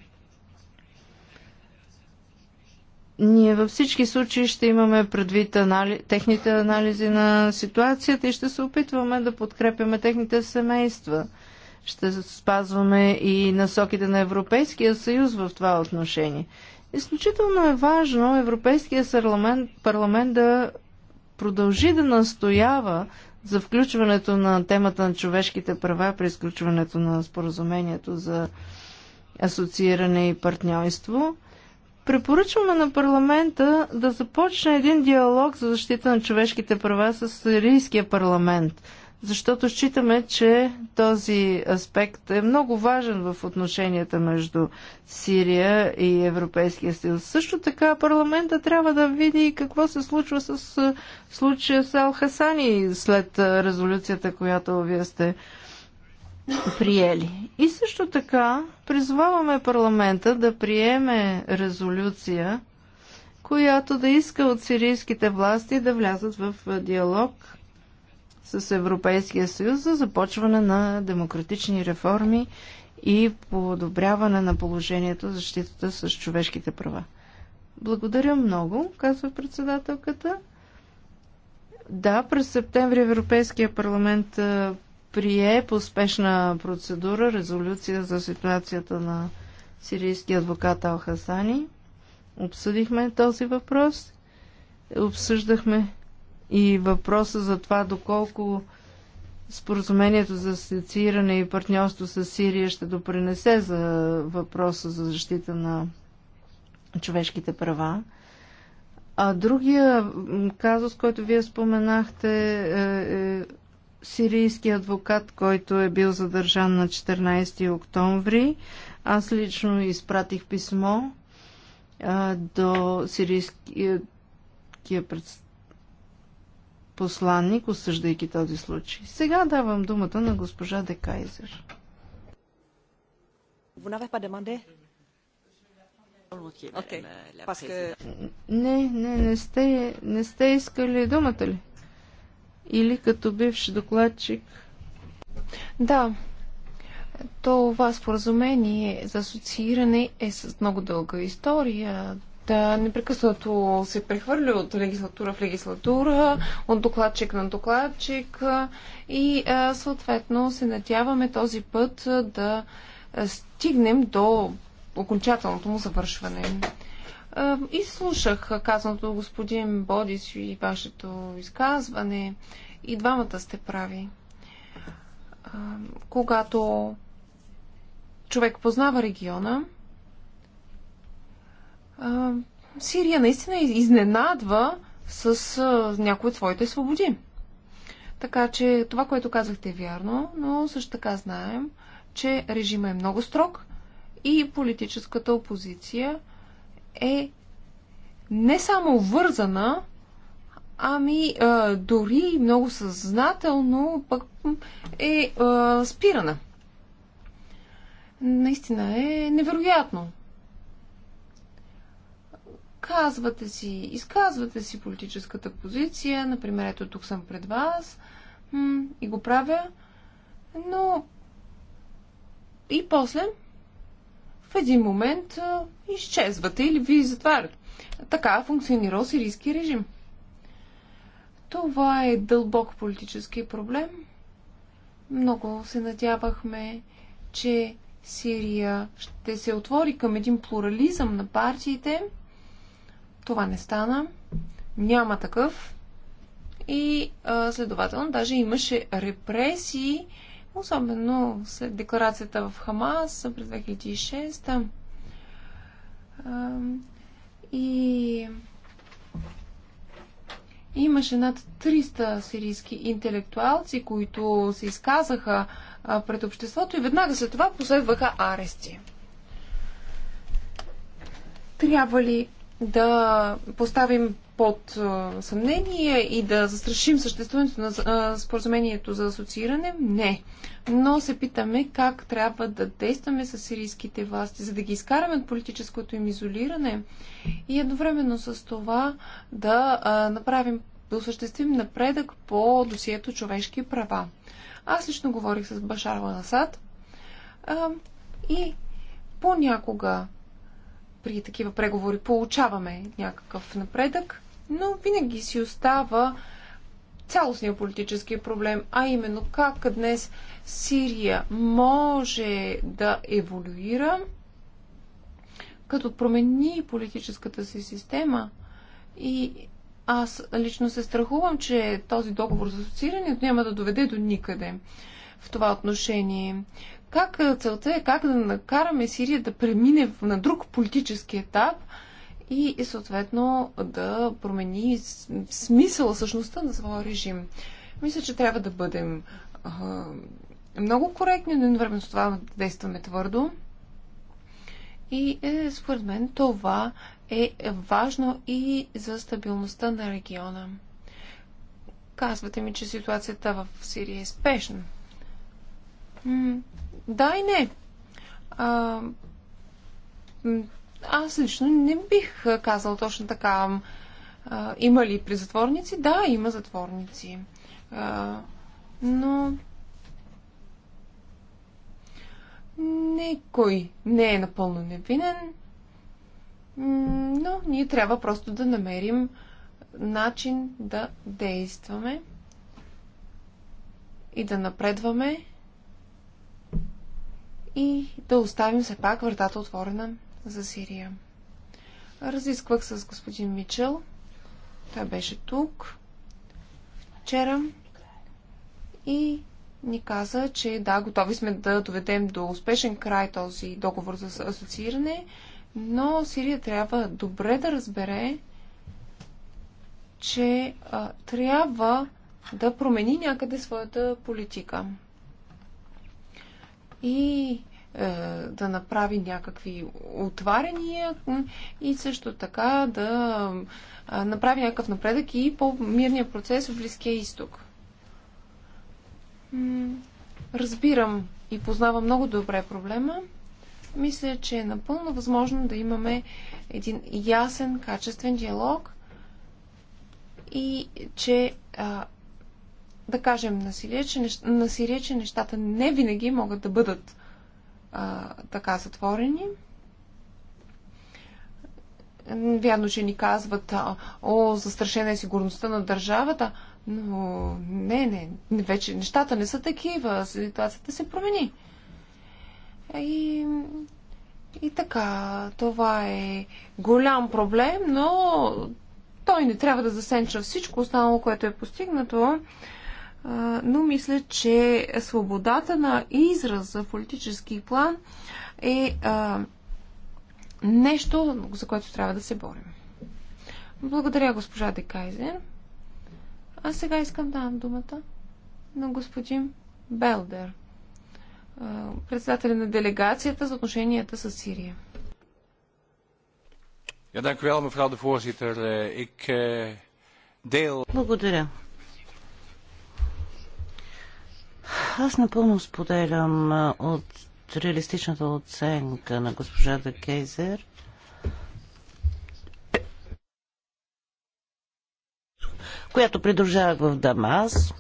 Ние във всички случаи ще имаме предвид анали... техните анализи на ситуацията и ще се опитваме да подкрепяме техните семейства. Ще спазваме и насоките на Европейския съюз в това отношение. Изключително е важно Европейския парламент, парламент да продължи да настоява за включването на темата на човешките права при изключването на споразумението за асоцииране и партньорство. Препоръчваме на парламента да започне един диалог за защита на човешките права с сирийския парламент – защото считаме, че този аспект е много важен в отношенията между Сирия и Европейския съюз. Също така парламента трябва да види какво се случва с случая с Ал Хасани след резолюцията, която вие сте приели. И също така призваваме парламента да приеме резолюция, която да иска от сирийските власти да влязат в диалог с Европейския съюз за започване на демократични реформи и подобряване на положението защитата с човешките права. Благодаря много, казва председателката. Да, през септември Европейския парламент прие по спешна процедура резолюция за ситуацията на сирийския адвокат Алхасани. Обсъдихме този въпрос. Обсъждахме и въпроса за това доколко споразумението за асоцииране и партньорство с Сирия ще допринесе за въпроса за защита на човешките права. А другия казус, който вие споменахте, е, е сирийски адвокат, който е бил задържан на 14 октомври. Аз лично изпратих писмо а, до сирийския представител посланник, осъждайки този случай. Сега давам думата на госпожа Декайзер. Не, не, не сте, не сте искали думата ли? Или като бивш докладчик? Да. Това споразумение за асоцииране е с много дълга история да, непрекъснато се прехвърля от легислатура в легислатура, от докладчик на докладчик и съответно се надяваме този път да стигнем до окончателното му завършване. И слушах казаното господин Бодис и вашето изказване. И двамата сте прави. Когато човек познава региона, а, Сирия наистина изненадва с а, някои от своите свободи. Така че това, което казахте е вярно, но също така знаем, че режима е много строг и политическата опозиция е не само вързана, ами а, дори много съзнателно пък е а, спирана. Наистина е невероятно казвате си, изказвате си политическата позиция, например, ето тук съм пред вас и го правя, но и после в един момент изчезвате или ви затварят. Така функционирал сирийски режим. Това е дълбок политически проблем. Много се надявахме, че Сирия ще се отвори към един плурализъм на партиите – това не стана. Няма такъв. И а, следователно даже имаше репресии, особено след декларацията в Хамас през 2006. А, и имаше над 300 сирийски интелектуалци, които се изказаха а, пред обществото и веднага след това последваха арести. Трябва ли да поставим под съмнение и да застрашим съществуването на споразумението за асоцииране? Не. Но се питаме как трябва да действаме с сирийските власти, за да ги изкараме от политическото им изолиране и едновременно с това да направим, да осъществим напредък по досието човешки права. Аз лично говорих с Башар Ванасад и понякога при такива преговори получаваме някакъв напредък, но винаги си остава цялостния политически проблем, а именно как днес Сирия може да еволюира, като промени политическата си система. И аз лично се страхувам, че този договор за асоциирането няма да доведе до никъде в това отношение. Как е, целта е как да накараме Сирия да премине на друг политически етап и, и съответно да промени смисъла, същността на своя режим. Мисля, че трябва да бъдем а, много коректни, но едновременно с това да действаме твърдо. И е, според мен това е важно и за стабилността на региона. Казвате ми, че ситуацията в Сирия е спешна. Да и не. А, аз лично не бих казал точно така. А, има ли при затворници? Да, има затворници. А, но никой не е напълно невинен. Но ние трябва просто да намерим начин да действаме и да напредваме и да оставим все пак вратата отворена за Сирия. Разисквах с господин Мичел. Той беше тук вчера и ни каза, че да, готови сме да доведем до успешен край този договор за асоцииране, но Сирия трябва добре да разбере, че а, трябва да промени някъде своята политика. И е, да направи някакви отваряния и също така да е, направи някакъв напредък и по мирния процес в Близкия изток. Разбирам и познавам много добре проблема. Мисля, че е напълно възможно да имаме един ясен, качествен диалог и че да кажем на Сирия, че нещата не винаги могат да бъдат а, така затворени. Вярно, че ни казват, о, застрашена е сигурността на държавата, но не, не, вече нещата не са такива, ситуацията се промени. И, и така, това е голям проблем, но той не трябва да засенча всичко останало, което е постигнато но мисля, че свободата на израз за политически план е нещо, за което трябва да се борим. Благодаря, госпожа Декайзер. А сега искам да дам думата на господин Белдер, председателя на делегацията за отношенията с Сирия. Eh, eh, Благодаря, аз напълно споделям от реалистичната оценка на госпожа Декейзер. която придружавах в Дамас.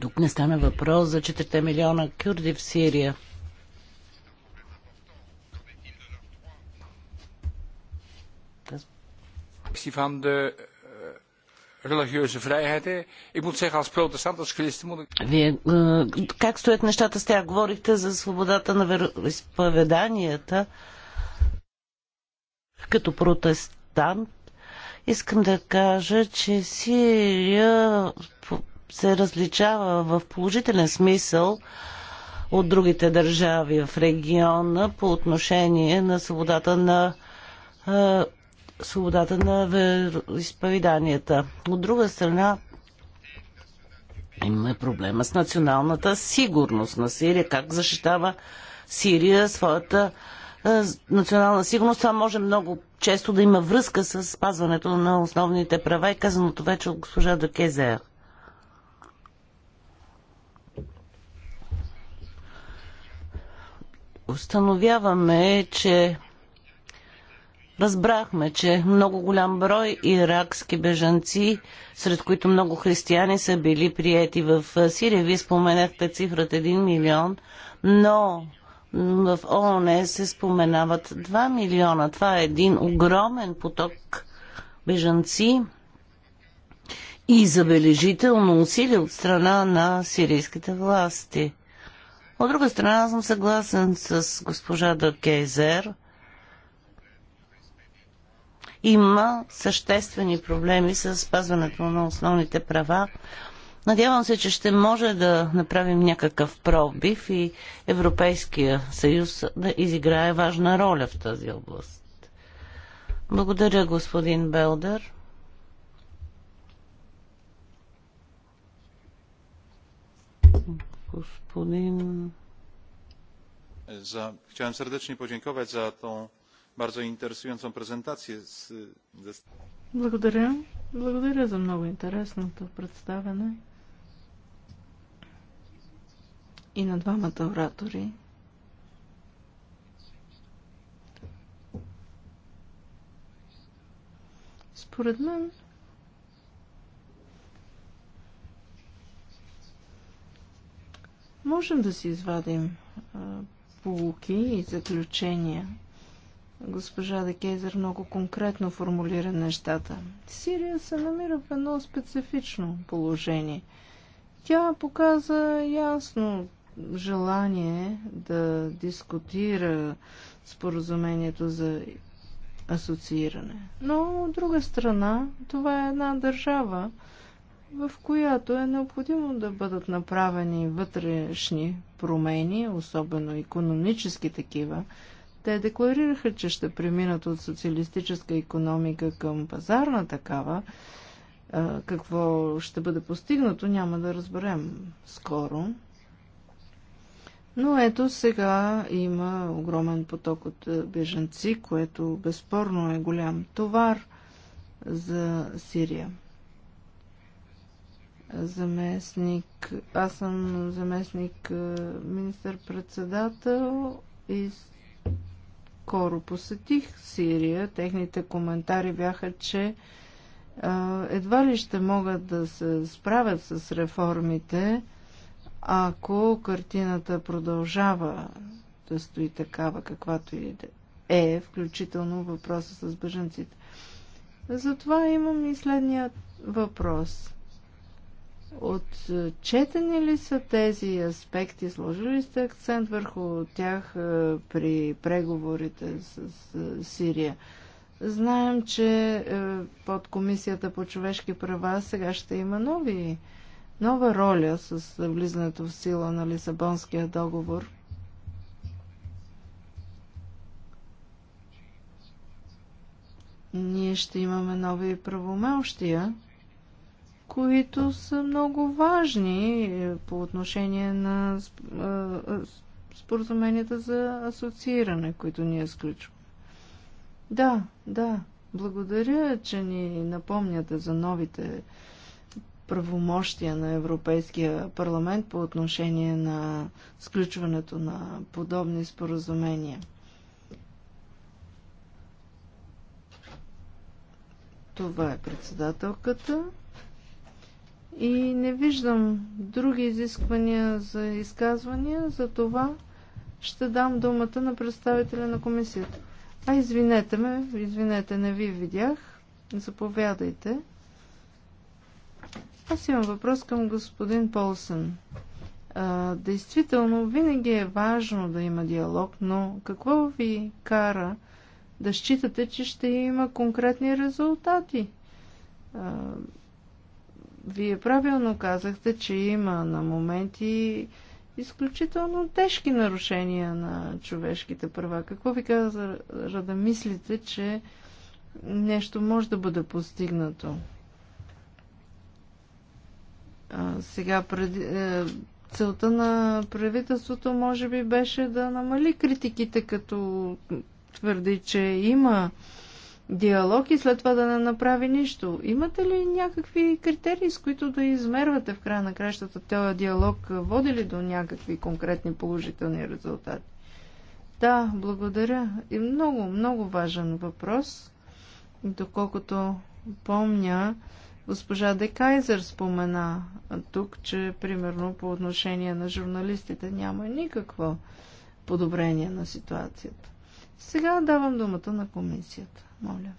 Тук не стана въпрос за 4 милиона кюрди в Сирия. Van religieuze vrijheden. Ik moet zeggen, als protestant, als christen moet ik... Вие, е, как стоят нещата с тях? Говорихте за свободата на вероисповеданията. Като протестант, искам да кажа, че Сирия се различава в положителен смисъл от другите държави в региона по отношение на свободата на е, свободата на вероисповеданията. От друга страна, имаме проблема с националната сигурност на Сирия. Как защитава Сирия своята а, национална сигурност? Това може много често да има връзка с спазването на основните права и казаното вече от госпожа Докезер. Установяваме, че Разбрахме, че много голям брой иракски бежанци, сред които много християни са били приети в Сирия. Вие споменахте цифрата 1 милион, но в ООН се споменават 2 милиона. Това е един огромен поток бежанци и забележително усилие от страна на сирийските власти. От друга страна, аз съм съгласен с госпожа Дакейзер – има съществени проблеми с спазването на основните права. Надявам се, че ще може да направим някакъв пробив и Европейския съюз да изиграе важна роля в тази област. Благодаря, господин Белдер. Господин... За... Chciałem serdecznie podziękować za tą bardzo interesującą prezentację. Z... Благодаря. Благодаря за много интересното представяне и на двамата оратори. Според мен можем да си извадим а, полуки и заключения госпожа Декейзер много конкретно формулира нещата. Сирия се намира в едно специфично положение. Тя показа ясно желание да дискутира споразумението за асоцииране. Но от друга страна, това е една държава, в която е необходимо да бъдат направени вътрешни промени, особено економически такива, те декларираха, че ще преминат от социалистическа економика към пазарна такава. Какво ще бъде постигнато, няма да разберем скоро. Но ето сега има огромен поток от беженци, което безспорно е голям товар за Сирия. Заместник, аз съм заместник министър-председател и наскоро посетих Сирия, техните коментари бяха, че едва ли ще могат да се справят с реформите, ако картината продължава да стои такава, каквато и е, включително въпроса с бъженците. Затова имам и следния въпрос. Отчетени ли са тези аспекти? Сложили ли сте акцент върху тях при преговорите с Сирия? Знаем, че под Комисията по човешки права сега ще има нови, нова роля с влизането в сила на Лисабонския договор. Ние ще имаме нови правомелщия които са много важни е, по отношение на споразуменията за асоцииране, които ние сключваме. Да, да, благодаря, че ни напомняте за новите правомощия на Европейския парламент по отношение на сключването на подобни споразумения. Това е председателката. И не виждам други изисквания за изказвания, за това ще дам думата на представителя на комисията. А извинете ме, извинете, не ви видях. Заповядайте. Аз имам въпрос към господин Полсън. А, действително, винаги е важно да има диалог, но какво ви кара да считате, че ще има конкретни резултати? А, вие правилно казахте, че има на моменти изключително тежки нарушения на човешките права. Какво ви каза за да мислите, че нещо може да бъде постигнато? А, сега, пред, е, целта на правителството може би беше да намали критиките, като твърди, че има диалог и след това да не направи нищо. Имате ли някакви критерии, с които да измервате в края на кращата този диалог? Води ли до някакви конкретни положителни резултати? Да, благодаря. И много, много важен въпрос. Доколкото помня, госпожа Декайзер спомена тук, че примерно по отношение на журналистите няма никакво подобрение на ситуацията. Сега давам думата на комисията. Моля.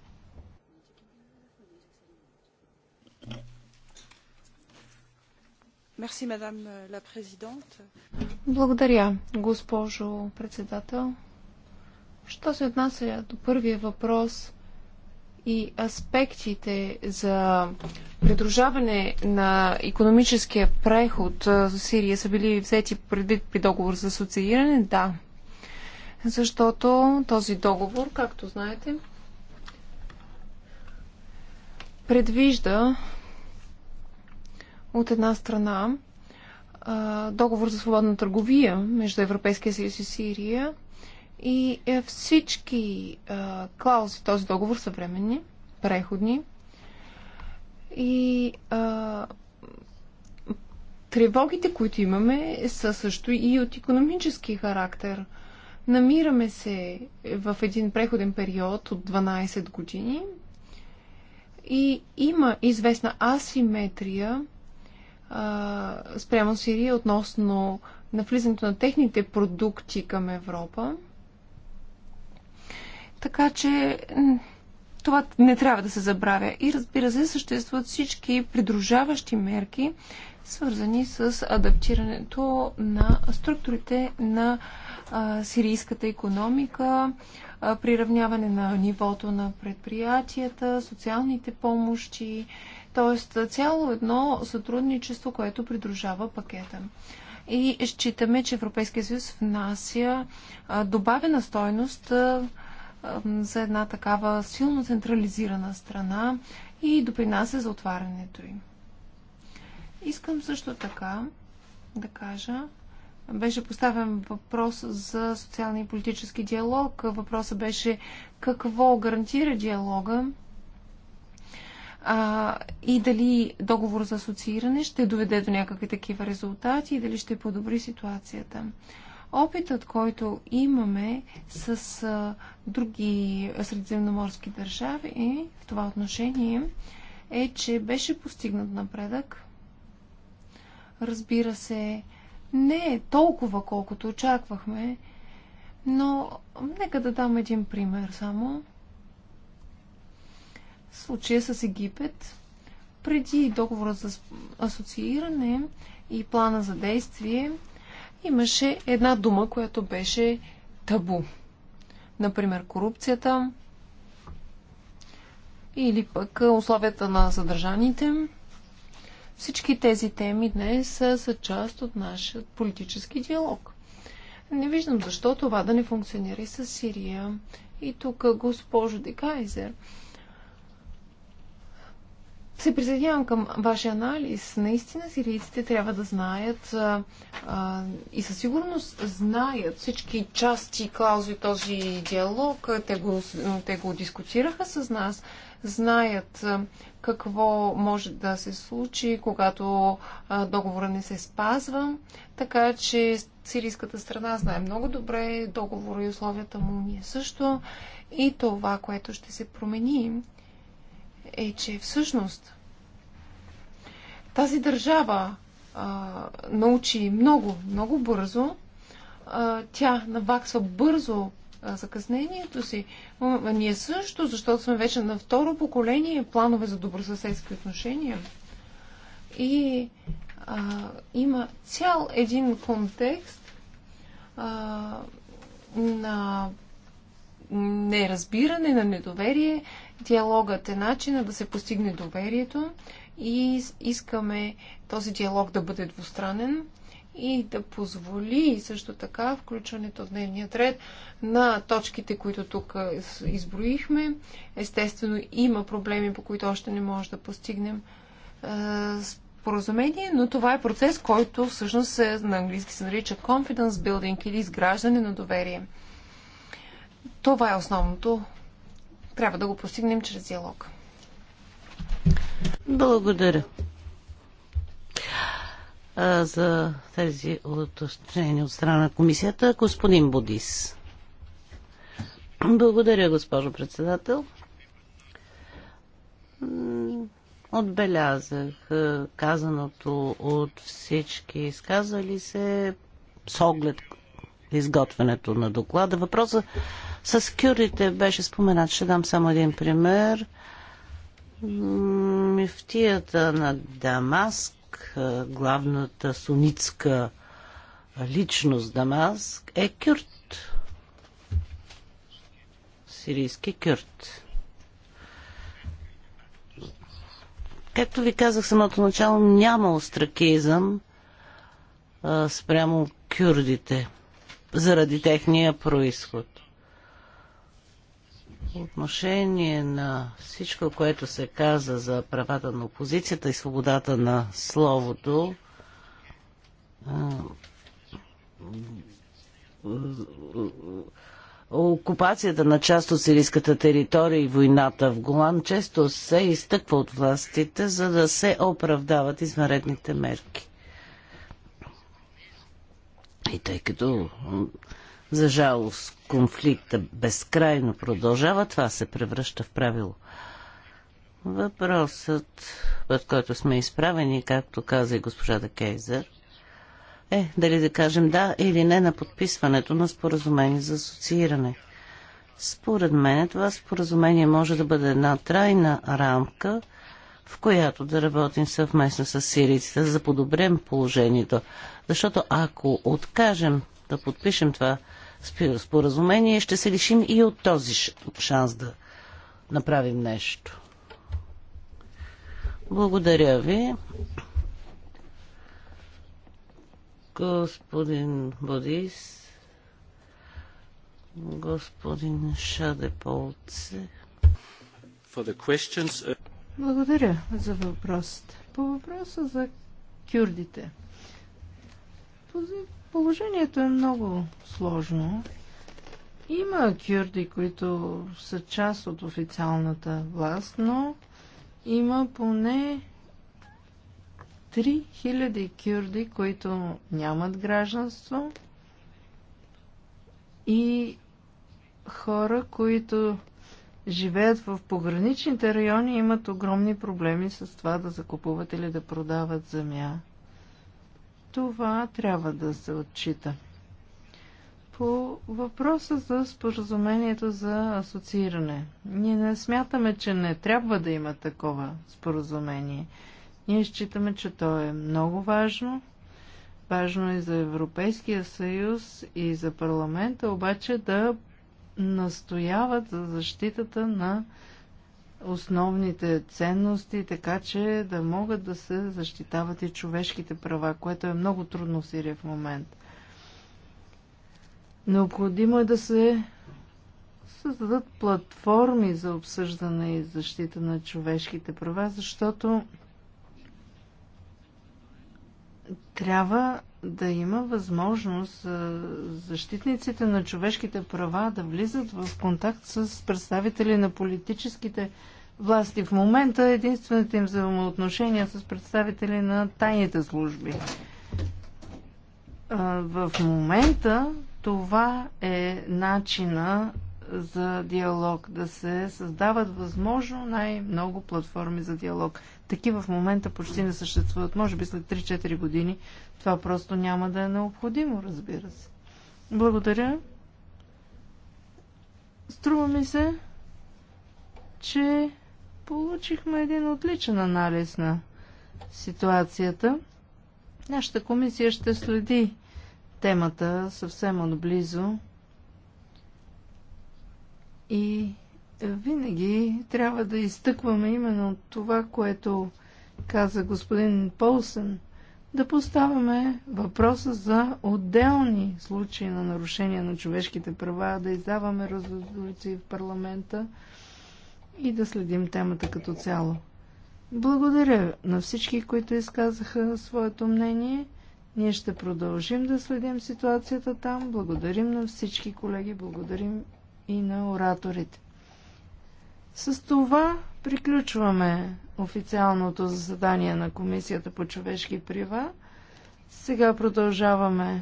Мерси, мадам ла президент. Благодаря, госпожо председател. Що се отнася до първия въпрос и аспектите за придружаване на економическия преход за Сирия са били взети предвид при договор за асоцииране? Да. Защото този договор, както знаете, предвижда от една страна договор за свободна търговия между Европейския съюз и Сирия и е, всички клаузи в този договор са временни, преходни и тревогите, които имаме, са също и от економически характер. Намираме се в един преходен период от 12 години, и има известна асиметрия а, спрямо Сирия относно навлизането на техните продукти към Европа. Така че това не трябва да се забравя. И разбира се, съществуват всички придружаващи мерки, свързани с адаптирането на структурите на а, сирийската економика, приравняване на нивото на предприятията, социалните помощи, т.е. цяло едно сътрудничество, което придружава пакета. И считаме, че Европейския съюз внася добавена стойност за една такава силно централизирана страна и допринася за отварянето им. Искам също така да кажа, беше поставен въпрос за социалния и политически диалог. Въпросът беше какво гарантира диалога а, и дали договор за асоцииране ще доведе до някакви такива резултати и дали ще подобри ситуацията. Опитът, който имаме с а, други средиземноморски държави в това отношение е, че беше постигнат напредък. Разбира се, не е толкова, колкото очаквахме, но нека да дам един пример само. Случая с Египет. Преди договора за асоцииране и плана за действие имаше една дума, която беше табу. Например, корупцията или пък условията на задържаните. Всички тези теми днес са, са част от нашия политически диалог. Не виждам защо това да не функционира и с Сирия. И тук, госпожо Декайзер, се присъединявам към вашия анализ. Наистина сирийците трябва да знаят а, и със сигурност знаят всички части, клаузи, този диалог. Те го, те го дискутираха с нас. Знаят а, какво може да се случи, когато договора не се спазва. Така че сирийската страна знае много добре договора и условията му ние също. И това, което ще се промени, е, че всъщност тази държава а, научи много, много бързо. А, тя наваксва бързо закъснението си. Ние също, защото сме вече на второ поколение планове за добросъседски отношения. И а, има цял един контекст а, на неразбиране, на недоверие. Диалогът е начина да се постигне доверието и искаме този диалог да бъде двустранен и да позволи също така включването в дневния ред на точките, които тук изброихме. Естествено, има проблеми, по които още не може да постигнем споразумение, но това е процес, който всъщност е, на английски се нарича confidence building или изграждане на доверие. Това е основното. Трябва да го постигнем чрез диалог. Благодаря а, за тези уточнения от страна на комисията. Господин Бодис. Благодаря, госпожо председател. Отбелязах казаното от всички изказали се с оглед изготвянето на доклада. Въпроса с кюрите беше споменат. Ще дам само един пример. Мифтията на Дамаск Дамаск, главната сунитска личност Дамаск е кюрт. Сирийски кюрт. Както ви казах самото начало, няма остракизъм спрямо кюрдите заради техния происход. По отношение на всичко, което се каза за правата на опозицията и свободата на словото, окупацията на част от сирийската територия и войната в Голан често се изтъква от властите, за да се оправдават извънредните мерки. И тъй като за жалост, конфликта безкрайно продължава. Това се превръща в правило. Въпросът, под който сме изправени, както каза и госпожата Кейзер, е дали да кажем да или не на подписването на споразумение за асоцииране. Според мен това споразумение може да бъде една трайна рамка, в която да работим съвместно с сирийците, за да подобрем положението. Защото ако откажем да подпишем това споразумение, ще се лишим и от този шанс да направим нещо. Благодаря ви. Господин Бодис, господин Шадеполце. Questions... Uh, Благодаря за въпросите. По въпроса за кюрдите. Положението е много сложно. Има кюрди, които са част от официалната власт, но има поне 3000 кюрди, които нямат гражданство и хора, които живеят в пограничните райони, имат огромни проблеми с това да закупуват или да продават земя. Това трябва да се отчита. По въпроса за споразумението за асоцииране. Ние не смятаме, че не трябва да има такова споразумение. Ние считаме, че то е много важно. Важно е за Европейския съюз и за парламента, обаче да настояват за защитата на основните ценности, така че да могат да се защитават и човешките права, което е много трудно в Сирия в момент. Необходимо е да се създадат платформи за обсъждане и защита на човешките права, защото трябва да има възможност защитниците на човешките права да влизат в контакт с представители на политическите власти. В момента единствените им взаимоотношения с представители на тайните служби. В момента това е начина за диалог, да се създават възможно най-много платформи за диалог. Такива в момента почти не съществуват. Може би след 3-4 години това просто няма да е необходимо, разбира се. Благодаря. Струва ми се, че получихме един отличен анализ на ситуацията. Нашата комисия ще следи темата съвсем отблизо и винаги трябва да изтъкваме именно това, което каза господин Полсън, да поставяме въпроса за отделни случаи на нарушения на човешките права, да издаваме резолюции в парламента и да следим темата като цяло. Благодаря на всички, които изказаха своето мнение. Ние ще продължим да следим ситуацията там. Благодарим на всички колеги, благодарим и на ораторите. С това приключваме официалното заседание на Комисията по човешки права. Сега продължаваме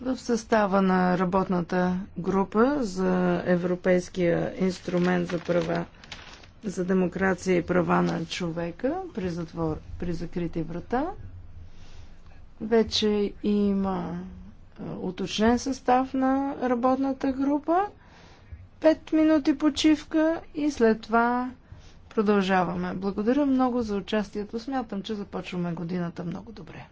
в състава на работната група за Европейския инструмент за права за демокрация и права на човека при затвор, при закрити врата. Вече има уточнен състав на работната група. 5 минути почивка и след това продължаваме. Благодаря много за участието. Смятам, че започваме годината много добре.